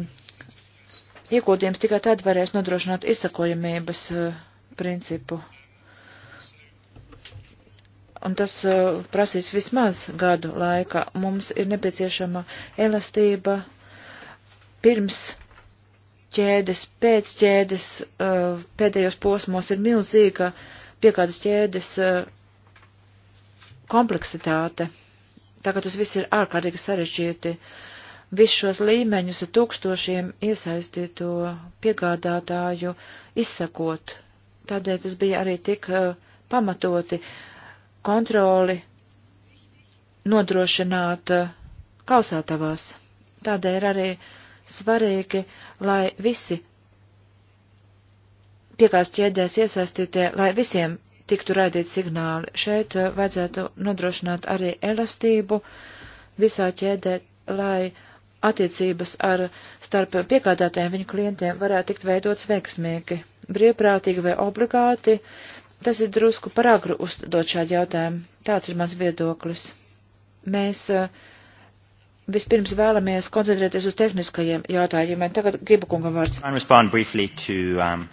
Speaker 2: iegūtījums tikai tad varēs nodrošināt izsakojamības uh, principu. Un tas uh, prasīs vismaz gadu laika. Mums ir nepieciešama elastība pirms ķēdes, pēc ķēdes, uh, pēdējos posmos ir milzīga piekādas ķēdes kompleksitāte. Tā kā tas viss ir ārkārtīgi sarežģīti. Uh, visus šos līmeņus ar tūkstošiem iesaistīto piegādātāju izsakot. Tādēļ tas bija arī tik uh, pamatoti kontroli nodrošināt uh, kausātavās. Tādēļ ir arī svarīgi, lai visi piekās ķēdēs iesaistītie, lai visiem tiktu raidīt signāli. Šeit uh, vajadzētu nodrošināt arī elastību visā ķēdē, lai uh, attiecības ar starp piegādātājiem viņu klientiem varētu tikt veidots veiksmīgi, brīvprātīgi vai obligāti, tas ir drusku par agru uzdot šādu jautājumu. Tāds ir mans viedoklis. Mēs eh, vispirms vēlamies koncentrēties uz tehniskajiem jautājumiem. Tagad gribu kungam vārds.
Speaker 3: Um,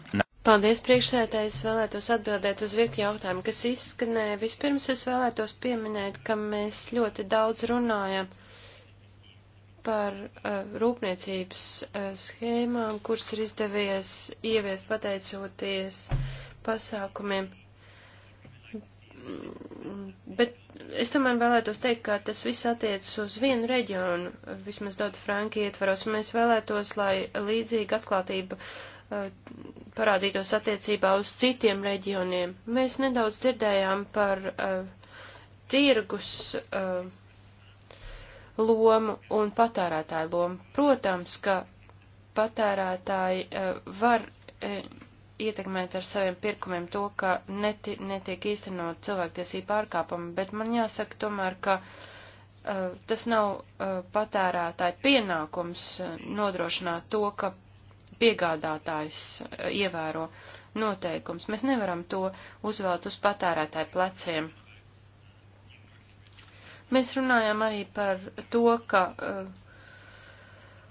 Speaker 3: Paldies, priekšsētājs, vēlētos atbildēt uz virkni jautājumu, kas izskanēja. Vispirms es vēlētos pieminēt, ka mēs ļoti daudz runājam par uh, rūpniecības uh, schēmām, kuras ir izdevies ieviest pateicoties pasākumiem. Bet es tomēr vēlētos teikt, ka tas viss attiecas uz vienu reģionu, vismaz daudz franki ietvaros, un mēs vēlētos, lai līdzīga atklātība uh, parādītos attiecībā uz citiem reģioniem. Mēs nedaudz dzirdējām par uh, tirgus. Uh, lomu un patērētāju lomu. Protams, ka patērētāji eh, var eh, ietekmēt ar saviem pirkumiem to, ka neti, netiek īstenot cilvēktiesību pārkāpumi, bet man jāsaka tomēr, ka uh, tas nav uh, patērētāja pienākums uh, nodrošināt to, ka piegādātājs ievēro noteikums. Mēs nevaram to uzvelt uz patērētāju pleciem. Mēs runājam arī par to, ka uh,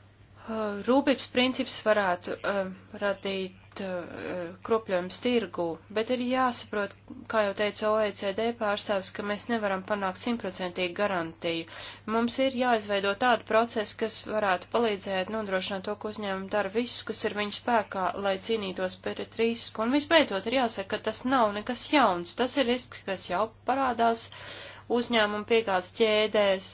Speaker 3: uh, rūpības princips varētu uh, radīt uh, kropļojums tirgū, bet ir jāsaprot, kā jau teica OECD pārstāvis, ka mēs nevaram panākt simtprocentīgu garantiju. Mums ir jāizveido tādu procesu, kas varētu palīdzēt nodrošināt to, ko uzņēmumi dara visu, kas ir viņu spēkā, lai cīnītos pret risku. Un visbeidzot ir jāsaka, ka tas nav nekas jauns, tas ir risks, kas jau parādās. Uh, uzņēmumu piegādes ķēdēs.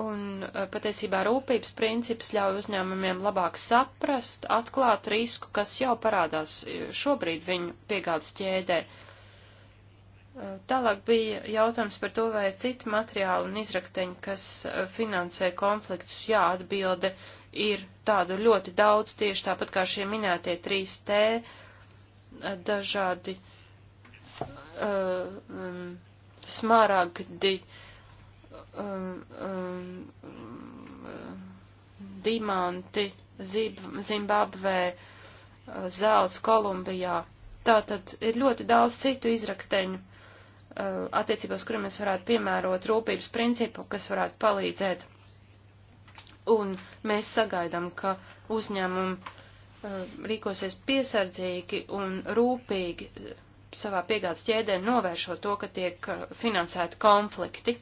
Speaker 3: Un eh, patiesībā rūpības princips ļauj uzņēmumiem labāk saprast, atklāt risku, kas jau parādās eh, šobrīd viņu piegādes ķēdē. Eh, tālāk bija jautājums par to, vai citi materiāli un izrakteņi, kas finansē konfliktus, jā, atbilde ir tādu ļoti daudz, tieši tāpat kā šie minētie 3T, dažādi uh, Uh, um, smaragdi, um, um, dimanti Zib Zimbabvē, uh, zelts Kolumbijā. Tātad ir ļoti daudz citu izrakteņu uh, attiecībos, kuriem mēs varētu piemērot rūpības principu, kas varētu palīdzēt. Un mēs sagaidām, ka uzņēmumi uh, rīkosies piesardzīgi un rūpīgi savā piegādes ķēdē novēršot to, ka tiek uh, finansēti konflikti.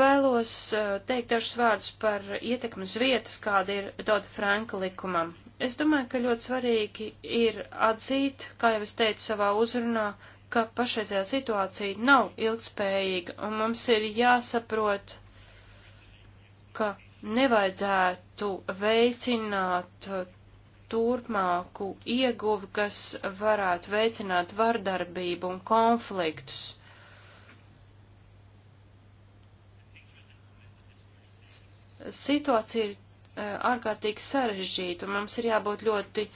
Speaker 3: Vēlos uh, teikt dažus vārdus par ietekmes vietas, kāda ir Doda Franka likumam. Es domāju, ka ļoti svarīgi ir atzīt, kā jau es teicu savā uzrunā, ka pašreizējā situācija nav ilgspējīga, un mums ir jāsaprot, ka nevajadzētu veicināt uh, turpmāku ieguvi, kas varētu veicināt vardarbību un konfliktus. Situācija ir e, ārkārtīgi sarežģīta, un mums ir jābūt ļoti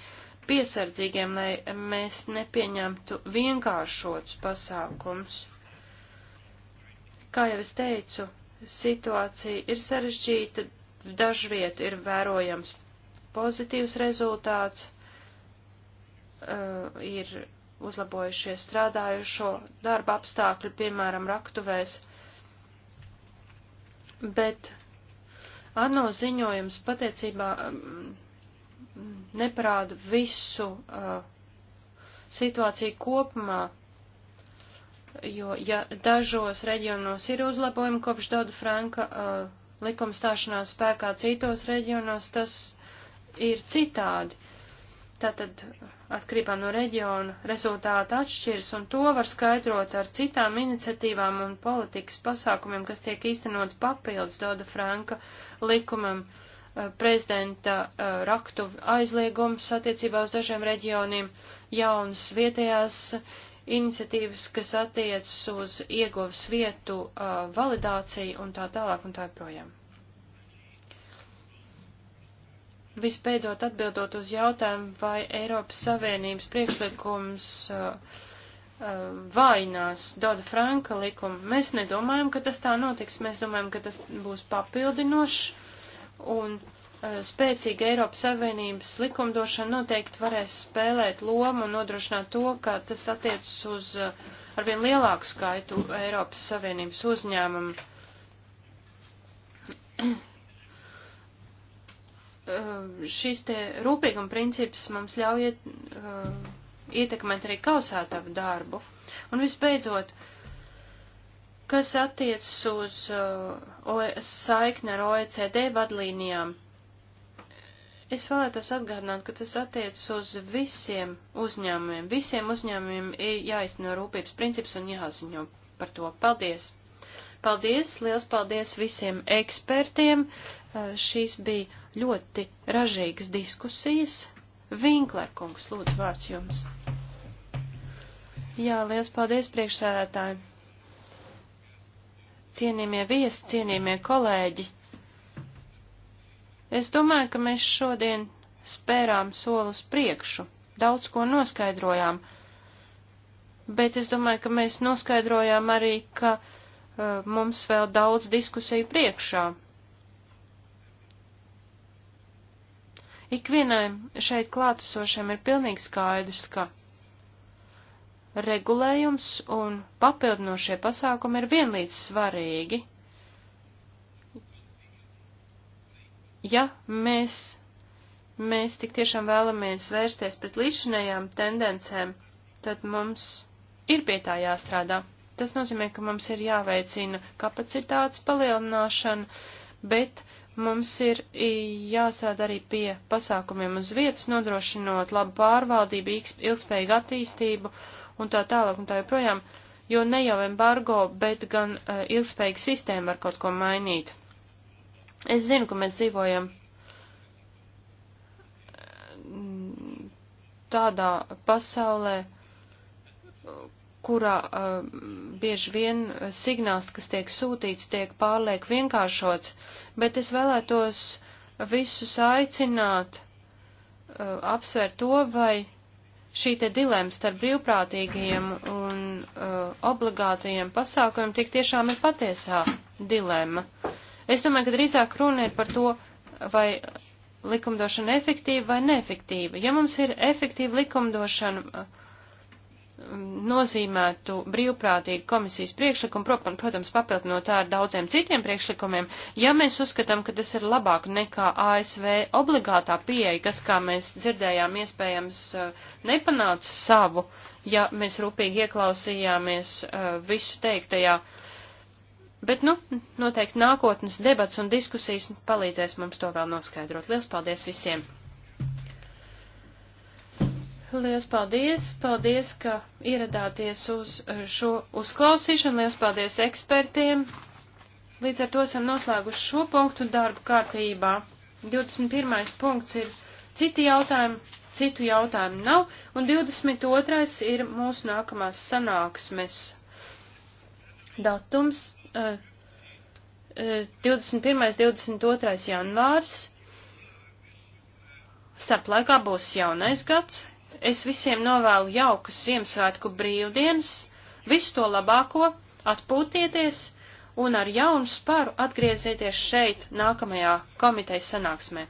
Speaker 3: piesardzīgiem, lai mēs nepieņemtu vienkāršotus pasākums. Kā jau es teicu, situācija ir sarežģīta, dažviet ir vērojams pozitīvs rezultāts, uh, ir uzlabojušies strādājušo darba apstākļi, piemēram, raktuvēs, bet ANO ziņojums patiecībā um, neparāda visu uh, situāciju kopumā, jo ja dažos reģionos ir uzlabojumi kopš Doda Franka uh, likuma stāšanās spēkā, citos reģionos tas ir citādi. Tātad atkarībā no reģiona rezultāti atšķiras, un to var skaidrot ar citām iniciatīvām un politikas pasākumiem, kas tiek īstenot papildus Doda Franka likumam eh, prezidenta eh, raktu aizliegums attiecībā uz dažiem reģioniem, jaunas vietējās iniciatīvas, kas attiecas uz ieguvas vietu eh, validāciju un tā tālāk un tā projām. Vispēdzot atbildot uz jautājumu, vai Eiropas Savienības priekšlikums uh, uh, vainās Doda Franka likumu, mēs nedomājam, ka tas tā notiks. Mēs domājam, ka tas būs papildinošs un uh, spēcīga Eiropas Savienības likumdošana noteikti varēs spēlēt lomu un nodrošināt to, ka tas attiecas uz uh, arvien lielāku skaitu Eiropas Savienības uzņēmumu. Eh, šīs te rūpīguma princips mums ļauj eh, ietekmēt arī kausētavu darbu. Un visbeidzot, kas attiecas uz eh, e, saikni ar OECD vadlīnijām, es vēlētos atgādināt, ka tas attiecas uz visiem uzņēmumiem. Visiem uzņēmumiem ir jāizteno rūpības princips un jāziņo par to. Paldies! Paldies, liels paldies visiem ekspertiem, Eh, šīs bija ļoti ražīgas diskusijas. Vinklerkungs, lūdzu, vārds jums. Jā, liels paldies priekšsēdētājiem. Cienījamie viesi, cienījamie kolēģi. Es domāju, ka mēs šodien spērām solus priekšu, daudz ko noskaidrojām, bet es domāju, ka mēs noskaidrojām arī, ka uh, mums vēl daudz diskusiju priekšā, Ikvienai šeit klātesošiem ir pilnīgi skaidrs, ka regulējums un papildinošie pasākumi ir vienlīdz svarīgi. Ja mēs, mēs tik tiešām vēlamies vērsties pret līdzinējām tendencēm, tad mums ir pie tā jāstrādā. Tas nozīmē, ka mums ir jāveicina kapacitātes palielināšana, bet uh, Mums ir jāstrādā arī pie pasākumiem uz vietas, nodrošinot labu pārvaldību, ilgspējīgu attīstību un tā tālāk un tā joprojām, jo ne jau embargo, bet gan uh, ilgspējīga sistēma var kaut ko mainīt. Es zinu, ka mēs dzīvojam e, tādā pasaulē, kurā uh, bieži vien signāls, kas tiek sūtīts, tiek pārliek vienkāršots, bet es vēlētos visus aicināt uh, apsvērt to, vai šī te dilemma starp brīvprātīgajiem un uh, obligātajiem pasākumiem tik tiešām ir patiesā dilemma. Es domāju, ka drīzāk runa ir par to, vai likumdošana efektīva vai neefektīva. Ja mums ir efektīva likumdošana, uh, nozīmētu brīvprātīgu komisijas priekšlikumu, protams, papildinot tā ar daudziem citiem priekšlikumiem, ja mēs uzskatām, ka tas ir labāk nekā ASV obligātā pieeja, kas, kā mēs dzirdējām, iespējams eh, nepanāca savu, ja mēs rūpīgi ieklausījāmies eh, visu teiktajā. Bet, nu, noteikti nākotnes debats un diskusijas palīdzēs mums to vēl noskaidrot. Lielas paldies visiem! Lielas paldies! Paldies, ka ieradāties uz eh, šo uzklausīšanu. Lielas paldies ekspertiem! Līdz ar to esam noslēguši šo punktu darbu kārtībā. 21. punkts ir citi jautājumi, citu jautājumu nav, un 22. ir mūsu nākamās sanāksmes datums. 21. Eh, 22. Eh, janvārs. Starp laikā būs jaunais gads, es visiem novēlu jaukas Ziemassvētku brīvdienas, visu to labāko, atpūtieties un ar jaunu spāru atgriezieties šeit nākamajā komitejas sanāksmē.